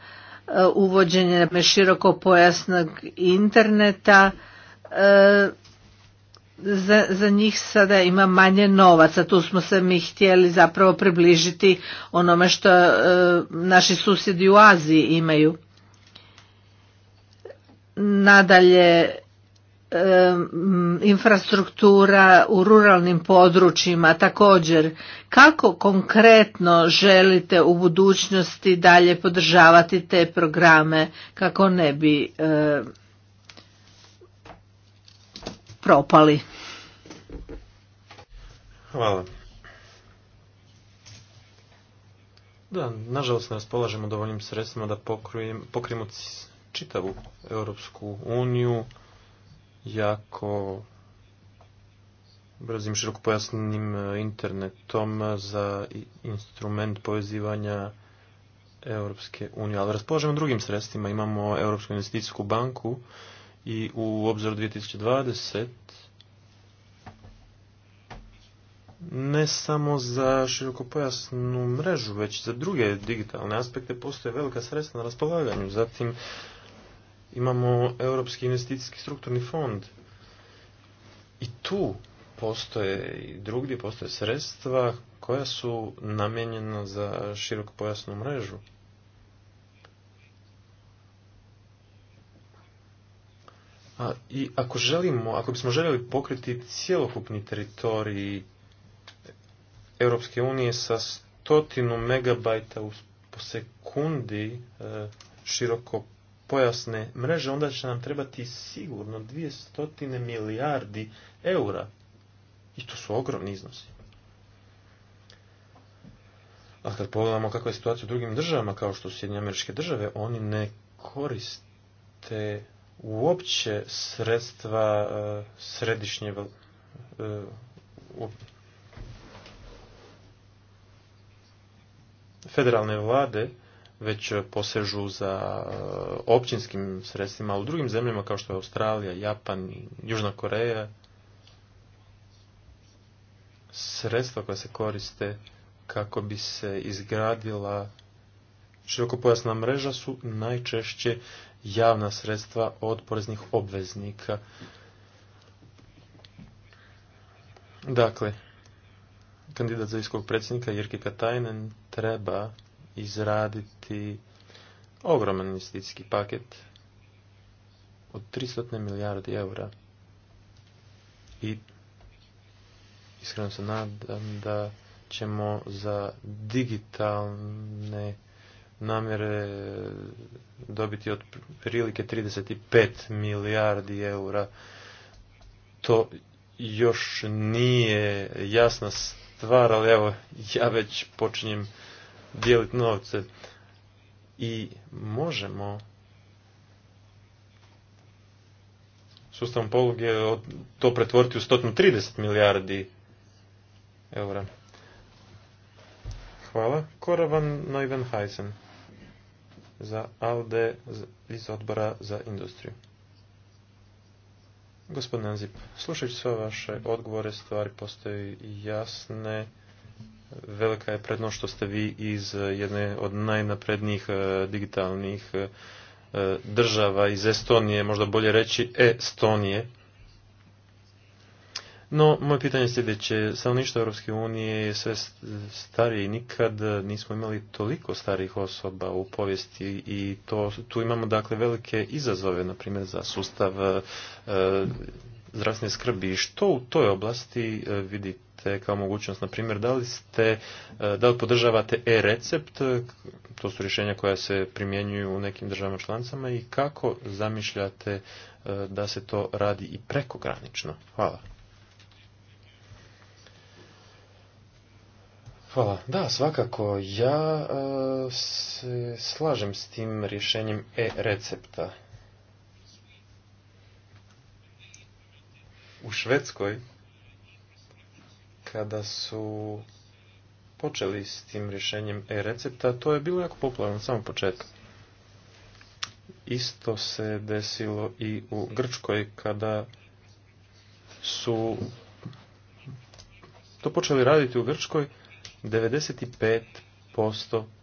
A: E, uvođenje širokopojasnog pojasnog interneta e, za, za njih sada ima manje novaca. Tu smo se mi htjeli zapravo približiti onome što e, naši susjedi u Aziji imaju. Nadalje, infrastruktura u ruralnim područjima također kako konkretno želite u budućnosti dalje podržavati te programe kako ne bi propali
B: hvala da nažalost ne raspolažemo dovoljnim sredstvima da pokrijemo čitavu europsku uniju jako brzim širokopojasnim e, internetom za instrument povezivanja Europske unije. Ali raspolažemo drugim sredstvima. Imamo Europsku investicijsku banku i u obzoru 2020 ne samo za širokopojasnu mrežu, već za druge digitalne aspekte postoje velika sredstva na raspolaganju. Zatim Imamo Europski investicijski strukturni fond. I tu postoje i drugdje postoje sredstva koja su namijenjena za široko pojasnu mrežu. A, I ako želimo, ako bismo željeli pokriti cjelokupni teritorij Europske unije sa stotinu megabajta po sekundi e, široko pojasne mreže, onda će nam trebati sigurno 200 milijardi eura. I to su ogromni iznosi. A kad pogledamo kakva je situacija u drugim državama, kao što su Sjedinje američke države, oni ne koriste uopće sredstva e, središnje e, federalne vlade već posežu za e, općinskim sredstvima, ali u drugim zemljama kao što je Australija, Japan, Južna Koreja, sredstva koja se koriste kako bi se izgradila širokopojasna mreža su najčešće javna sredstva od poreznih obveznika. Dakle, kandidat za iskog predsjednika Jerki Katajnen treba izraditi ogroman investicijski paket od 300 milijardi eura i iskreno se nadam da ćemo za digitalne namjere dobiti od prilike 35 milijardi eura. To još nije jasna stvar, ali evo ja već počinjem dijeliti novce. I možemo sustavom poluge to pretvoriti u 130 milijardi eura. Hvala. Koravan Neuvenhajsen za ALDE iz odbora za industriju. Gospodin Anzip, slušajući sve vaše odgovore, stvari postaju jasne velika je prednost što ste vi iz eh, jedne od najnaprednijih eh, digitalnih eh, država iz Estonije, možda bolje reći Estonije. No, moje pitanje je sljedeće. Stanovništvo Europske unije je sve starije i nikad nismo imali toliko starih osoba u povijesti i to, tu imamo dakle velike izazove, na primjer za sustav e, zdravstvene skrbi. Što u toj oblasti vidi imate kao mogućnost, na primjer, da li ste, e, da li podržavate e-recept, to su rješenja koja se primjenjuju u nekim državama članicama i kako zamišljate e, da se to radi i prekogranično? Hvala. Hvala. Da, svakako. Ja e, se slažem s tim rješenjem e-recepta. U Švedskoj kada su počeli s tim rješenjem e-recepta, to je bilo jako popularno samo samog Isto se desilo i u Grčkoj kada su to počeli raditi u Grčkoj 95%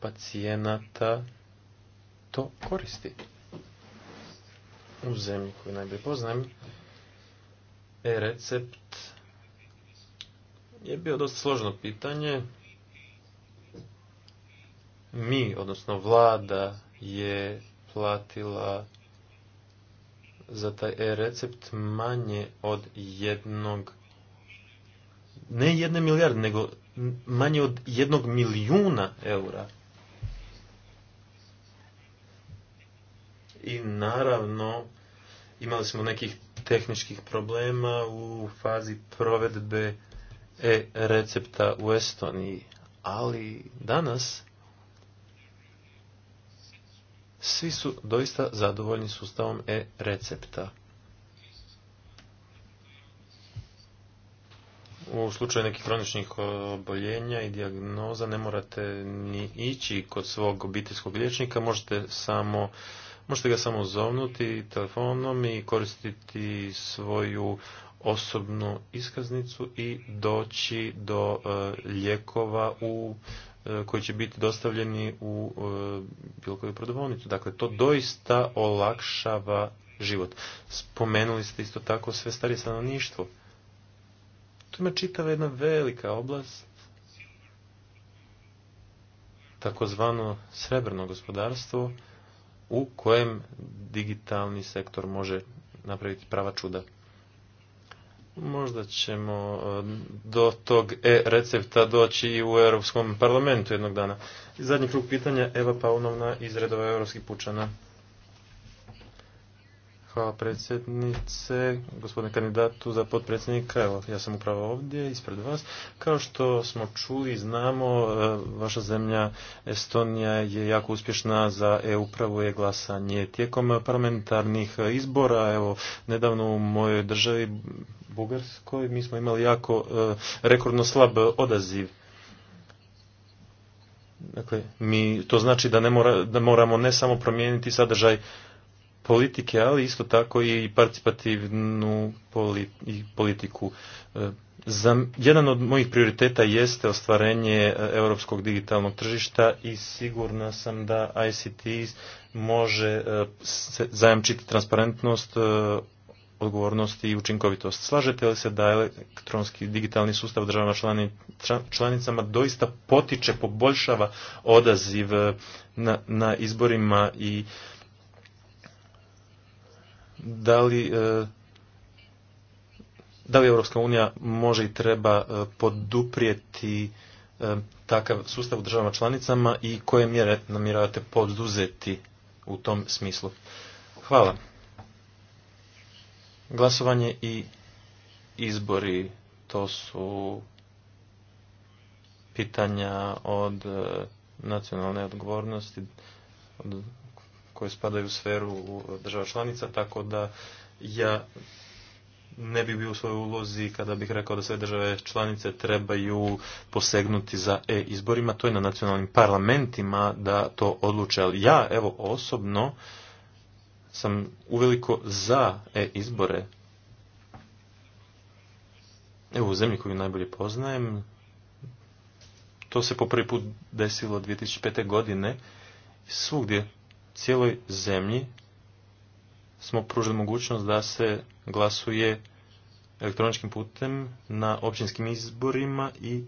B: pacijenata to koristi. U zemlji koju najbolje poznajem e-recept je bio dosta složeno pitanje. Mi, odnosno vlada, je platila za taj e-recept manje od jednog, ne jedne milijarde, nego manje od jednog milijuna eura. I naravno, imali smo nekih tehničkih problema u fazi provedbe e-recepta u Estoniji, ali danas svi su doista zadovoljni sustavom e-recepta. U slučaju nekih kroničnih oboljenja i dijagnoza ne morate ni ići kod svog obiteljskog liječnika, možete samo Možete ga samo zovnuti telefonom i koristiti svoju osobnu iskaznicu i doći do e, lijekova u e, koji će biti dostavljeni u e, bilo koju prodavnicu. Dakle, to doista olakšava život. Spomenuli ste isto tako sve starije stanovništvo. Tu ima čitava jedna velika oblast takozvano srebrno gospodarstvo u kojem digitalni sektor može napraviti prava čuda. Možda ćemo eh, do tog e-recepta doći i u Europskom parlamentu jednog dana. Zadnji krug pitanja, Eva Paunovna iz redova Europskih pučana. Hvala predsjednice, gospodine kandidatu za potpredsjednika, evo ja sam upravo ovdje ispred vas. Kao što smo čuli i znamo, eh, vaša zemlja Estonija je jako uspješna za e upravo je glasanje. Tijekom parlamentarnih izbora, evo nedavno u mojoj državi Bugarskoj, mi smo imali jako e, rekordno slab odaziv. Dakle, mi, to znači da, ne mora, da moramo ne samo promijeniti sadržaj politike, ali isto tako i participativnu politiku. E, za, jedan od mojih prioriteta jeste ostvarenje e, europskog digitalnog tržišta i sigurna sam da ICT može zajamčiti transparentnost odgovornosti i učinkovitost. Slažete li se da elektronski digitalni sustav državama članicama doista potiče, poboljšava odaziv eh, na, na izborima i da li eh, da li Europska unija može i treba eh, poduprijeti takav sustav u državama članicama i koje mjere namjeravate poduzeti u tom smislu. Hvala. Glasovanje i izbori, to su pitanja od e, nacionalne odgovornosti koje spadaju u sferu država članica, tako da ja ne bi bio u svojoj ulozi kada bih rekao da sve države članice trebaju posegnuti za e-izborima. To je na nacionalnim parlamentima da to odluče. Ali ja, evo, osobno, sam uveliko za e-izbore. Evo, u zemlji koju najbolje poznajem, to se po prvi put desilo 2005. godine. Svugdje, cijeloj zemlji, smo pružili mogućnost da se glasuje elektroničkim putem na općinskim izborima i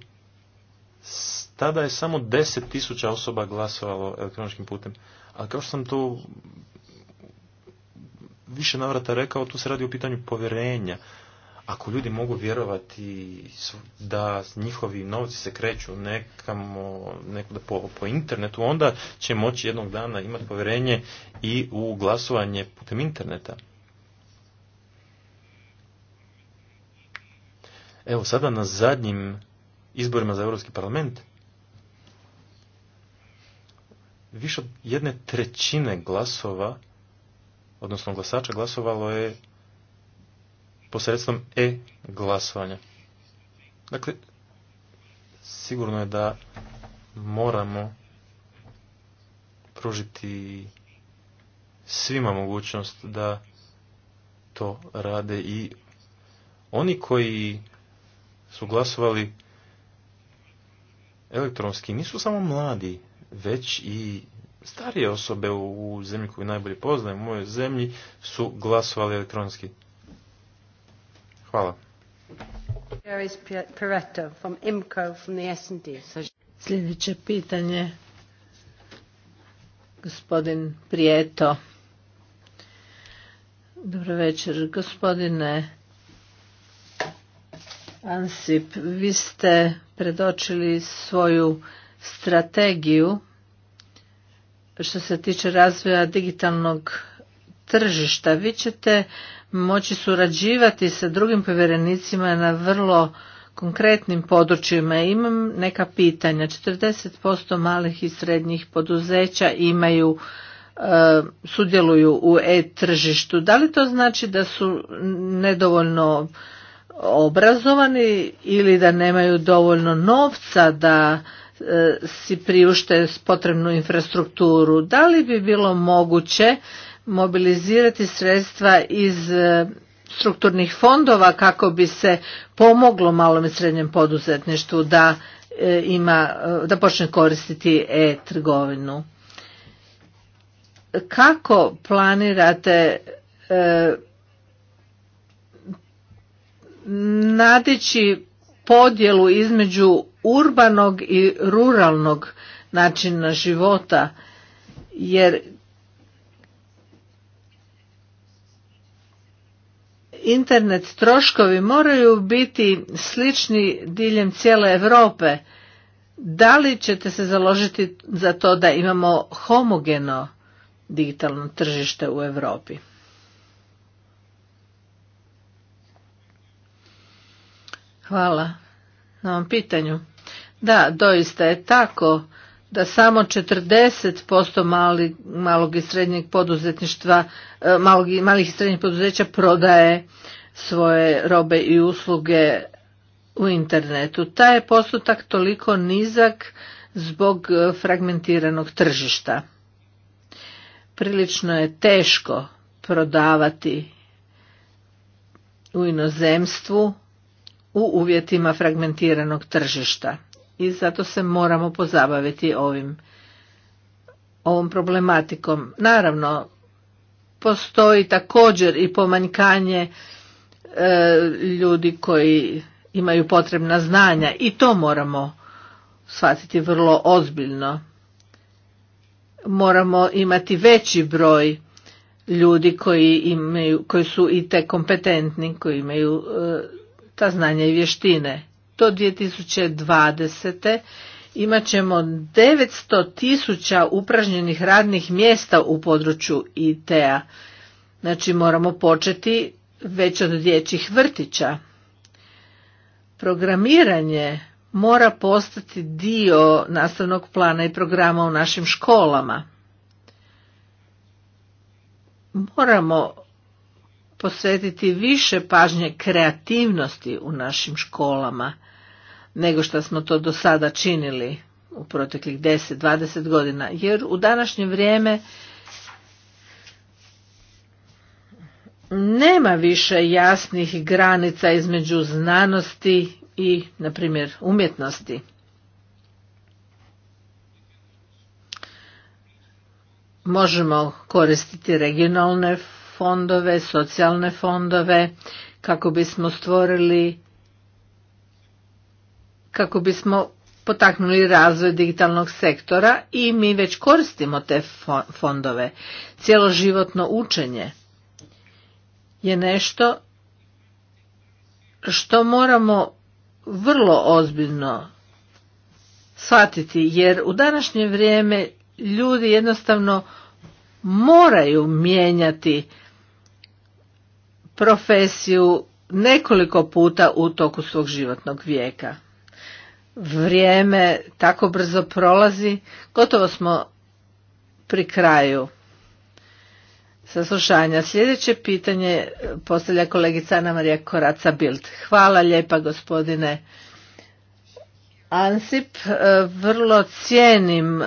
B: tada je samo 10.000 osoba glasovalo elektroničkim putem. Ali kao što sam to više navrata rekao, tu se radi o pitanju povjerenja. Ako ljudi mogu vjerovati da njihovi novci se kreću nekamo, nekuda po, po internetu, onda će moći jednog dana imati povjerenje i u glasovanje putem interneta. Evo sada na zadnjim izborima za Europski parlament više od jedne trećine glasova odnosno glasača, glasovalo je posredstvom e-glasovanja. Dakle, sigurno je da moramo pružiti svima mogućnost da to rade i oni koji su glasovali elektronski nisu samo mladi, već i starije osobe u zemlji koju najbolje poznajem, u mojoj zemlji, su glasovali elektronski. Hvala.
A: Sljedeće pitanje, gospodin Prijeto. Dobro večer, gospodine Ansip. Vi ste predočili svoju strategiju što se tiče razvoja digitalnog tržišta. Vi ćete moći surađivati sa drugim povjerenicima na vrlo konkretnim područjima. Imam neka pitanja. 40% malih i srednjih poduzeća imaju e, sudjeluju u e-tržištu. Da li to znači da su nedovoljno obrazovani ili da nemaju dovoljno novca da E, si priušte potrebnu infrastrukturu. Da li bi bilo moguće mobilizirati sredstva iz e, strukturnih fondova kako bi se pomoglo malom i srednjem poduzetništvu da e, ima, da počne koristiti e-trgovinu. Kako planirate nadići podjelu između urbanog i ruralnog načina života jer internet troškovi moraju biti slični diljem cijele Europe. Da li ćete se založiti za to da imamo homogeno digitalno tržište u Europi? Hvala na ovom pitanju. Da, doista je tako da samo 40% mali, malog i srednjeg poduzetništva, e, malih i srednjih poduzeća prodaje svoje robe i usluge u internetu. Taj je postotak toliko nizak zbog e, fragmentiranog tržišta. Prilično je teško prodavati u inozemstvu u uvjetima fragmentiranog tržišta i zato se moramo pozabaviti ovim ovom problematikom. Naravno, postoji također i pomanjkanje e, ljudi koji imaju potrebna znanja i to moramo shvatiti vrlo ozbiljno. Moramo imati veći broj ljudi koji, imaju, koji su i te kompetentni, koji imaju e, ta znanja i vještine do 2020. imat ćemo 900 tisuća upražnjenih radnih mjesta u području IT-a. Znači moramo početi već od dječjih vrtića. Programiranje mora postati dio nastavnog plana i programa u našim školama. Moramo posvetiti više pažnje kreativnosti u našim školama nego što smo to do sada činili u proteklih 10-20 godina. Jer u današnje vrijeme nema više jasnih granica između znanosti i, na primjer, umjetnosti. Možemo koristiti regionalne fondove, socijalne fondove, kako bismo stvorili kako bismo potaknuli razvoj digitalnog sektora i mi već koristimo te fondove. Cjeloživotno učenje je nešto što moramo vrlo ozbiljno shvatiti jer u današnje vrijeme ljudi jednostavno moraju mijenjati profesiju nekoliko puta u toku svog životnog vijeka vrijeme tako brzo prolazi. Gotovo smo pri kraju saslušanja. Sljedeće pitanje postavlja kolegica Ana Marija Koraca Bild. Hvala lijepa gospodine Ansip. E, vrlo cijenim e,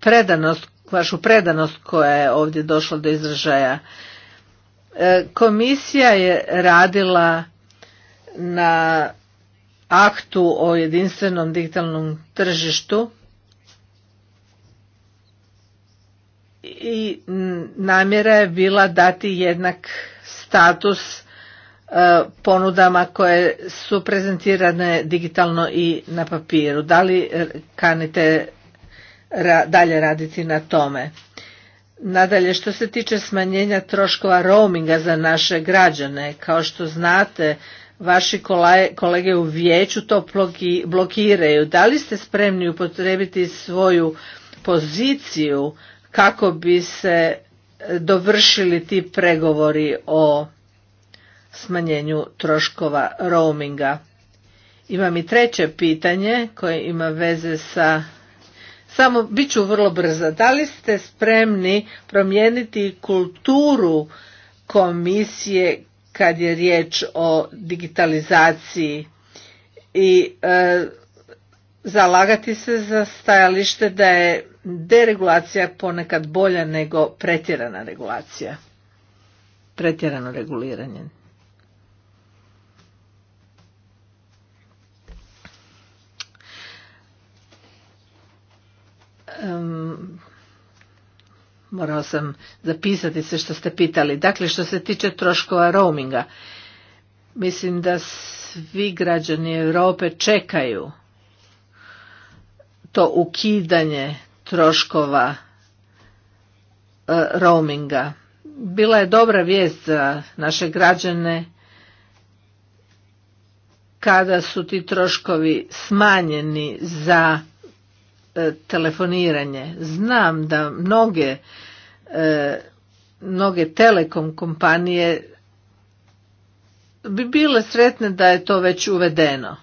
A: predanost, vašu predanost koja je ovdje došla do izražaja. E, komisija je radila na aktu o jedinstvenom digitalnom tržištu i namjera je bila dati jednak status e, ponudama koje su prezentirane digitalno i na papiru. Da li kanite dalje raditi na tome? Nadalje, što se tiče smanjenja troškova roaminga za naše građane, kao što znate, vaši kolege u vijeću to blokiraju. Da li ste spremni upotrebiti svoju poziciju kako bi se dovršili ti pregovori o smanjenju troškova roaminga? Imam i treće pitanje koje ima veze sa samo bit ću vrlo brza. Da li ste spremni promijeniti kulturu komisije kad je riječ o digitalizaciji i e, zalagati se za stajalište da je deregulacija ponekad bolja nego pretjerana regulacija pretjerano reguliranje um, morao sam zapisati sve što ste pitali. Dakle, što se tiče troškova roaminga, mislim da svi građani Europe čekaju to ukidanje troškova e, roaminga. Bila je dobra vijest za naše građane kada su ti troškovi smanjeni za E, telefoniranje. Znam da mnoge e, mnoge telekom kompanije bi bile sretne da je to već uvedeno.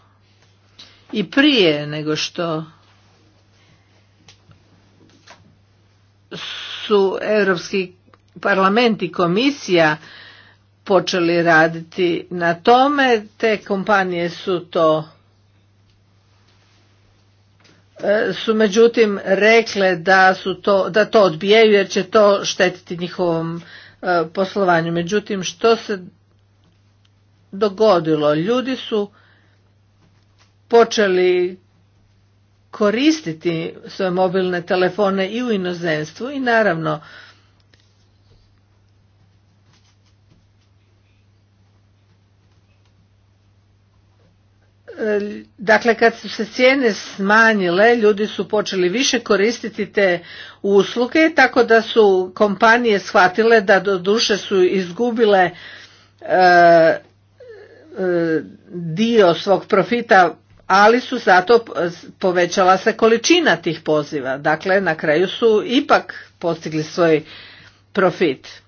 A: I prije nego što su Europski parlament i komisija počeli raditi na tome, te kompanije su to E, su međutim rekle da, su to, da to odbijaju jer će to štetiti njihovom e, poslovanju. Međutim, što se dogodilo? Ljudi su počeli koristiti svoje mobilne telefone i u inozemstvu i naravno Dakle, kad su se cijene smanjile, ljudi su počeli više koristiti te usluge, tako da su kompanije shvatile da do duše su izgubile e, e, dio svog profita, ali su zato povećala se količina tih poziva. Dakle, na kraju su ipak postigli svoj profit.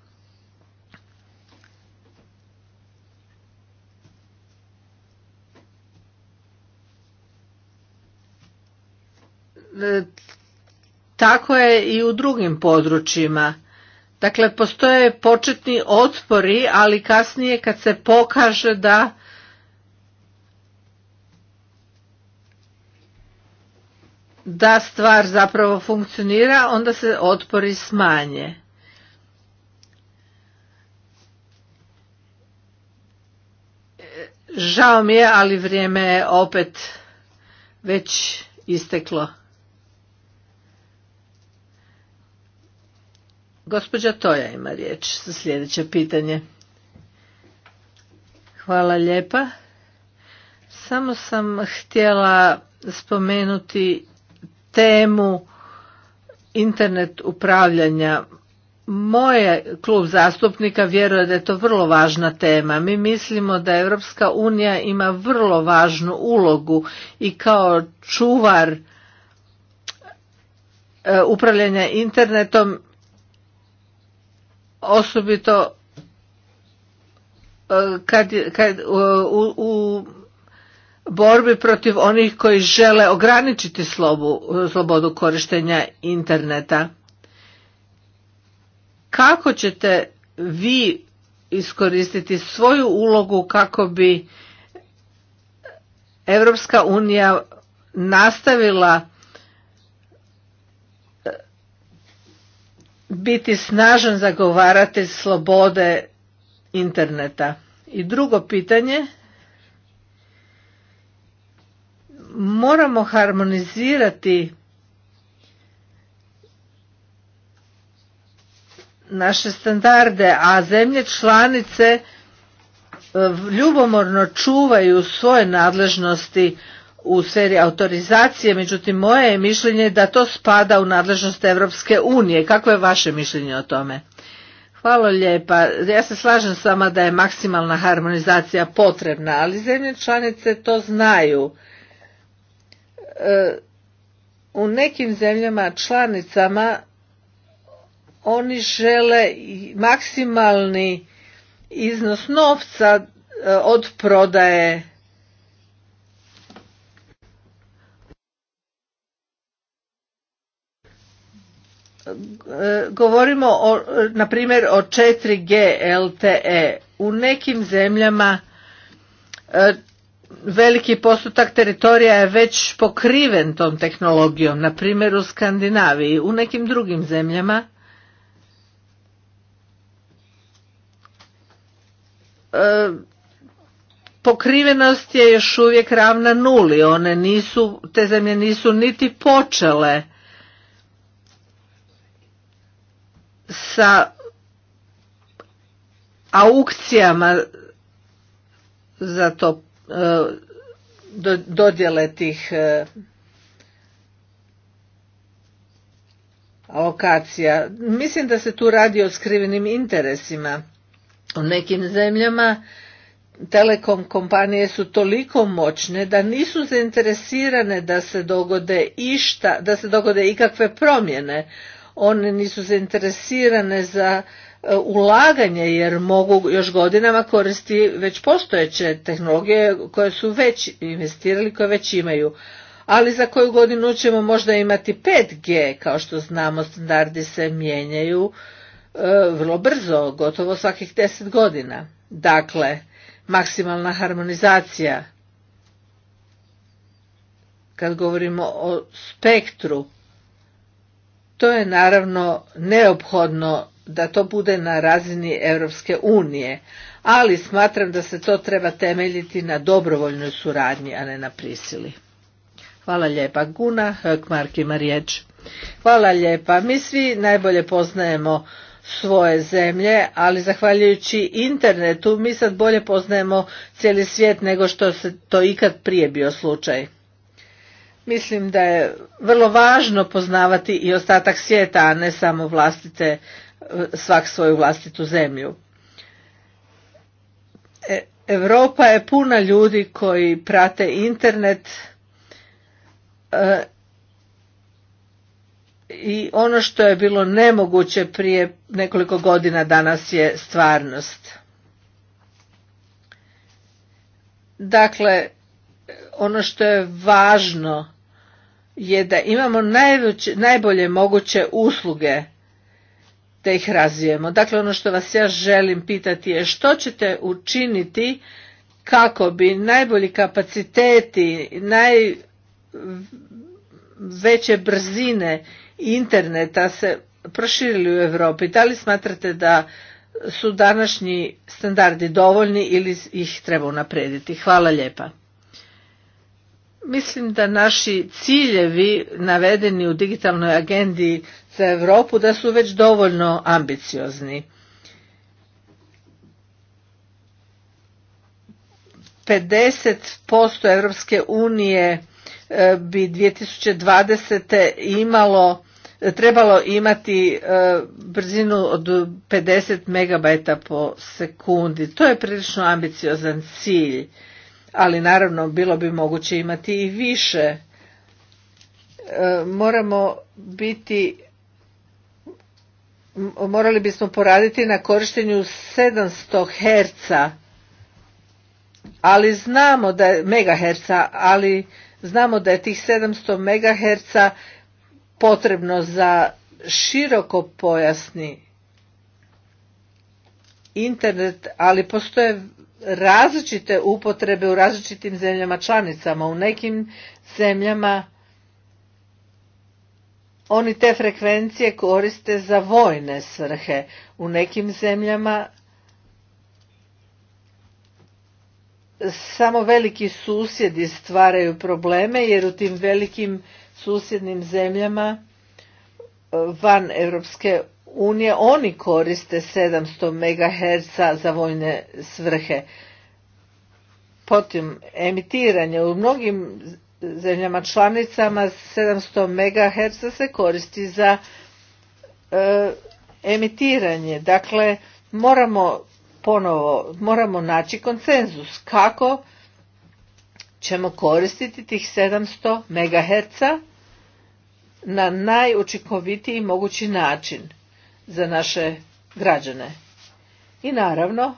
A: tako je i u drugim područjima. Dakle, postoje početni otpori, ali kasnije kad se pokaže da da stvar zapravo funkcionira, onda se otpori smanje. Žao mi je, ali vrijeme je opet već isteklo. Gospođa Toja ima riječ za sljedeće pitanje. Hvala lijepa. Samo sam htjela spomenuti temu internet upravljanja. Moj klub zastupnika vjeruje da je to vrlo važna tema. Mi mislimo da Europska unija ima vrlo važnu ulogu i kao čuvar e, upravljanja internetom osobito e, kad, kad e, u, u borbi protiv onih koji žele ograničiti slobodu korištenja interneta. Kako ćete vi iskoristiti svoju ulogu kako bi Europska unija nastavila biti snažan zagovaratelj slobode interneta. I drugo pitanje, moramo harmonizirati naše standarde, a zemlje članice e, ljubomorno čuvaju svoje nadležnosti u sferi autorizacije, međutim moje je mišljenje da to spada u nadležnost Europske unije. Kako je vaše mišljenje o tome? Hvala lijepa. Ja se slažem s vama da je maksimalna harmonizacija potrebna, ali zemlje članice to znaju. E, u nekim zemljama članicama oni žele maksimalni iznos novca e, od prodaje govorimo o, na primjer o 4G LTE. U nekim zemljama e, veliki postotak teritorija je već pokriven tom tehnologijom, na primjer u Skandinaviji, u nekim drugim zemljama. E, pokrivenost je još uvijek ravna nuli, one nisu, te zemlje nisu niti počele sa aukcijama za to e, dodjele tih e, alokacija. Mislim da se tu radi o skrivenim interesima. U nekim zemljama telekom kompanije su toliko moćne da nisu zainteresirane da se dogode išta, da se dogode ikakve promjene one nisu zainteresirane za e, ulaganje jer mogu još godinama koristiti već postojeće tehnologije koje su već investirali, koje već imaju. Ali za koju godinu ćemo možda imati 5G, kao što znamo standardi se mijenjaju e, vrlo brzo, gotovo svakih 10 godina. Dakle, maksimalna harmonizacija kad govorimo o spektru to je naravno neophodno da to bude na razini Europske unije, ali smatram da se to treba temeljiti na dobrovoljnoj suradnji, a ne na prisili. Hvala lijepa. Guna Hökmark ima riječ. Hvala lijepa. Mi svi najbolje poznajemo svoje zemlje, ali zahvaljujući internetu mi sad bolje poznajemo cijeli svijet nego što se to ikad prije bio slučaj. Mislim da je vrlo važno poznavati i ostatak svijeta, a ne samo vlastite, e, svak svoju vlastitu zemlju. E, Europa je puna ljudi koji prate internet e, i ono što je bilo nemoguće prije nekoliko godina danas je stvarnost. Dakle, ono što je važno je da imamo najbolje moguće usluge da ih razvijemo. Dakle, ono što vas ja želim pitati je što ćete učiniti kako bi najbolji kapaciteti, najveće brzine interneta se proširili u Europi. Da li smatrate da su današnji standardi dovoljni ili ih treba unaprediti? Hvala lijepa. Mislim da naši ciljevi navedeni u digitalnoj agendi za Europu da su već dovoljno ambiciozni. 50% Europske unije e, bi 2020. imalo trebalo imati e, brzinu od 50 megabajta po sekundi. To je prilično ambiciozan cilj ali naravno bilo bi moguće imati i više. E, moramo biti morali bismo poraditi na korištenju 700 herca ali znamo da je megaherca ali znamo da je tih 700 megaherca potrebno za široko pojasni internet ali postoje različite upotrebe u različitim zemljama članicama. U nekim zemljama oni te frekvencije koriste za vojne svrhe. U nekim zemljama samo veliki susjedi stvaraju probleme jer u tim velikim susjednim zemljama van Europske unije, oni koriste 700 MHz za vojne svrhe. potim emitiranje u mnogim zemljama članicama 700 MHz se koristi za e, emitiranje. Dakle, moramo ponovo, moramo naći konsenzus kako ćemo koristiti tih 700 MHz na najučinkovitiji mogući način za naše građane. I naravno,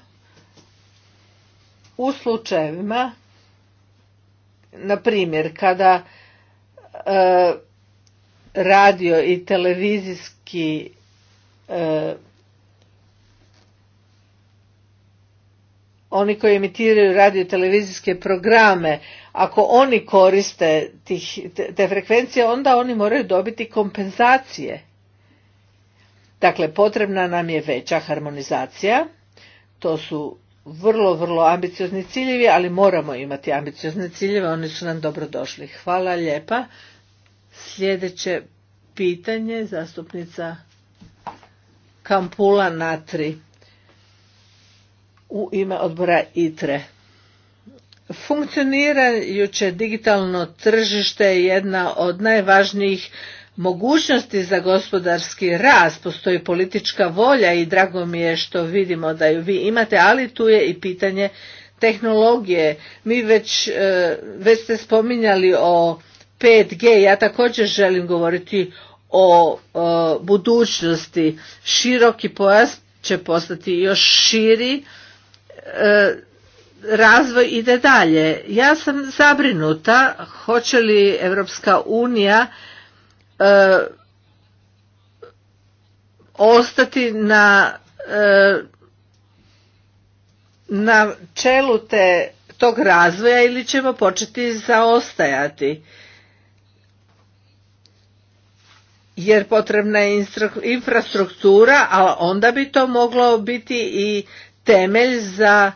A: u slučajevima, na primjer, kada e, radio i televizijski e, oni koji emitiraju radio televizijske programe, ako oni koriste tih, te, te frekvencije, onda oni moraju dobiti kompenzacije. Dakle, potrebna nam je veća harmonizacija, to su vrlo, vrlo ambiciozni ciljevi, ali moramo imati ambiciozne ciljeve, oni su nam dobro došli. Hvala lijepa. Sljedeće pitanje, zastupnica Kampula Natri u ime odbora ITRE. Funkcionirajuće digitalno tržište je jedna od najvažnijih mogućnosti za gospodarski rast, postoji politička volja i drago mi je što vidimo da ju vi imate, ali tu je i pitanje tehnologije. Mi već, e, već ste spominjali o 5G, ja također želim govoriti o, e, budućnosti. Široki pojas će postati još širi, e, razvoj ide dalje. Ja sam zabrinuta hoće li Europska unija E, ostati na e, na čelu te tog razvoja ili ćemo početi zaostajati jer potrebna je infrastruktura a onda bi to moglo biti i temelj za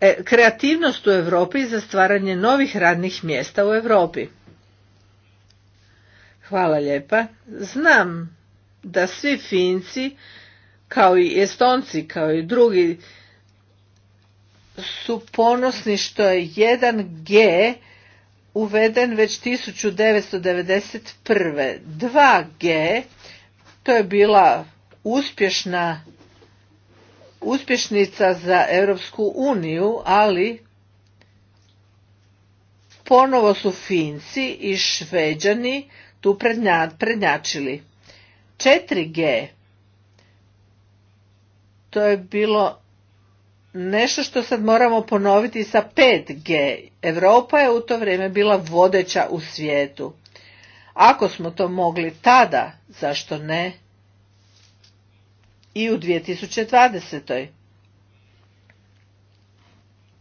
A: e, kreativnost u Europi i za stvaranje novih radnih mjesta u Europi Hvala lijepa. Znam da svi Finci, kao i Estonci, kao i drugi, su ponosni što je 1G uveden već 1991. 2G, to je bila uspješna uspješnica za Europsku uniju, ali ponovo su Finci i Šveđani tu prednjačili. 4G, to je bilo nešto što sad moramo ponoviti sa 5G. Europa je u to vrijeme bila vodeća u svijetu. Ako smo to mogli tada, zašto ne? I u 2020.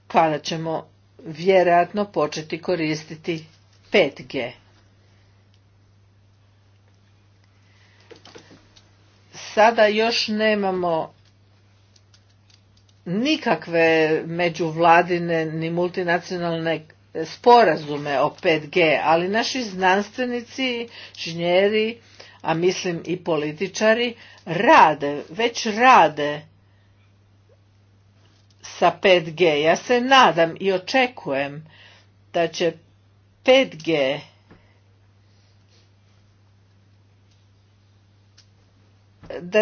A: Kada ćemo vjerojatno početi koristiti 5G. sada još nemamo nikakve međuvladine ni multinacionalne sporazume o 5G, ali naši znanstvenici, inženjeri, a mislim i političari, rade, već rade sa 5G. Ja se nadam i očekujem da će 5G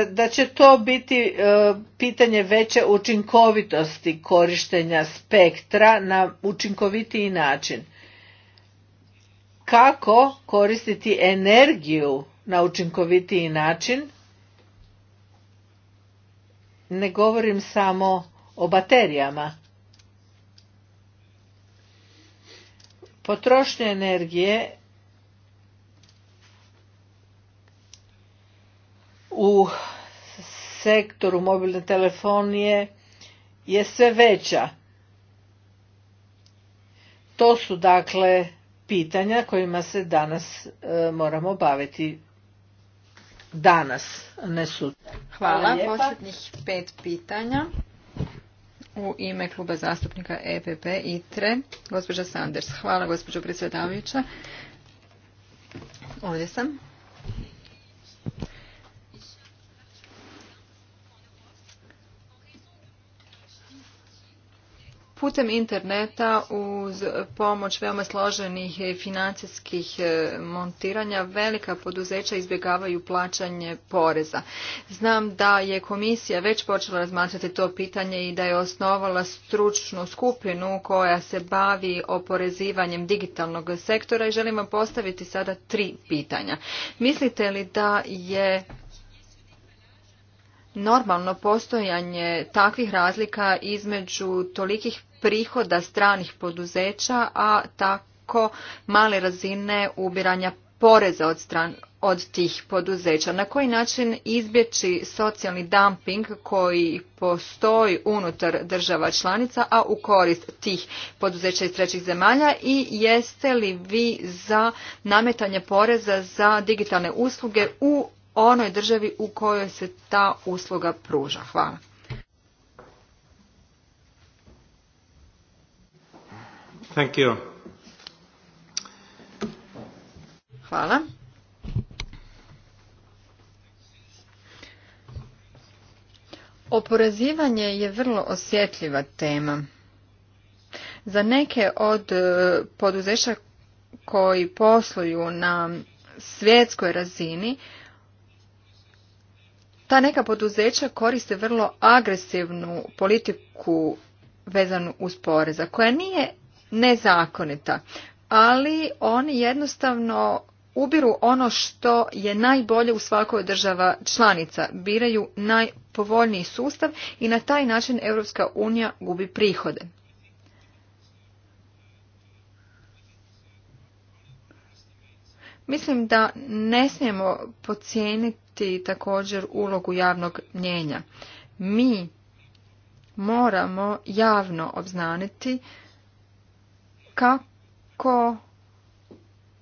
A: da, će to biti e, pitanje veće učinkovitosti korištenja spektra na učinkovitiji način kako koristiti energiju na učinkovitiji način ne govorim samo o baterijama potrošnja energije u sektoru mobilne telefonije je sve veća. To su dakle pitanja kojima se danas e, moramo baviti danas, ne sutra. Hvala, Početnih
C: pet pitanja. U ime kluba zastupnika EPP ITRE, gospođa Sanders. Hvala, gospođo predsjedavajuća. Ovdje sam. putem interneta uz pomoć veoma složenih financijskih e, montiranja velika poduzeća izbjegavaju plaćanje poreza. Znam da je komisija već počela razmatrati to pitanje i da je osnovala stručnu skupinu koja se bavi oporezivanjem digitalnog sektora i vam postaviti sada tri pitanja. Mislite li da je normalno postojanje takvih razlika između tolikih prihoda stranih poduzeća, a tako male razine ubiranja poreza od, stran, od tih poduzeća. Na koji način izbjeći socijalni dumping koji postoji unutar država članica, a u korist tih poduzeća iz trećih zemalja i jeste li vi za nametanje poreza za digitalne usluge u onoj državi u kojoj se ta usluga pruža? Hvala. Hvala. Oporezivanje je vrlo osjetljiva tema. Za neke od e, poduzeća koji posluju na svjetskoj razini, ta neka poduzeća koriste vrlo agresivnu politiku vezanu uz poreza, koja nije nezakonita. Ali oni jednostavno ubiru ono što je najbolje u svakoj od država članica, biraju najpovoljniji sustav i na taj način Europska unija gubi prihode. Mislim da ne smijemo podcijeniti također ulogu javnog mnjenja. Mi moramo javno obznaniti kako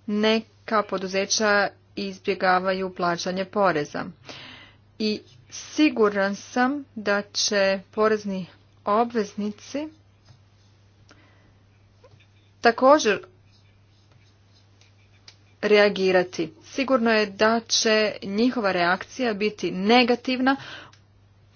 C: neka poduzeća izbjegavaju plaćanje poreza. I siguran sam da će porezni obveznici također reagirati. Sigurno je da će njihova reakcija biti negativna,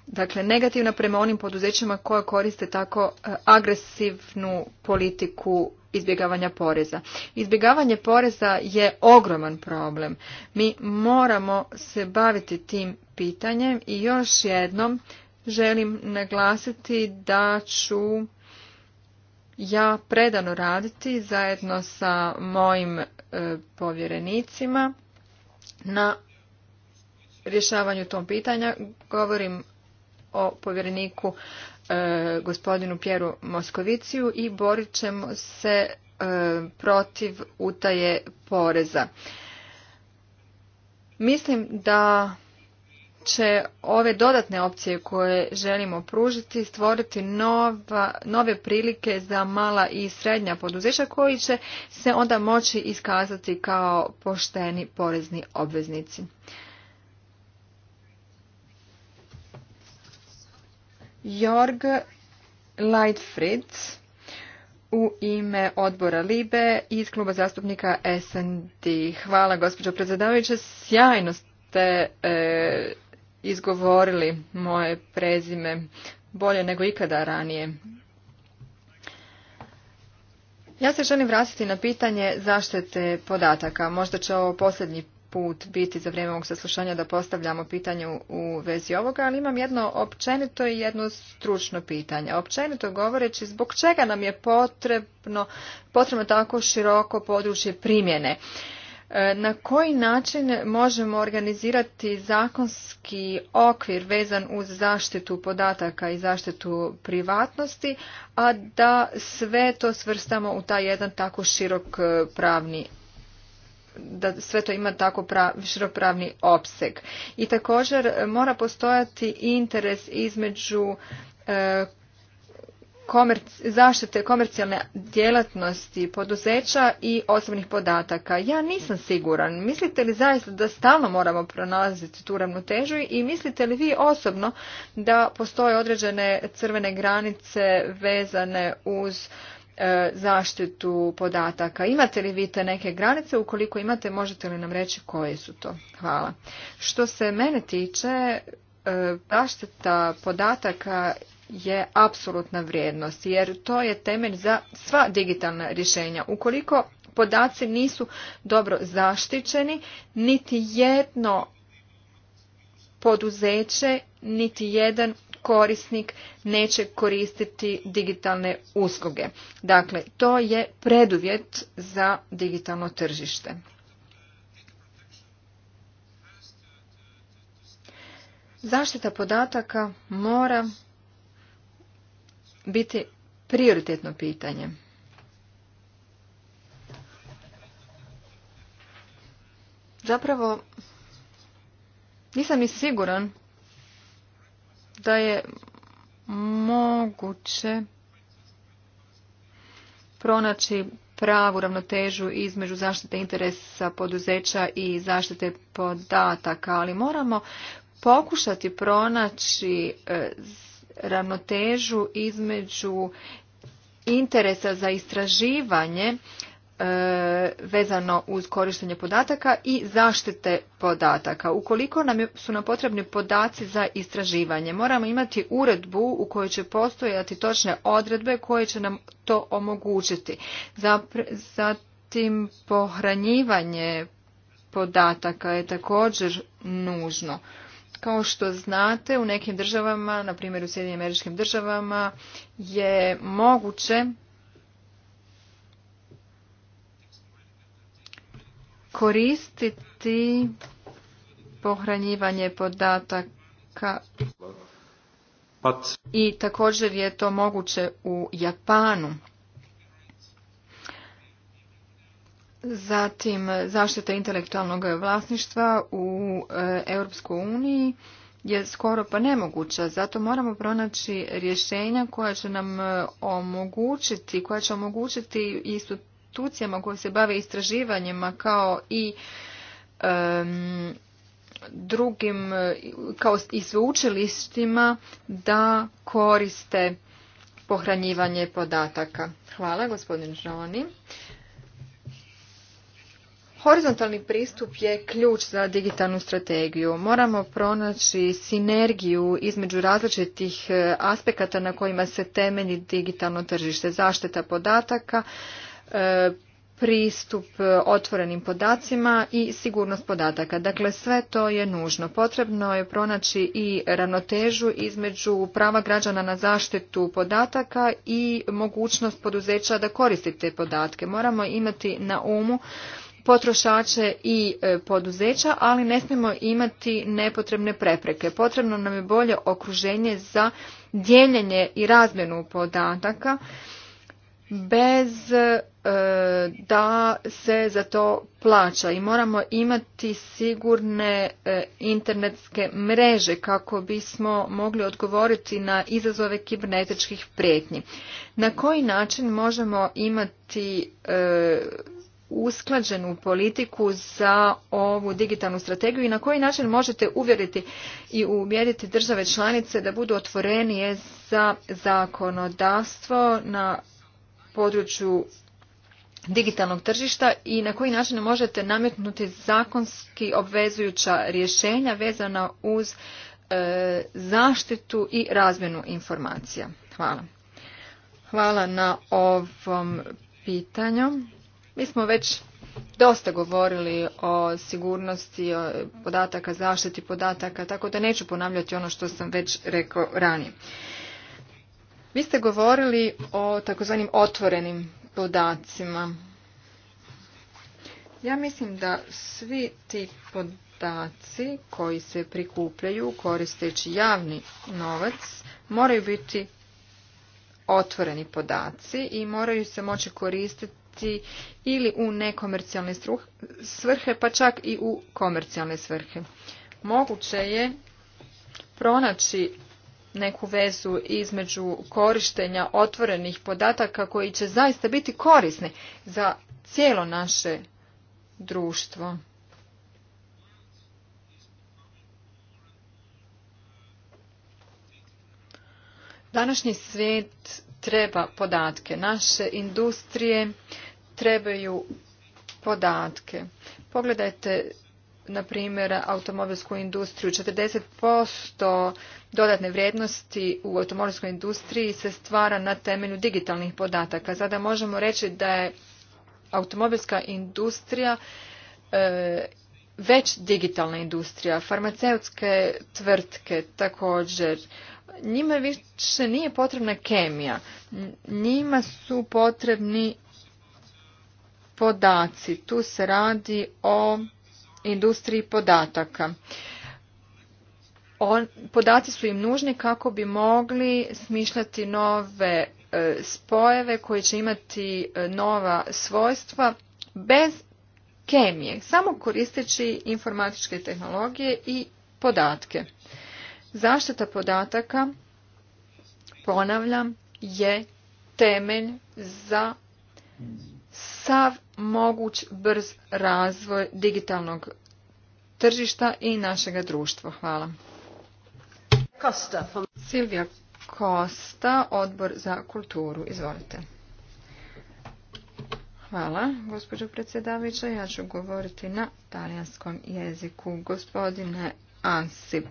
C: dakle negativna prema onim poduzećima koja koriste tako e, agresivnu politiku izbjegavanja poreza. Izbjegavanje poreza je ogroman problem. Mi moramo se baviti tim pitanjem i još jednom želim naglasiti da ću ja predano raditi zajedno sa mojim e, povjerenicima na rješavanju tom pitanja. Govorim o povjereniku E, gospodinu Pjeru Moskoviciju i borit ćemo se e, protiv utaje poreza. Mislim da će ove dodatne opcije koje želimo pružiti stvoriti nova, nove prilike za mala i srednja poduzeća koji će se onda moći iskazati kao pošteni porezni obveznici. Jorg Leitfried u ime odbora Libe iz kluba zastupnika SND. Hvala gospođo predsjedavajuće, sjajno ste e, izgovorili moje prezime bolje nego ikada ranije. Ja se želim vratiti na pitanje zaštite podataka. Možda će ovo posljednji put biti za vrijeme ovog saslušanja da postavljamo pitanje u vezi ovoga, ali imam jedno općenito i jedno stručno pitanje. Općenito govoreći zbog čega nam je potrebno, potrebno tako široko područje primjene. E, na koji način možemo organizirati zakonski okvir vezan uz zaštitu podataka i zaštitu privatnosti, a da sve to svrstamo u taj jedan tako širok e, pravni da sve to ima tako širopravni opseg. I također e, mora postojati interes između e, zaštite komercijalne djelatnosti poduzeća i osobnih podataka. Ja nisam siguran. Mislite li zaista da stalno moramo pronalaziti tu ravnotežu i mislite li vi osobno da postoje određene crvene granice vezane uz E, zaštitu podataka. Imate li vi te neke granice? Ukoliko imate, možete li nam reći koje su to? Hvala. Što se mene tiče, e, zaštita podataka je apsolutna vrijednost, jer to je temelj za sva digitalna rješenja. Ukoliko podaci nisu dobro zaštićeni, niti jedno poduzeće, niti jedan korisnik neće koristiti digitalne usluge. Dakle, to je preduvjet za digitalno tržište. Zaštita podataka mora biti prioritetno pitanje. Zapravo, nisam i siguran da je moguće pronaći pravu ravnotežu između zaštite interesa poduzeća i zaštite podataka, ali moramo pokušati pronaći e, ravnotežu između interesa za istraživanje E, vezano uz korištenje podataka i zaštite podataka. Ukoliko nam su nam potrebni podaci za istraživanje, moramo imati uredbu u kojoj će postojati točne odredbe koje će nam to omogućiti. Zatim pohranjivanje podataka je također nužno. Kao što znate, u nekim državama, na primjer u Sjedinim američkim državama, je moguće koristiti pohranjivanje podataka i također je to moguće u Japanu. Zatim zaštita intelektualnog vlasništva u e, Europskoj uniji je skoro pa nemoguća, zato moramo pronaći rješenja koja će nam e, omogućiti, koja će omogućiti istu institucijama koje se bave istraživanjima kao i drugim kao i sveučilištima da koriste pohranjivanje podataka. Hvala gospodin Žoni. Horizontalni pristup je ključ za digitalnu strategiju. Moramo pronaći sinergiju između različitih eh, aspekata na kojima se temelji digitalno tržište, zaštita podataka, E, pristup e, otvorenim podacima i sigurnost podataka. Dakle, sve to je nužno. Potrebno je pronaći i ravnotežu između prava građana na zaštitu podataka i mogućnost poduzeća da koristi te podatke. Moramo imati na umu potrošače i e, poduzeća, ali ne smijemo imati nepotrebne prepreke. Potrebno nam je bolje okruženje za dijeljenje i razmjenu podataka bez e, da se za to plaća i moramo imati sigurne e, internetske mreže kako bismo mogli odgovoriti na izazove kibernetičkih prijetnji. Na koji način možemo imati e, usklađenu politiku za ovu digitalnu strategiju i na koji način možete uvjeriti i uvjeriti države članice da budu otvorenije za zakonodavstvo na području digitalnog tržišta i na koji način možete nametnuti zakonski obvezujuća rješenja vezana uz e, zaštitu i razmjenu informacija. Hvala. Hvala na ovom pitanju. Mi smo već dosta govorili o sigurnosti o podataka, zaštiti podataka, tako da neću ponavljati ono što sam već rekao ranije. Vi ste govorili o takozvanim otvorenim podacima. Ja mislim da svi ti podaci koji se prikupljaju koristeći javni novac moraju biti otvoreni podaci i moraju se moći koristiti ili u nekomercijalne svrhe, pa čak i u komercijalne svrhe. Moguće je pronaći neku vezu između korištenja otvorenih podataka koji će zaista biti korisni za cijelo naše društvo. Današnji svijet treba podatke. Naše industrije trebaju podatke. Pogledajte na primjer automobilsku industriju. 40% dodatne vrijednosti u automobilskoj industriji se stvara na temelju digitalnih podataka. Zada možemo reći da je automobilska industrija e, već digitalna industrija, farmaceutske tvrtke također. Njima više nije potrebna kemija. Njima su potrebni podaci. Tu se radi o industriji podataka. podaci su im nužni kako bi mogli smišljati nove e, spojeve koji će imati e, nova svojstva bez kemije, samo koristeći informatičke tehnologije i podatke. Zaštita podataka, ponavljam, je temelj za sav moguć brz razvoj digitalnog tržišta i našega društva. Hvala. Silvija Kosta, odbor za kulturu. Izvolite. Hvala, gospođo predsjedavića. Ja ću govoriti na talijanskom jeziku. Gospodine Ansip,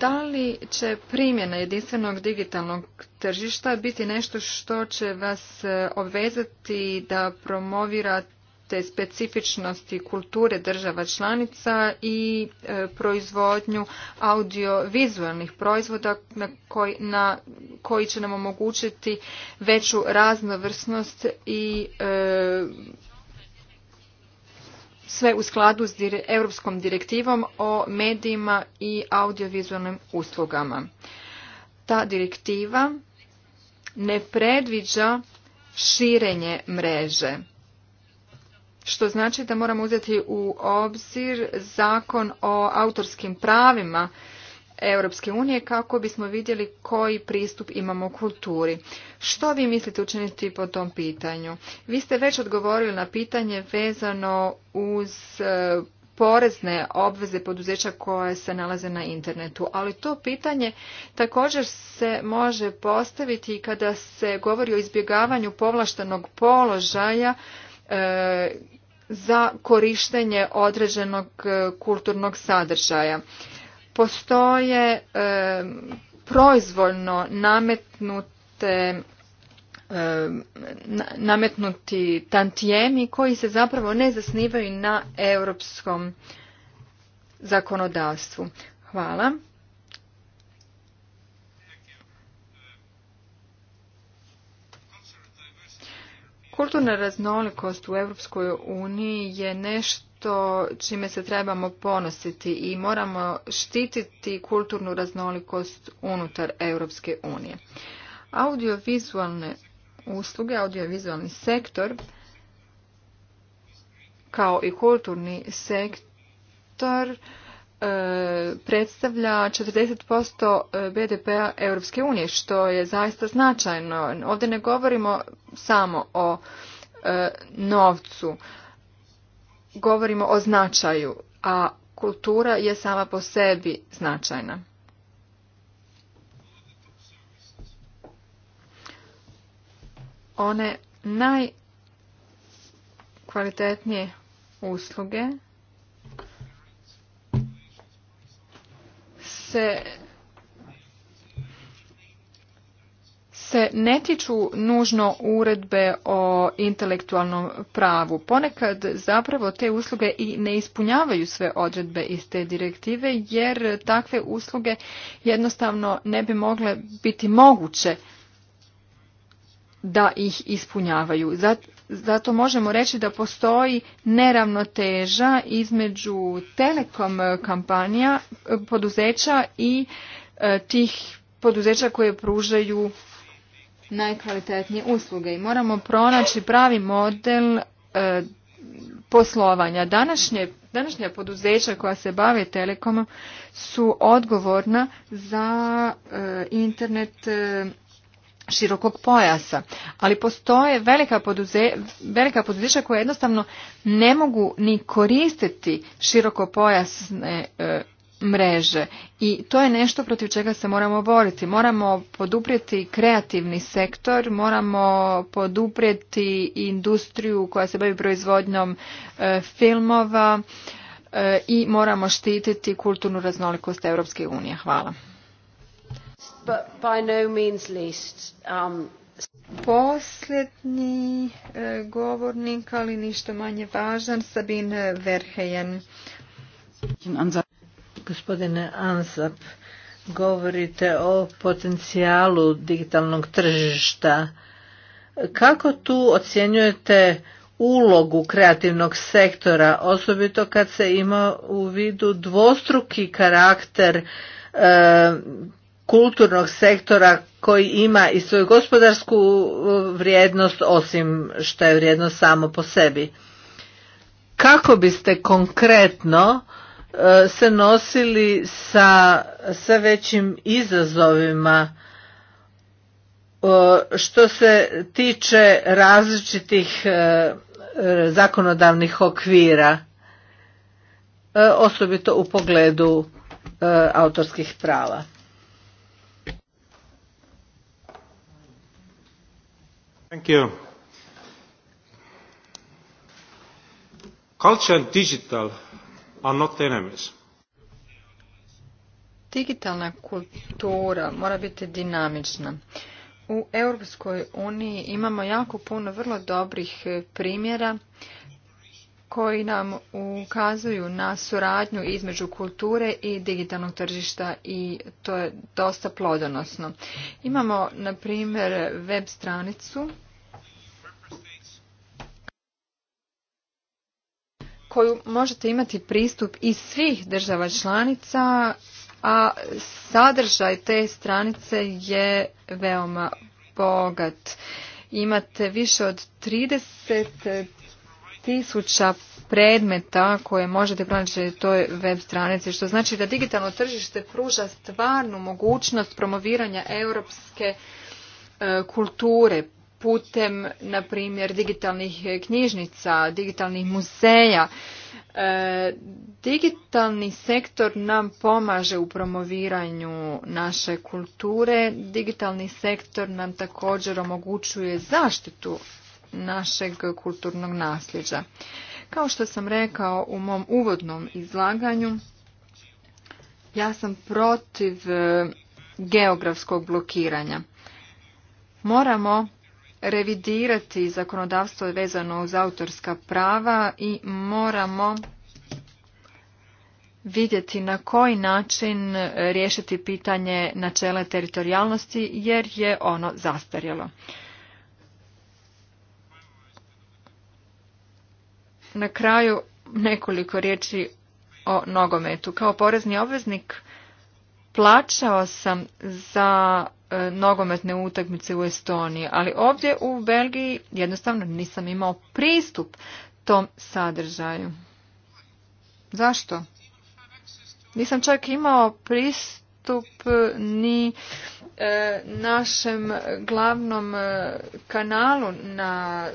C: Da li će primjena jedinstvenog digitalnog tržišta biti nešto što će vas e, obvezati da promovirate specifičnosti kulture država članica i e, proizvodnju audiovizualnih proizvoda na koji, na koji će nam omogućiti veću raznovrsnost i e, sve u skladu s Europskom direktivom o medijima i audiovizualnim uslugama. Ta direktiva ne predviđa širenje mreže, što znači da moramo uzeti u obzir zakon o autorskim pravima Europske unije kako bismo vidjeli koji pristup imamo kulturi. Što vi mislite učiniti po tom pitanju? Vi ste već odgovorili na pitanje vezano uz e, porezne obveze poduzeća koje se nalaze na internetu, ali to pitanje također se može postaviti kada se govori o izbjegavanju povlaštenog položaja e, za korištenje određenog e, kulturnog sadržaja postoje e, proizvoljno nametnute e, nametnuti tantijemi koji se zapravo ne zasnivaju na europskom zakonodavstvu. Hvala. Kulturna raznolikost u Europskoj uniji je nešto nešto čime se trebamo ponositi i moramo štititi kulturnu raznolikost unutar Europske unije. Audiovizualne usluge, audiovizualni sektor kao i kulturni sektor e, predstavlja 40% e, BDP-a Europske unije, što je zaista značajno. Ovdje ne govorimo samo o e, novcu govorimo o značaju, a kultura je sama po sebi značajna. One najkvalitetnije usluge se se ne tiču nužno uredbe o intelektualnom pravu. Ponekad zapravo te usluge i ne ispunjavaju sve odredbe iz te direktive jer takve usluge jednostavno ne bi mogle biti moguće da ih ispunjavaju. Zato možemo reći da postoji neravnoteža između telekom kampanija, poduzeća i e, tih poduzeća koje pružaju najkvalitetnije usluge i moramo pronaći pravi model e, poslovanja. Današnje, današnja poduzeća koja se bave Telekom su odgovorna za e, internet e, širokog pojasa, ali postoje velika, velika poduzeća koja jednostavno ne mogu ni koristiti široko pojasne mreže i to je nešto protiv čega se moramo boriti. Moramo poduprijeti kreativni sektor, moramo poduprijeti industriju koja se bavi proizvodnjom e, filmova e, i moramo štititi kulturnu raznolikost Europske unije. Hvala. Um, Posljednji e, govornik, ali ništa manje važan, Sabine Verhejen. Gospodine
A: Ansap, govorite o potencijalu digitalnog tržišta. Kako tu ocjenjujete ulogu kreativnog sektora, osobito kad se ima u vidu dvostruki karakter e, kulturnog sektora koji ima i svoju gospodarsku e, vrijednost osim što je vrijednost samo po sebi. Kako biste konkretno E, se nosili sa sve većim izazovima e, što se tiče različitih e, zakonodavnih okvira osobito u pogledu autorskih prava.
D: Thank you. Culture and digital are not enemies.
C: Digitalna kultura mora biti dinamična. U Europskoj uniji imamo jako puno vrlo dobrih primjera koji nam ukazuju na suradnju između kulture i digitalnog tržišta i to je dosta plodonosno. Imamo, na primjer, web stranicu koju možete imati pristup iz svih država članica, a sadržaj te stranice je veoma bogat. Imate više od 30 tisuća predmeta koje možete pronaći na toj web stranici, što znači da digitalno tržište pruža stvarnu mogućnost promoviranja europske e, kulture, putem, na primjer, digitalnih knjižnica, digitalnih muzeja. E, digitalni sektor nam pomaže u promoviranju naše kulture. Digitalni sektor nam također omogućuje zaštitu našeg kulturnog nasljeđa. Kao što sam rekao u mom uvodnom izlaganju, ja sam protiv e, geografskog blokiranja. Moramo revidirati zakonodavstvo vezano uz autorska prava i moramo vidjeti na koji način riješiti pitanje načela teritorijalnosti jer je ono zastarjelo. Na kraju nekoliko riječi o nogometu. Kao porezni obveznik plaćao sam za E, nogometne utakmice u Estoniji, ali ovdje u Belgiji jednostavno nisam imao pristup tom sadržaju. Zašto? Nisam čak imao pristup ni e, našem glavnom e, kanalu na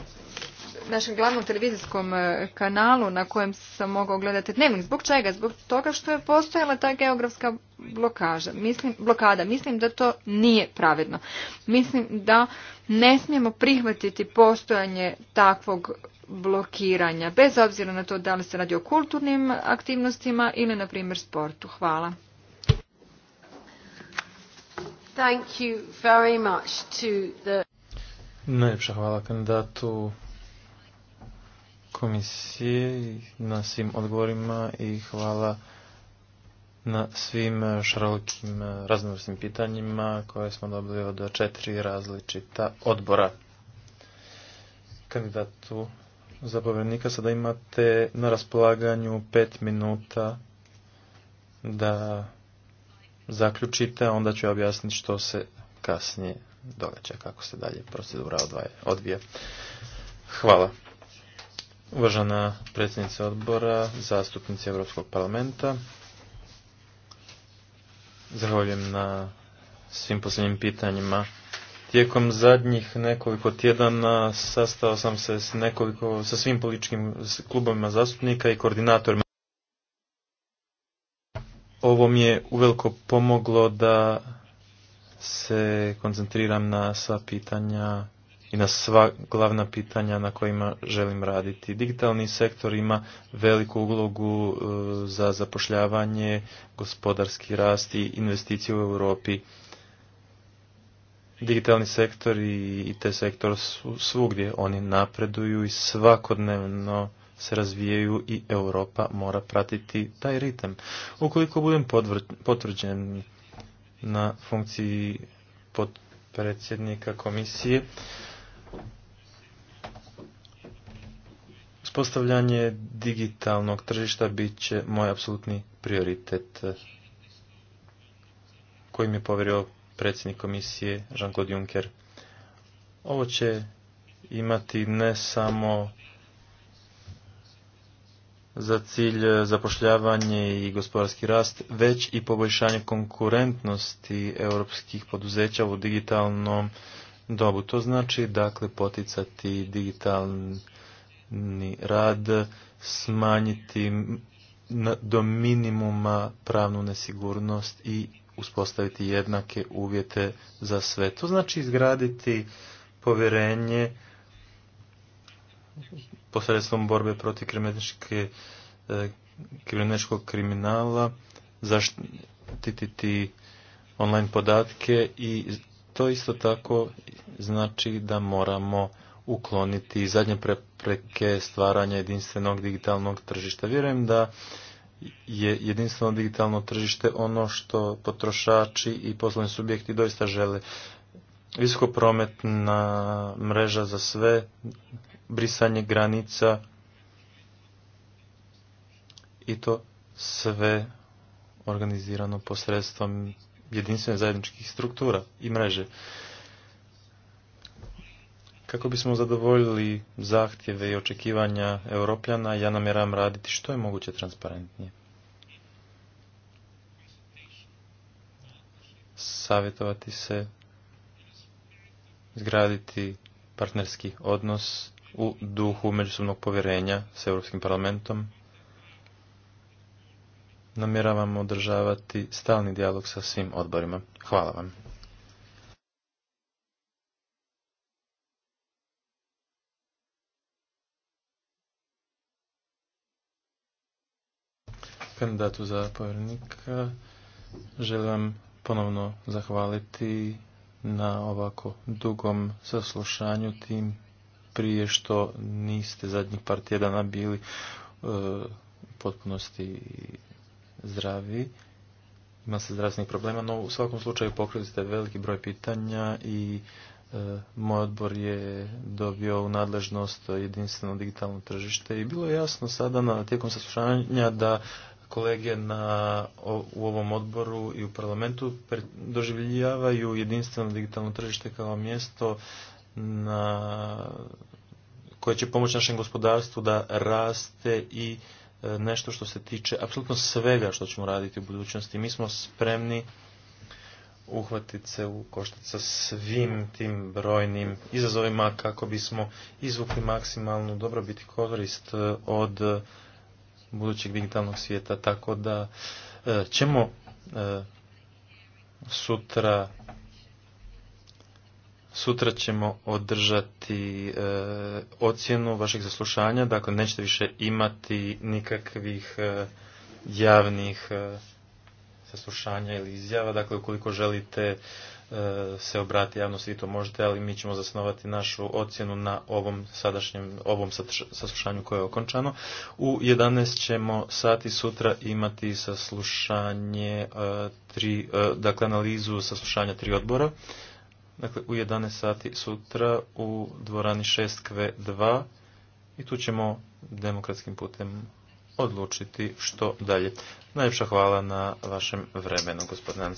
C: našem glavnom televizijskom e, kanalu na kojem sam mogao gledati dnevnik. Zbog čega? Zbog toga što je postojala ta geografska blokaža. Mislim, blokada. Mislim da to nije pravedno. Mislim da ne smijemo prihvatiti postojanje takvog blokiranja, bez obzira na to da li se radi o kulturnim aktivnostima ili, na primjer, sportu. Hvala. Thank you very much to the...
B: Najljepša hvala kandidatu komisije na svim odgovorima i hvala na svim eh, šarolikim eh, raznovrsnim pitanjima koje smo dobili od četiri različita odbora. Kandidatu za povrednika. sada imate na raspolaganju pet minuta da zaključite, onda ću objasniti što se kasnije događa, kako se dalje procedura odvija. Hvala. Uvažena predsjednica odbora, zastupnici Europskog parlamenta, zahvaljujem na svim posljednjim pitanjima. Tijekom zadnjih nekoliko tjedana sastao sam se s nekoliko, sa svim političkim klubovima zastupnika i koordinatorima. Ovo mi je uveliko pomoglo da se koncentriram na sva pitanja i na sva glavna pitanja na kojima želim raditi. Digitalni sektor ima veliku ulogu e, za zapošljavanje, gospodarski rast i investicije u Europi. Digitalni sektor i te sektor su svugdje oni napreduju i svakodnevno se razvijaju i Europa mora pratiti taj ritem. Ukoliko budem potvrđen na funkciji predsjednika komisije, Postavljanje digitalnog tržišta bit će moj apsolutni prioritet eh, koji mi je povjerio predsjednik komisije Jean-Claude Juncker. Ovo će imati ne samo za cilj zapošljavanje i gospodarski rast, već i poboljšanje konkurentnosti europskih poduzeća u digitalnom dobu. To znači dakle poticati digitalni rad, smanjiti do minimuma pravnu nesigurnost i uspostaviti jednake uvjete za sve. To znači izgraditi povjerenje posredstvom borbe protiv kibernetičkog e, kriminala, zaštititi online podatke i to isto tako znači da moramo ukloniti zadnje prepreke stvaranja jedinstvenog digitalnog tržišta. Vjerujem da je jedinstveno digitalno tržište ono što potrošači i poslovni subjekti doista žele. Visokoprometna mreža za sve, brisanje granica i to sve organizirano posredstvom jedinstvenih zajedničkih struktura i mreže. Kako bismo zadovoljili zahtjeve i očekivanja europljana, ja namjeram raditi što je moguće transparentnije. Savjetovati se, izgraditi partnerski odnos u duhu međusobnog povjerenja s Europskim parlamentom. Namjeravamo održavati stalni dijalog sa svim odborima. Hvala vam. kandidatu za povjerenika. Želim vam ponovno zahvaliti na ovako dugom saslušanju tim prije što niste zadnjih par tjedana bili e, u potpunosti zdravi. Ima se zdravstvenih problema, no u svakom slučaju pokrili ste veliki broj pitanja i e, moj odbor je dobio u nadležnost jedinstveno digitalno tržište i bilo je jasno sada na tijekom saslušanja da kolege na, u ovom odboru i u parlamentu doživljavaju jedinstveno digitalno tržište kao mjesto na, koje će pomoći našem gospodarstvu da raste i e, nešto što se tiče apsolutno svega što ćemo raditi u budućnosti. Mi smo spremni uhvatiti se u koštac sa svim tim brojnim izazovima kako bismo izvukli maksimalnu dobrobiti i korist e, od budućeg digitalnog svijeta, tako da e, ćemo e, sutra Sutra ćemo održati e, ocjenu vašeg zaslušanja, dakle nećete više imati nikakvih javnih zaslušanja saslušanja ili izjava, dakle ukoliko želite E, se obrati javnosti i to možete, ali mi ćemo zasnovati našu ocjenu na ovom sadašnjem, ovom saslušanju koje je okončano. U 11 ćemo sati sutra imati saslušanje e, tri, e, dakle analizu saslušanja tri odbora. Dakle, u 11 sati sutra u dvorani 6 kve 2 i tu ćemo demokratskim putem odlučiti što dalje. Najljepša hvala na vašem vremenu, gospodine